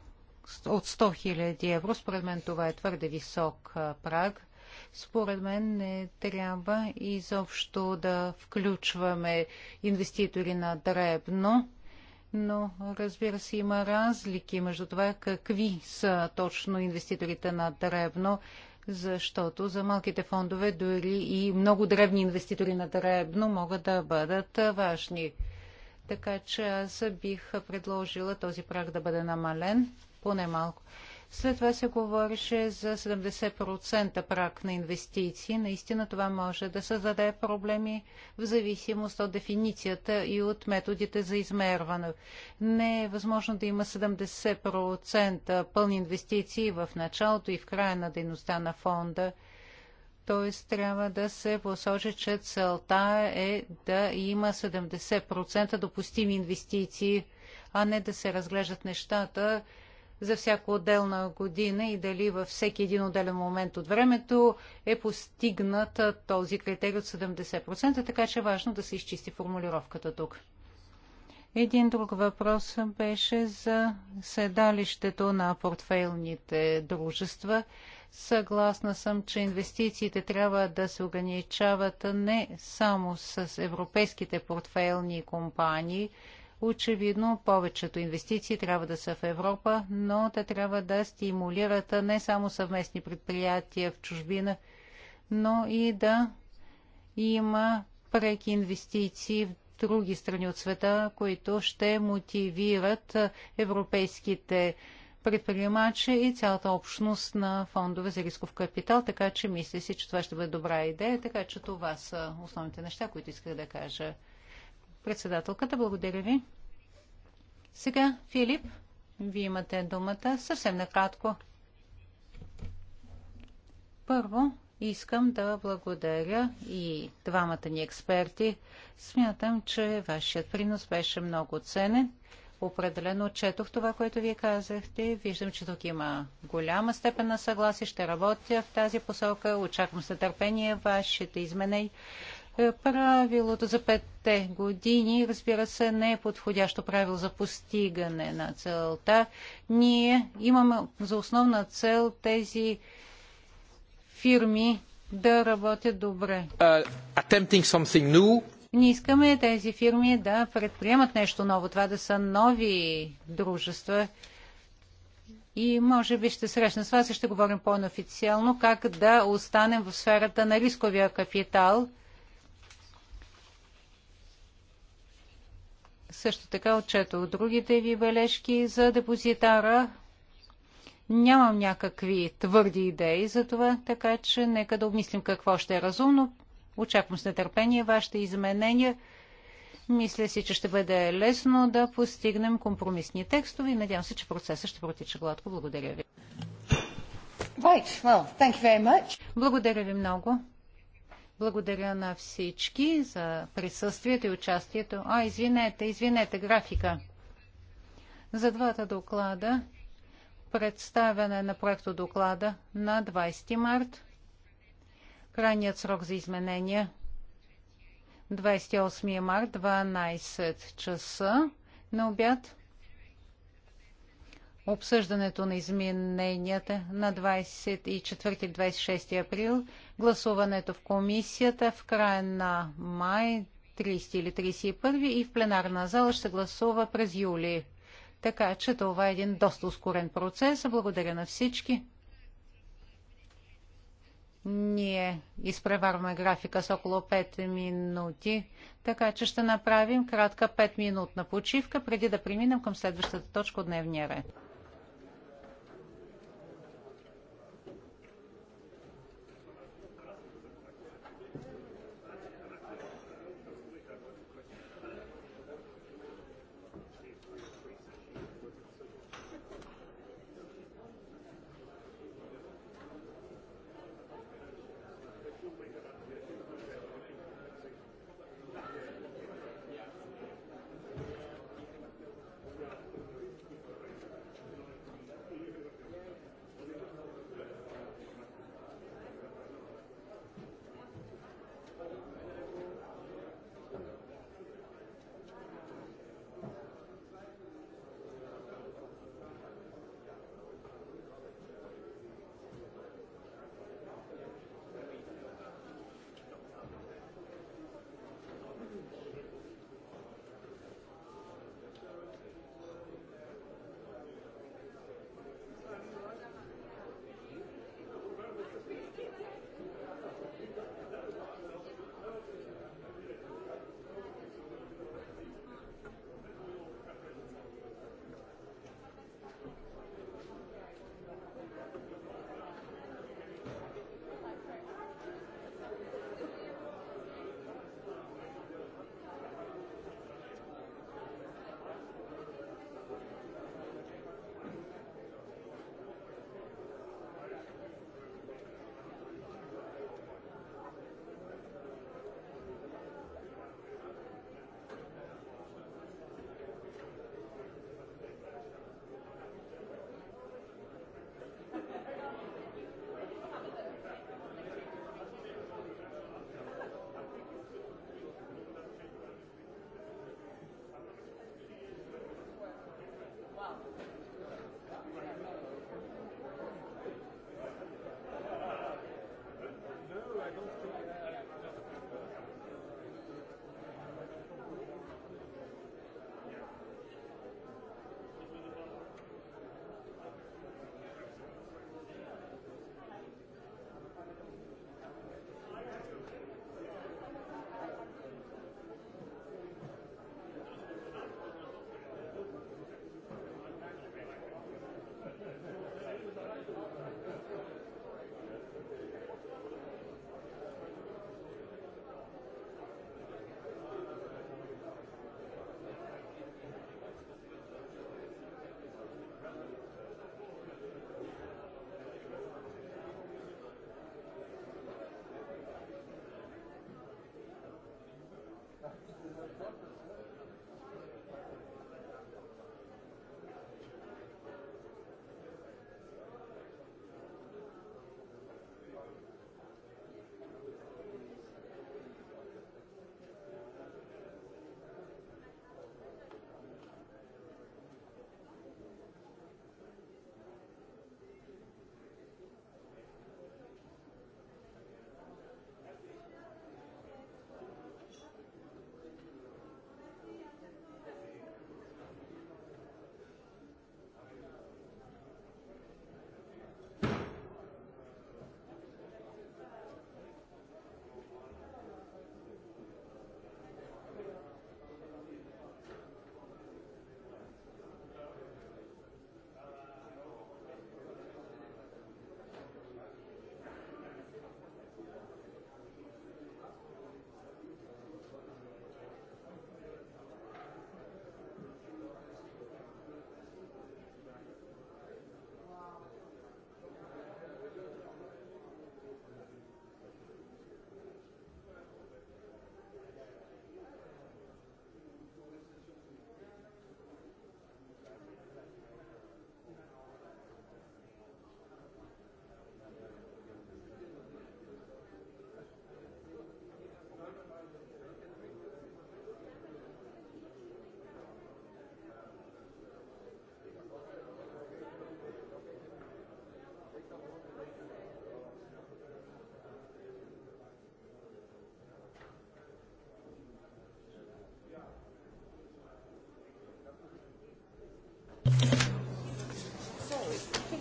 от 100 000 евро. Според мен това е твърде висок праг. Според мен не трябва изобщо да включваме инвеститори на дребно, но разбира се има разлики между това какви са точно инвеститорите на дребно защото за малките фондове дори и много древни инвеститори на дребно могат да бъдат важни. Така че аз бих предложила този праг да бъде намален поне малко. След това се говореше за 70% прак на инвестиции. Наистина това може да създаде проблеми в зависимост от дефиницията и от методите за измерване. Не е възможно да има 70% пълни инвестиции в началото и в края на дейността на фонда. Т.е. трябва да се посочи, че целта е да има 70% допустими инвестиции, а не да се разглеждат нещата за всяка отделна година и дали във всеки един отделен момент от времето е постигнат този критерий от 70%, така че е важно да се изчисти формулировката тук. Един друг въпрос беше за седалището на портфейлните дружества. Съгласна съм, че инвестициите трябва да се ограничават не само с европейските портфейлни компании, Очевидно, повечето инвестиции трябва да са в Европа, но те трябва да стимулират не само съвместни предприятия в чужбина, но и да има преки инвестиции в други страни от света, които ще мотивират европейските предприемачи и цялата общност на фондове за рисков капитал, така че мисля си, че това ще бъде добра идея, така че това са основните неща, които исках да кажа. Председателката, благодаря ви. Сега, Филип, вие имате думата съвсем накратко. Първо, искам да благодаря и двамата ни експерти. Смятам, че вашият принос беше много ценен. Определено отчетох това, което вие казахте. Виждам, че тук има голяма степен на съгласие. Ще работя в тази посока. Очаквам с търпение вашите изменения. Е, правилото за петте години, разбира се, не е подходящо правило за постигане на целта. Ние имаме за основна цел тези фирми да работят добре. Uh, Ние искаме тези фирми да предприемат нещо ново, това да са нови дружества. И може би ще срещна с вас и ще говорим по-неофициално как да останем в сферата на рисковия капитал – Също така отчетох другите ви бележки за депозитара. Нямам някакви твърди идеи за това, така че нека да обмислим какво ще е разумно. Очаквам с нетърпение вашите изменения. Мисля си, че ще бъде лесно да постигнем компромисни текстове и надявам се, че процесът ще протича гладко. Благодаря ви. Right. Well, Благодаря ви много. Благодаря на всички за присъствието и участието. А, извинете, извинете, графика. За двата доклада представяне на проекто доклада на 20 март. Крайният срок за изменения 28 март, 12 часа на обяд. Обсъждането на измененията на 24-26 април Гласуването в комисията в края на май 30 или 31 и в пленарна зала ще гласува през юли. Така че това е един доста ускорен процес. Благодаря на всички. Ние изпреварваме графика с около 5 минути, така че ще направим кратка 5-минутна почивка, преди да преминем към следващата точка от дневния ред.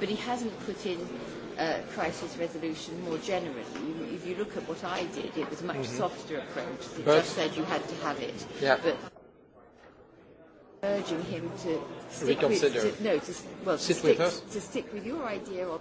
but he hasn't put in uh, crisis resolution more generally. If you look at what I did, it was a much mm-hmm. softer approach. It but, just said you had to have it. Yeah. But urging him to stick Reconsider. with to, no to, well, to, stick, to stick with your idea of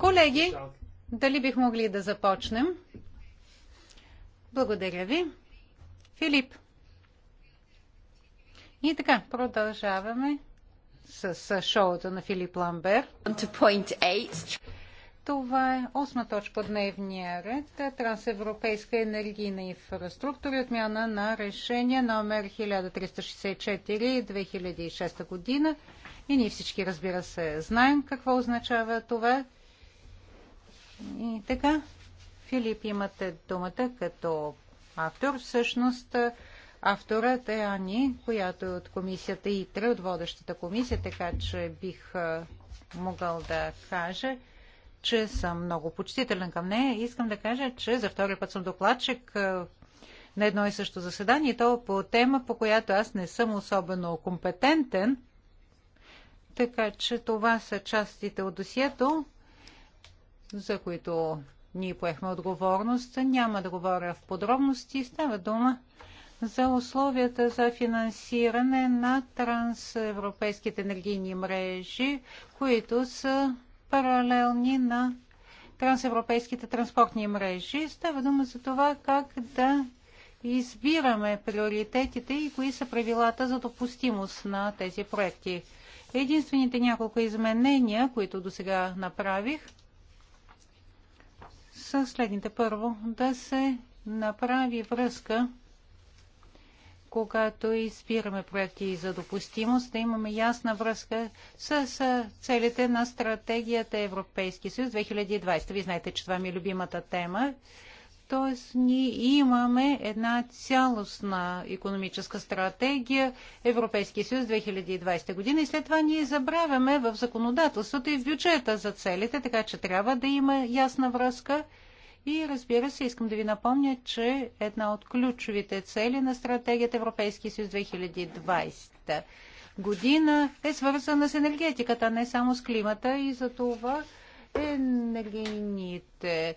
Колеги, дали бих могли да започнем? Благодаря ви. Филип. И така, продължаваме с шоуто на Филип Ламбер. Това е осма точка дневния ред. Трансевропейска енергийна инфраструктура и отмяна на решение номер 1364-2006 година. И ние всички, разбира се, знаем какво означава това. И така, Филип, имате думата като автор. Всъщност, авторът е Ани, която е от комисията ИТРА, от водещата комисия, така че бих могъл да кажа, че съм много почтителен към нея. Искам да кажа, че за втори път съм докладчик на едно и също заседание, то по тема, по която аз не съм особено компетентен. Така че това са частите от досието, за които ние поехме отговорност. Няма да говоря в подробности. Става дума за условията за финансиране на трансевропейските енергийни мрежи, които са паралелни на трансевропейските транспортни мрежи. Става дума за това как да избираме приоритетите и кои са правилата за допустимост на тези проекти. Единствените няколко изменения, които до сега направих, са следните. Първо, да се направи връзка когато избираме проекти за допустимост, да имаме ясна връзка с, целите на стратегията Европейски съюз 2020. Вие знаете, че това ми е любимата тема. Тоест, ние имаме една цялостна економическа стратегия Европейския съюз 2020 година и след това ние забравяме в законодателството и в бюджета за целите, така че трябва да има ясна връзка. И разбира се, искам да ви напомня, че една от ключовите цели на стратегията Европейски съюз 2020 година е свързана с енергетиката, не само с климата и за това енергийните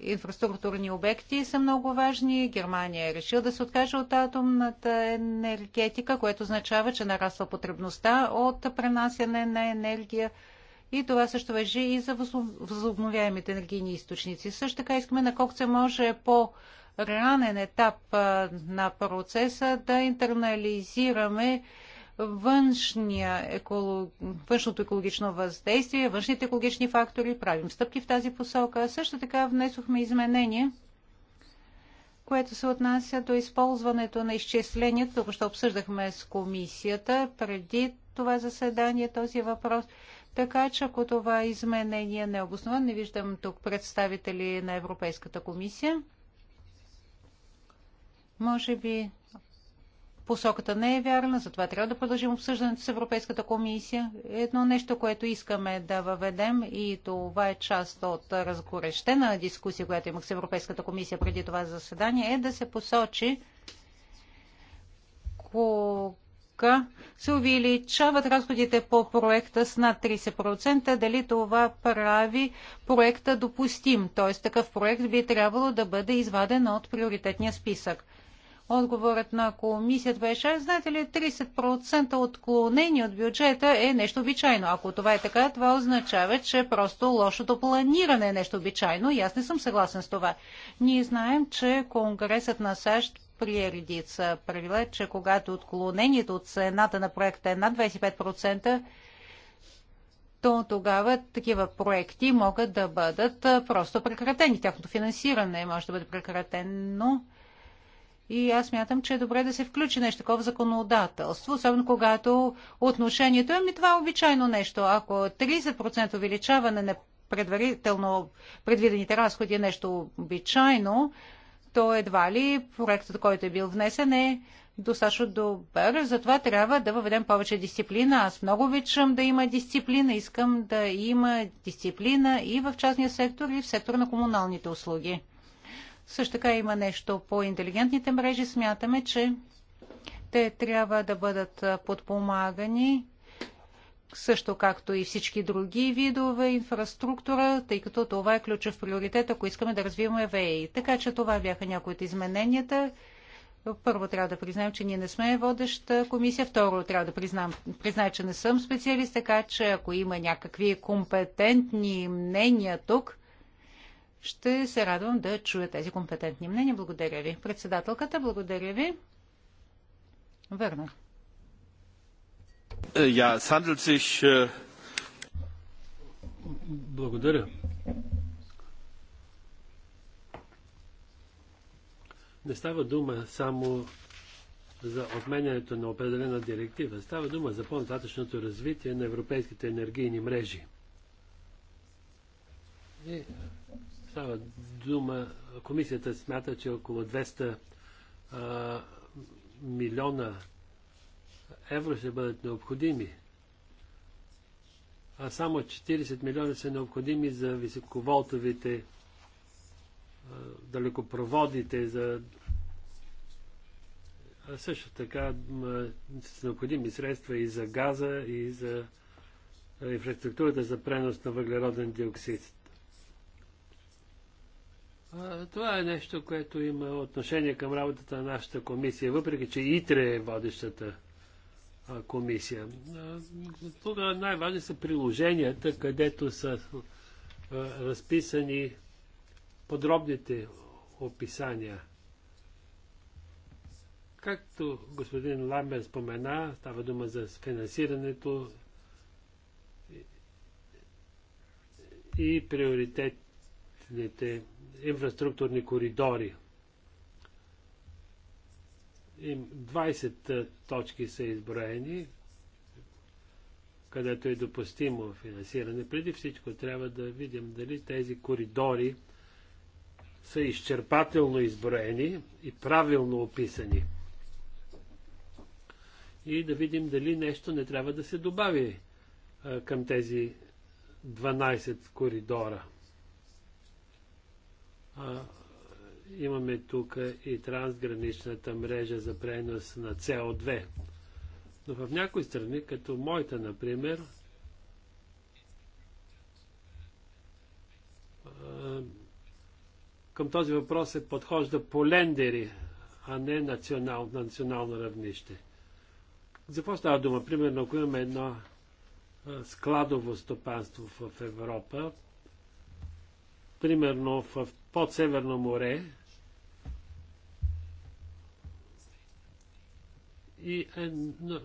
инфраструктурни обекти са много важни. Германия е решила да се откаже от атомната енергетика, което означава, че нараства потребността от пренасяне на енергия и това също въжи и за възобновяемите енергийни източници. Също така искаме на колкото се може по ранен етап на процеса да интернализираме външния еколог... външното екологично въздействие, външните екологични фактори, правим стъпки в тази посока. Също така внесохме изменения, което се отнася до използването на изчисленията, току обсъждахме с комисията преди това заседание този въпрос – така че ако това изменение не е обосновано, не виждам тук представители на Европейската комисия. Може би посоката не е вярна, затова трябва да продължим обсъждането с Европейската комисия. Едно нещо, което искаме да въведем и това е част от разгорещена дискусия, която имах с Европейската комисия преди това заседание, е да се посочи, ако връзка се увеличават разходите по проекта с над 30%. Дали това прави проекта допустим? Т.е. такъв проект би трябвало да бъде изваден от приоритетния списък. Отговорът на комисията беше, знаете ли, 30% отклонение от бюджета е нещо обичайно. Ако това е така, това означава, че просто лошото планиране е нещо обичайно и аз не съм съгласен с това. Ние знаем, че Конгресът на САЩ прие редица правила, че когато отклонението от цената на проекта е над 25%, то тогава такива проекти могат да бъдат просто прекратени. Тяхното финансиране може да бъде прекратено. И аз мятам, че е добре да се включи нещо такова в законодателство, особено когато отношението е, ми това е обичайно нещо. Ако 30% увеличаване на предварително предвидените разходи е нещо обичайно, то едва ли проектът, който е бил внесен е достатъчно добър, затова трябва да въведем повече дисциплина. Аз много обичам да има дисциплина, искам да има дисциплина и в частния сектор, и в сектора на комуналните услуги. Също така има нещо по интелигентните мрежи. Смятаме, че те трябва да бъдат подпомагани също както и всички други видове инфраструктура, тъй като това е ключов приоритет, ако искаме да развиваме ВЕИ. Така че това бяха някои от измененията. Първо трябва да признаем, че ние не сме водеща комисия. Второ трябва да признам, признаем, че не съм специалист, така че ако има някакви компетентни мнения тук, ще се радвам да чуя тези компетентни мнения. Благодаря ви. Председателката, благодаря ви. Върнах. Äh, ja, es handelt sich... Äh, Благодаря. Не става дума само за отменянето на определена директива. Става дума за по-нататъчното развитие на европейските енергийни мрежи. И става дума, комисията смята, че около 200 а, милиона евро ще бъдат необходими, а само 40 милиона са необходими за високоволтовите далекопроводите, за а също така са необходими средства и за газа, и за инфраструктурата за пренос на въглероден диоксид. това е нещо, което има отношение към работата на нашата комисия, въпреки че ИТРЕ е водещата комисия. Тук най-важни са приложенията, където са разписани подробните описания. Както господин Ламбер спомена, става дума за финансирането и приоритетните инфраструктурни коридори 20 точки са изброени, където е допустимо финансиране. Преди всичко трябва да видим дали тези коридори са изчерпателно изброени и правилно описани. И да видим дали нещо не трябва да се добави към тези 12 коридора имаме тук и трансграничната мрежа за пренос на CO2. Но в някои страни, като моята, например, към този въпрос се подхожда по лендери, а не национал, на национално равнище. За какво става дума? Примерно, ако имаме едно складово стопанство в Европа, примерно в под Северно море и е, но,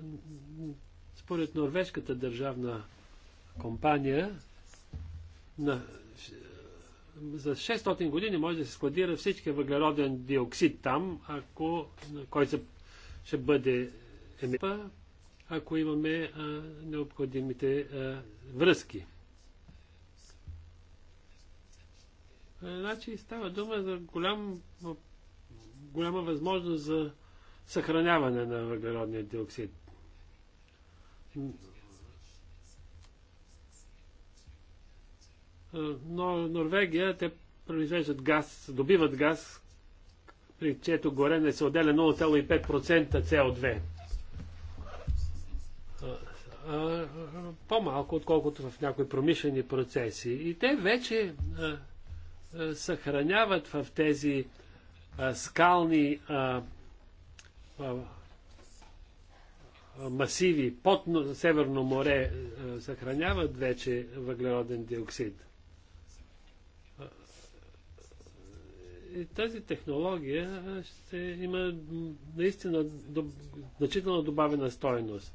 според норвежката държавна компания на, за 600 години може да се складира всички въглероден диоксид там, ако, който ще бъде емипа, ако имаме а, необходимите а, връзки. Е, значи става дума за голям, голяма възможност за съхраняване на въглеродния диоксид. Е, но Норвегия, те произвеждат газ, добиват газ, при чието горене се отделя 0,5% CO2. По-малко, отколкото в някои промишлени процеси. И те вече е, е, съхраняват в тези а, е, скални а, е, а, масиви под Северно море съхраняват вече въглероден диоксид. И тази технология ще има наистина значително добавена стойност.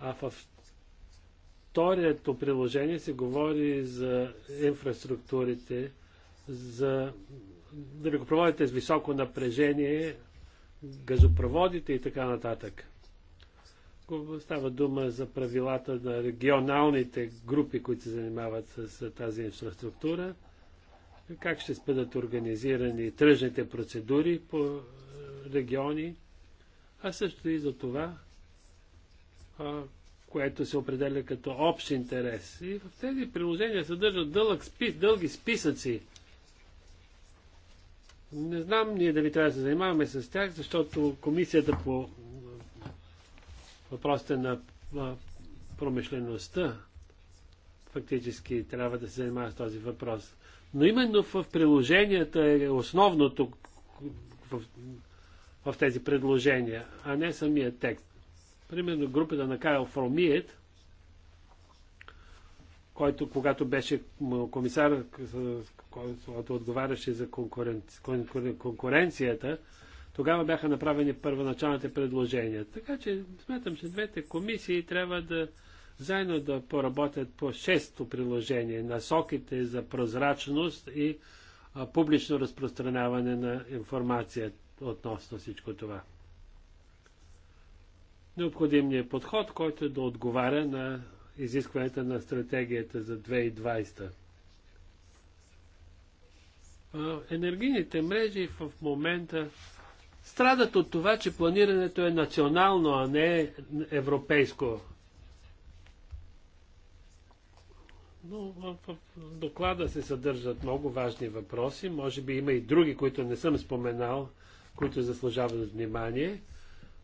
А в второто приложение се говори за инфраструктурите, за далекопроводите с високо напрежение, газопроводите и така нататък. Става дума за правилата на регионалните групи, които се занимават с тази инфраструктура, как ще бъдат организирани тръжните процедури по е, региони, а също и за това което се определя като общ интерес. И в тези приложения съдържат дълъг спис, дълги списъци. Не знам ние дали трябва да се занимаваме с тях, защото комисията по въпросите на промишлеността фактически трябва да се занимава с този въпрос. Но именно в приложенията е основното в, в тези предложения, а не самия текст примерно групата на Кайл Фромиет, който когато беше комисар, който отговаряше за конкуренци... конкуренцията, тогава бяха направени първоначалните предложения. Така че смятам, че двете комисии трябва да заедно да поработят по шесто приложение насоките за прозрачност и публично разпространяване на информация относно всичко това необходимния е подход, който е да отговаря на изискването на стратегията за 2020. Енергийните мрежи в момента страдат от това, че планирането е национално, а не европейско. Но в доклада се съдържат много важни въпроси. Може би има и други, които не съм споменал, които заслужават внимание.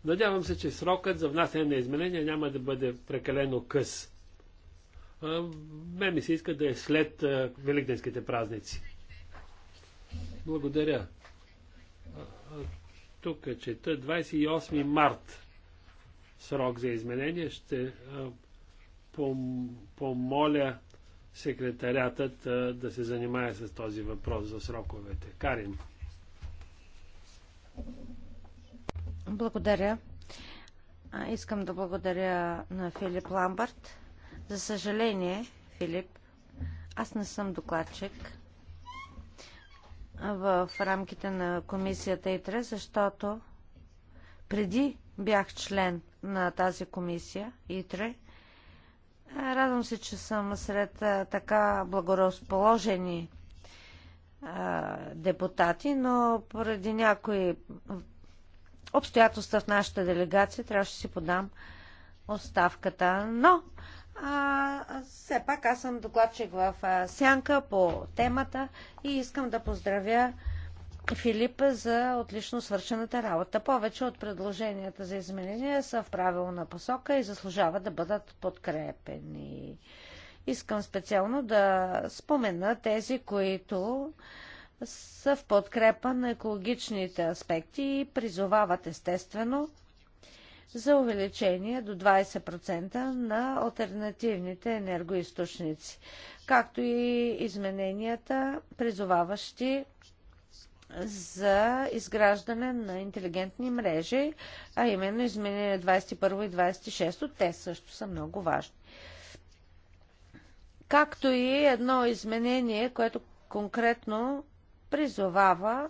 Надявам се, че срокът за внасяне на изменения няма да бъде прекалено къс. Ме ми се иска да е след великденските празници. Благодаря. Тук е чета 28 март срок за изменение. Ще помоля секретарятът да се занимае с този въпрос за сроковете. Карим. Благодаря. Искам да благодаря на Филип Ламбард. За съжаление, Филип, аз не съм докладчик в рамките на комисията ИТРЕ, защото преди бях член на тази комисия ИТРЕ. Радвам се, че съм сред така благоразположени депутати, но поради някои обстоятелства в нашата делегация трябваше да си подам оставката. Но а, все пак аз съм докладчик в а, Сянка по темата и искам да поздравя Филип за отлично свършената работа. Повече от предложенията за изменения са в правилна посока и заслужават да бъдат подкрепени. Искам специално да спомена тези, които са в подкрепа на екологичните аспекти и призовават естествено за увеличение до 20% на альтернативните енергоисточници, както и измененията, призоваващи за изграждане на интелигентни мрежи, а именно изменение 21 и 26. Те също са много важни. Както и едно изменение, което конкретно призовава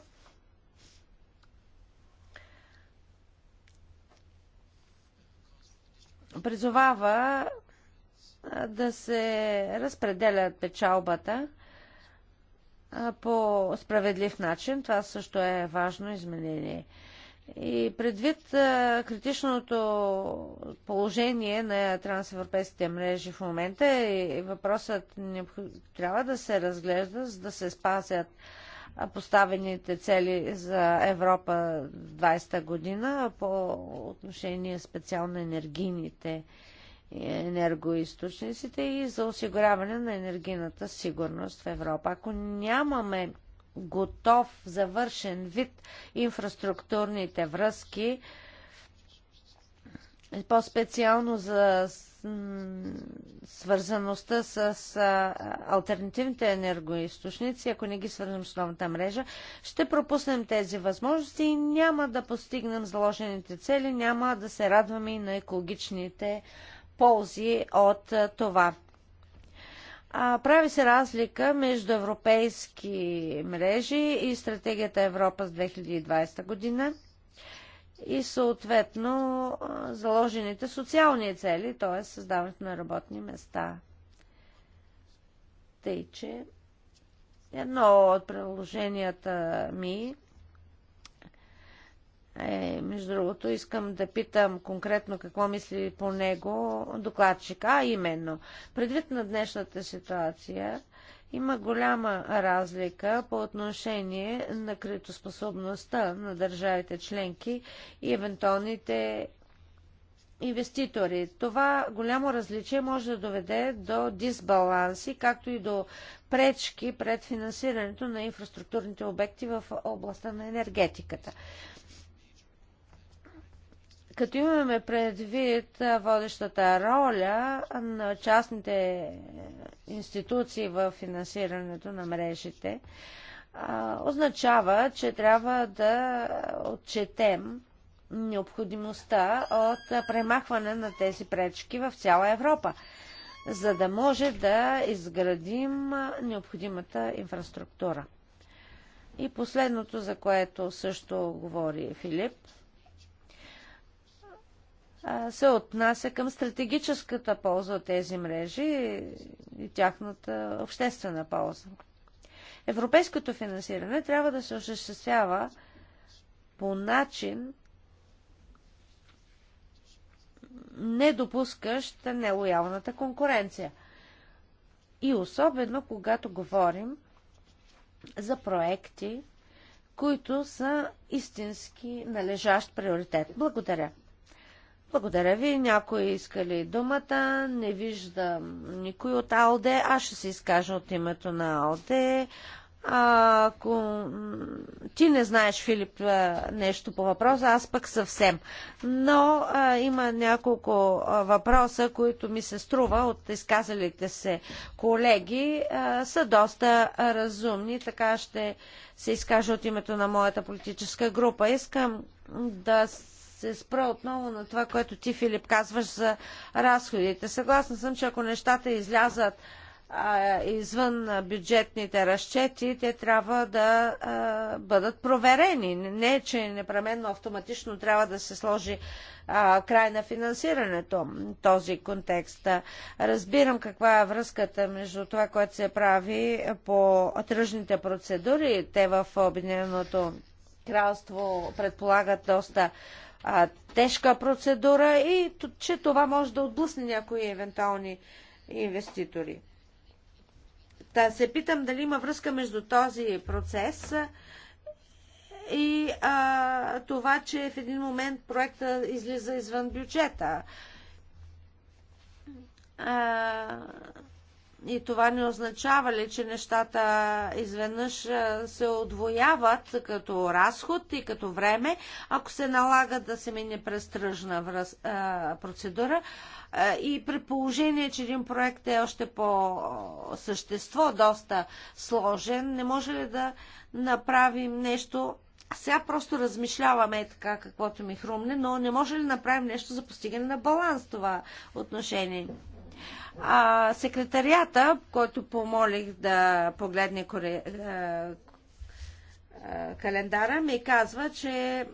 призовава да се разпределят печалбата по справедлив начин. Това също е важно изменение. И предвид критичното положение на трансевропейските мрежи в момента, и, въпросът трябва да се разглежда, за да се спазят поставените цели за Европа 20-та година по отношение специално енергийните е, енергоисточниците и за осигуряване на енергийната сигурност в Европа. Ако нямаме готов, завършен вид инфраструктурните връзки, по-специално за свързаността с альтернативните енергоисточници, ако не ги свързвам с новата мрежа, ще пропуснем тези възможности и няма да постигнем заложените цели, няма да се радваме и на екологичните ползи от това. А, прави се разлика между европейски мрежи и стратегията Европа с 2020 година – и съответно заложените социални цели, т.е. създаването на работни места. Тъй, че едно от приложенията ми е, между другото, искам да питам конкретно какво мисли по него докладчика, а именно, предвид на днешната ситуация, има голяма разлика по отношение на кредитоспособността на държавите членки и евентуалните инвеститори. Това голямо различие може да доведе до дисбаланси, както и до пречки пред финансирането на инфраструктурните обекти в областта на енергетиката. Като имаме предвид водещата роля на частните институции в финансирането на мрежите, означава, че трябва да отчетем необходимостта от премахване на тези пречки в цяла Европа, за да може да изградим необходимата инфраструктура. И последното, за което също говори Филип – се отнася към стратегическата полза от тези мрежи и тяхната обществена полза. Европейското финансиране трябва да се осъществява по начин, не допускащ нелоялната конкуренция. И особено когато говорим за проекти, които са истински належащ приоритет. Благодаря. Благодаря ви. Някой иска ли думата? Не виждам никой от АЛДЕ. Аз ще се изкажа от името на АЛДЕ. Ако ти не знаеш, Филип, е, нещо по въпроса, аз пък съвсем. Но а, е, има няколко а, е, въпроса, които ми се струва от изказалите се колеги, а, са доста разумни, така ще се изкажа от името на моята политическа група. Искам да се спра отново на това, което ти, Филип, казваш за разходите. Съгласна съм, че ако нещата излязат а, извън бюджетните разчети, те трябва да а, бъдат проверени. Не, че непременно автоматично трябва да се сложи а, край на финансирането този контекст. Разбирам каква е връзката между това, което се прави по тръжните процедури. Те в Обединеното кралство предполагат доста а, тежка процедура и че това може да отблъсне някои евентуални инвеститори. Та се питам дали има връзка между този процес и а, това, че в един момент проекта излиза извън бюджета. А, и това не означава ли, че нещата изведнъж се отвояват като разход и като време, ако се налага да се мине през тръжна процедура? и при положение, че един проект е още по същество доста сложен, не може ли да направим нещо? Сега просто размишляваме е така, каквото ми хрумне, но не може ли направим нещо за постигане на баланс това отношение? А, секретарията, който помолих да погледне коре, а, е, а, е, календара, ми казва, че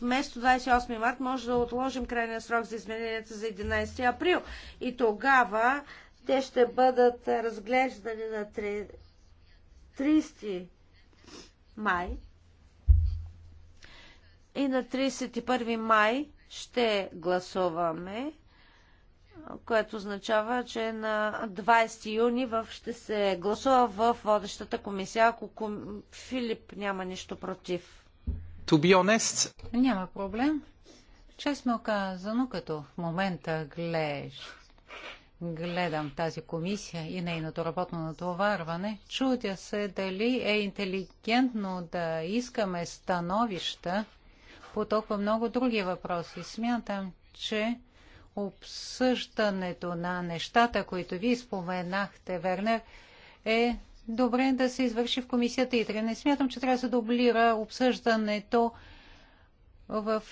вместо 28 март може да отложим крайния срок за измененията за 11 април. И тогава те ще бъдат разглеждани на 30 май. И на 31 май ще гласуваме което означава, че на 20 юни в, ще се гласува в водещата комисия, ако ком... Филип няма нищо против. To be honest. Няма проблем. Честно казано, като в момента глеж, гледам тази комисия и нейното работно натоварване, чудя се дали е интелигентно да искаме становища по толкова много други въпроси. Смятам, че обсъждането на нещата, които ви споменахте, Вернер, е добре да се извърши в комисията ИТРЕ. Не смятам, че трябва да се дублира обсъждането в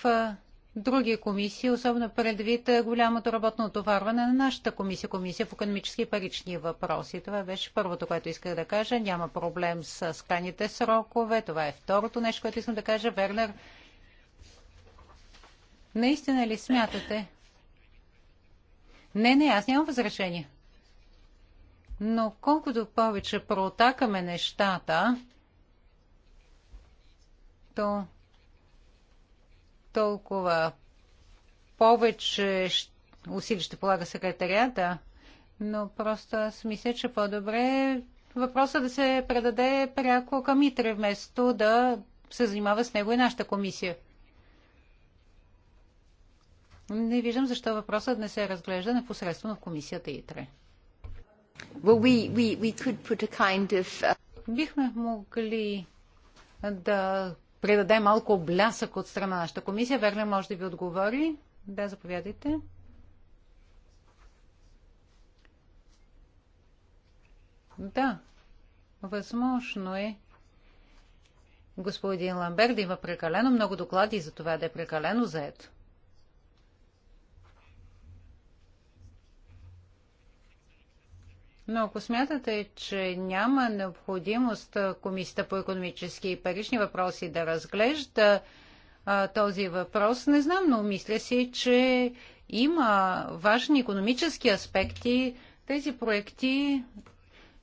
други комисии, особено предвид голямото работно отоварване на нашата комисия, комисия по економически и парични въпроси. Това беше първото, което исках да кажа. Няма проблем с крайните срокове. Това е второто нещо, което искам да кажа. Вернер, наистина ли смятате, не, не, аз нямам възражение. Но колкото повече протакаме нещата, то толкова повече усилие ще полага секретарията, но просто аз мисля, че по-добре въпросът да се предаде пряко към Итре, вместо да се занимава с него и нашата комисия. Не виждам защо въпросът не се разглежда непосредствено в комисията ИТРЕ. Well, we, we, we could put a kind of... Uh, Бихме могли да предаде малко блясък от страна на нашата комисия. Верна може да ви отговори. Да, заповядайте. Да, възможно е господин Ламбер да има прекалено много доклади и за това да е прекалено заето. Но ако смятате, че няма необходимост Комисията по економически и парични въпроси да разглежда а, този въпрос, не знам, но мисля си, че има важни економически аспекти. Тези проекти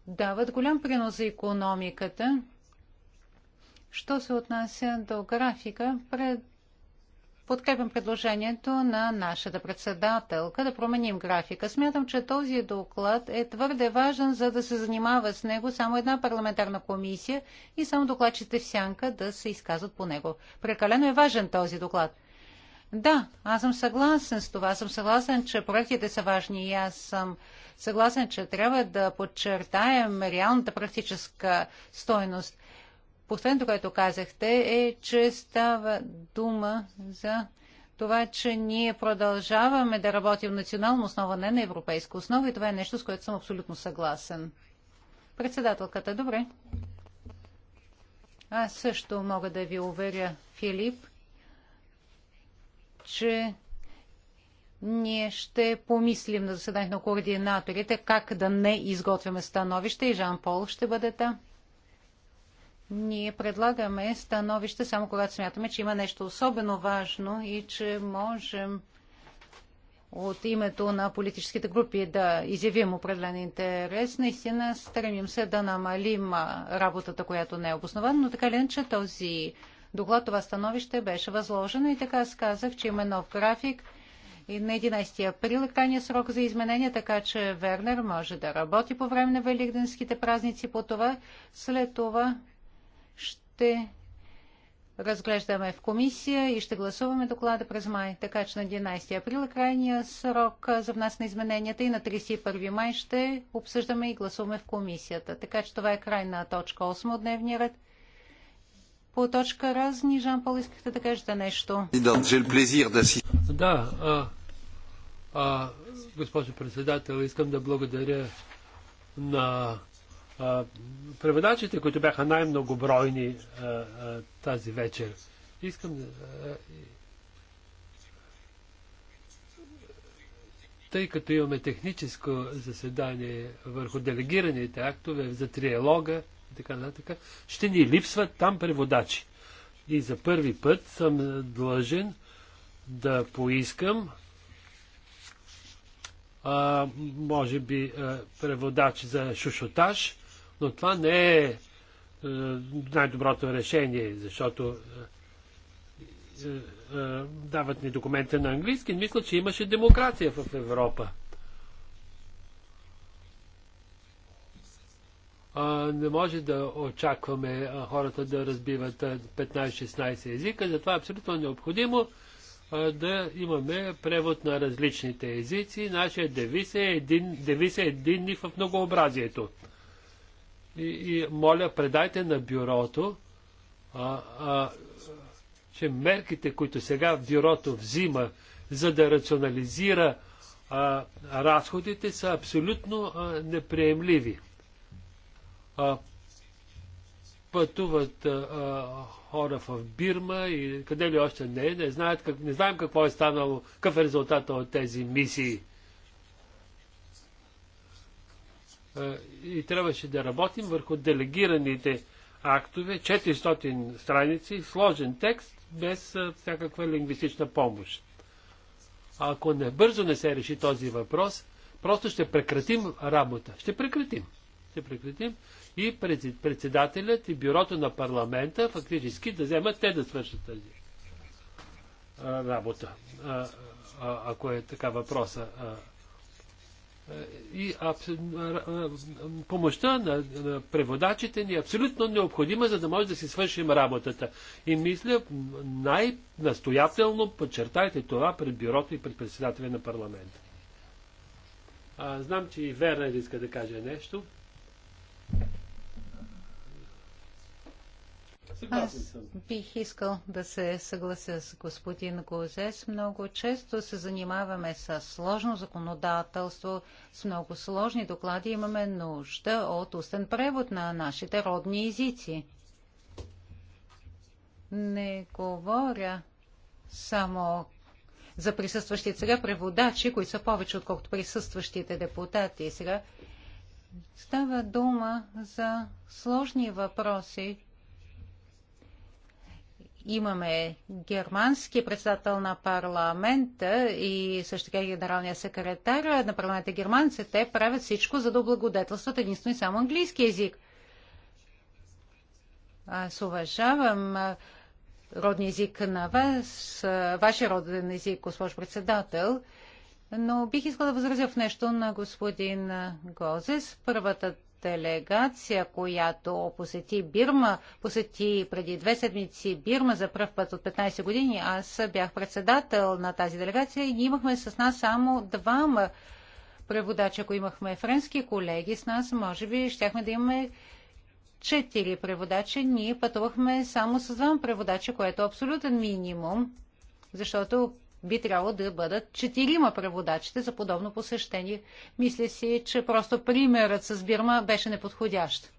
дават голям принос за економиката. Що се отнася до графика, пред подкрепям предложението на нашата председателка да променим графика. Смятам, че този доклад е твърде важен, за да се занимава с него само една парламентарна комисия и само докладчите в сянка да се изказват по него. Прекалено е важен този доклад. Да, аз съм съгласен с това. Аз съм съгласен, че проектите са важни и аз съм съгласен, че трябва да подчертаем реалната практическа стойност. Последното, което казахте, е, че става дума за това, че ние продължаваме да работим национална основа, не на европейска основа и това е нещо, с което съм абсолютно съгласен. Председателката, добре. Аз също мога да ви уверя, Филип, че ние ще помислим на заседанието на координаторите как да не изготвяме становище и Жан Пол ще бъде там. Ние предлагаме становище само когато смятаме, че има нещо особено важно и че можем от името на политическите групи да изявим определен интерес. Наистина стремим се да намалим работата, която не е обоснована, но така ли че този доклад, това становище беше възложено и така аз казах, че има нов график и на 11 април е крайния срок за изменение, така че Вернер може да работи по време на великденските празници по това. След това ще разглеждаме в комисия и ще гласуваме доклада през май. Така че на 11 април е крайния срок за внас на измененията и на 31 май ще обсъждаме и гласуваме в комисията. Така че това е крайна точка 8 от дневния ред. По точка разни, Жан Пол, искахте да кажете нещо. Да, а, а, госпожо председател, искам да благодаря на преводачите, които бяха най-многобройни тази вечер. Искам тъй като имаме техническо заседание върху делегираните актове за триалога и така нататък, ще ни липсват там преводачи. И за първи път съм длъжен да поискам а, може би а, преводач за шушотаж, но това не е, е най-доброто решение, защото е, е, дават ни документи на английски. Мисля, че имаше демокрация в Европа. не може да очакваме хората да разбиват 15-16 езика, затова е абсолютно необходимо да имаме превод на различните езици. Нашия девиз е, един, девиз е единни в многообразието. И, и моля, предайте на бюрото, а, а, че мерките, които сега бюрото взима, за да рационализира а, разходите, са абсолютно а, неприемливи. А, пътуват а, а, хора в Бирма и къде ли още не, не, знаят как, не знаем какво е станало, какъв е резултат от тези мисии. и трябваше да работим върху делегираните актове, 400 страници, сложен текст, без всякаква лингвистична помощ. А ако не бързо не се реши този въпрос, просто ще прекратим работа. Ще прекратим. Ще прекратим и председателят и бюрото на парламента фактически да вземат те да свършат тази работа. А, ако е така въпроса. И помощта на, на преводачите ни е абсолютно необходима, за да може да си свършим работата. И мисля, най-настоятелно подчертайте това пред бюрото и пред председателя на парламента. знам, че и Вернер иска да каже нещо. Аз бих искал да се съглася с господин Гозес. Много често се занимаваме с сложно законодателство, с много сложни доклади. Имаме нужда от устен превод на нашите родни езици. Не говоря само за присъстващите сега преводачи, които са повече отколкото присъстващите депутати сега. Става дума за сложни въпроси, имаме германски председател на парламента и също така генералния секретар на парламента германци, те правят всичко, за да облагодетелстват единствено и само английски язик. Аз уважавам родния език на вас, вашия роден език, госпожо председател, но бих искала да възразя в нещо на господин Гозес. Първата делегация, която посети Бирма, посети преди две седмици Бирма за първ път от 15 години. Аз бях председател на тази делегация и имахме с нас само двама преводача. Ако имахме френски колеги с нас, може би щяхме да имаме четири преводача. Ние пътувахме само с двама преводача, което е абсолютен минимум, защото би трябвало да бъдат четирима преводачите за подобно посещение. Мисля си, че просто примерът с Бирма беше неподходящ.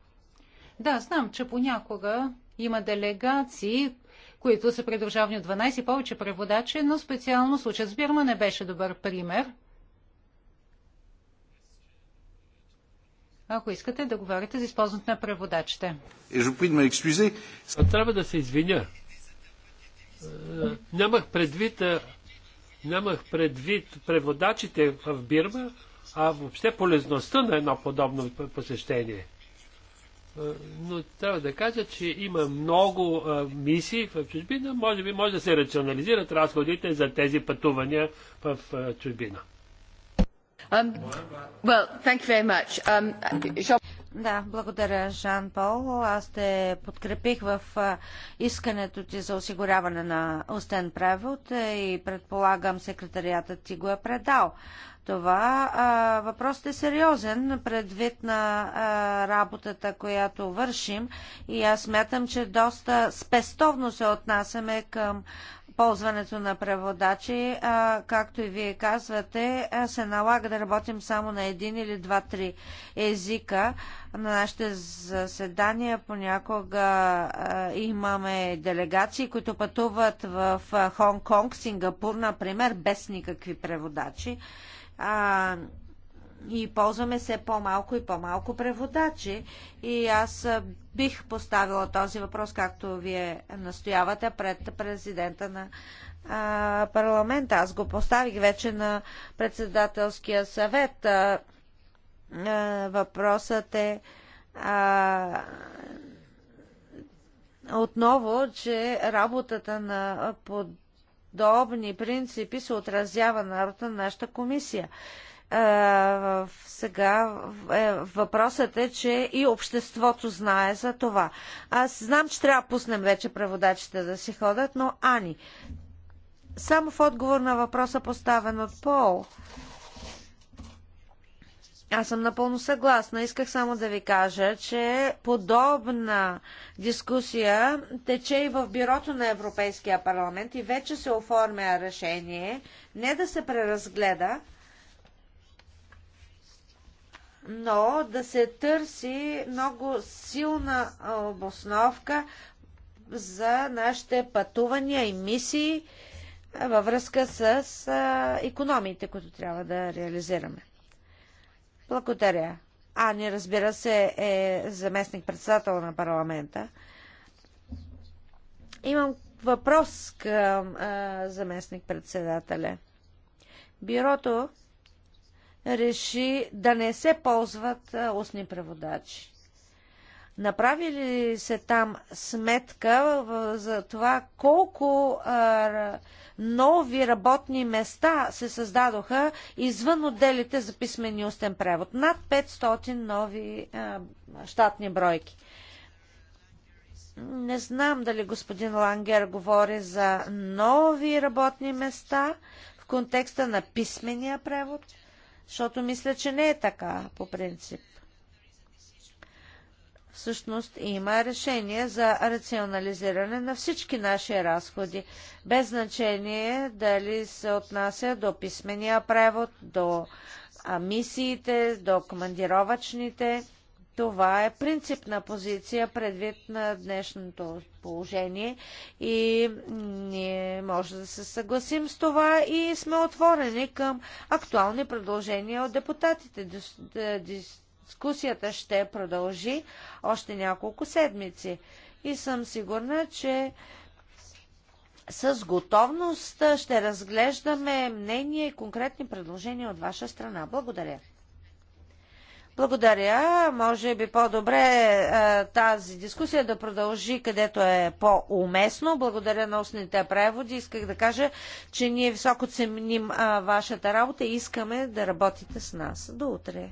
Да, знам, че понякога има делегации, които са придружавани от 12 повече преводачи, но специално случат с Бирма не беше добър пример. Ако искате да говорите за използването на преводачите. Трябва да се извиня. Е, нямах предвид е, Нямах предвид преводачите в Бирма, а въобще полезността на едно подобно посещение. Но трябва да кажа, че има много мисии в чужбина. Може би може да се рационализират разходите за тези пътувания в чужбина. Um, um, благодаря, Жан Пол. Аз те подкрепих в искането ти за осигуряване на устен превод е, и предполагам секретариатът ти го е предал. Това въпросът е сериозен предвид на работата, която вършим и аз смятам, че доста спестовно се отнасяме към ползването на преводачи, а, както и вие казвате, се налага да работим само на един или два-три езика. На нашите заседания понякога а, имаме делегации, които пътуват в Хонг-Конг, Сингапур, например, без никакви преводачи. А, и ползваме все по-малко и по-малко преводачи. И аз бих поставила този въпрос, както вие настоявате, пред президента на парламента. Аз го поставих вече на председателския съвет. въпросът е отново, че работата на подобни принципи се отразява на работа на нашата комисия сега е, въпросът е, че и обществото знае за това. Аз знам, че трябва да пуснем вече преводачите да си ходят, но Ани, само в отговор на въпроса поставен от Пол, аз съм напълно съгласна. Исках само да ви кажа, че подобна дискусия тече и в бюрото на Европейския парламент и вече се оформя решение не да се преразгледа, но да се търси много силна обосновка за нашите пътувания и мисии във връзка с економиите, които трябва да реализираме. Благодаря. Ани, разбира се, е заместник-председател на парламента. Имам въпрос към заместник-председателя. Бюрото реши да не се ползват устни преводачи. Направи ли се там сметка за това колко нови работни места се създадоха извън отделите за писмен и устен превод? Над 500 нови щатни бройки. Не знам дали господин Лангер говори за нови работни места в контекста на писмения превод – защото мисля, че не е така по принцип. Всъщност има решение за рационализиране на всички наши разходи, без значение дали се отнася до писмения превод, до мисиите, до командировачните това е принципна позиция предвид на днешното положение и ние може да се съгласим с това и сме отворени към актуални предложения от депутатите. Дискусията ще продължи още няколко седмици и съм сигурна, че с готовност ще разглеждаме мнение и конкретни предложения от ваша страна. Благодаря. Благодаря. Може би по-добре е, тази дискусия да продължи където е по-уместно. Благодаря на устните преводи. Исках да кажа, че ние високо ценим вашата работа и искаме да работите с нас. До утре.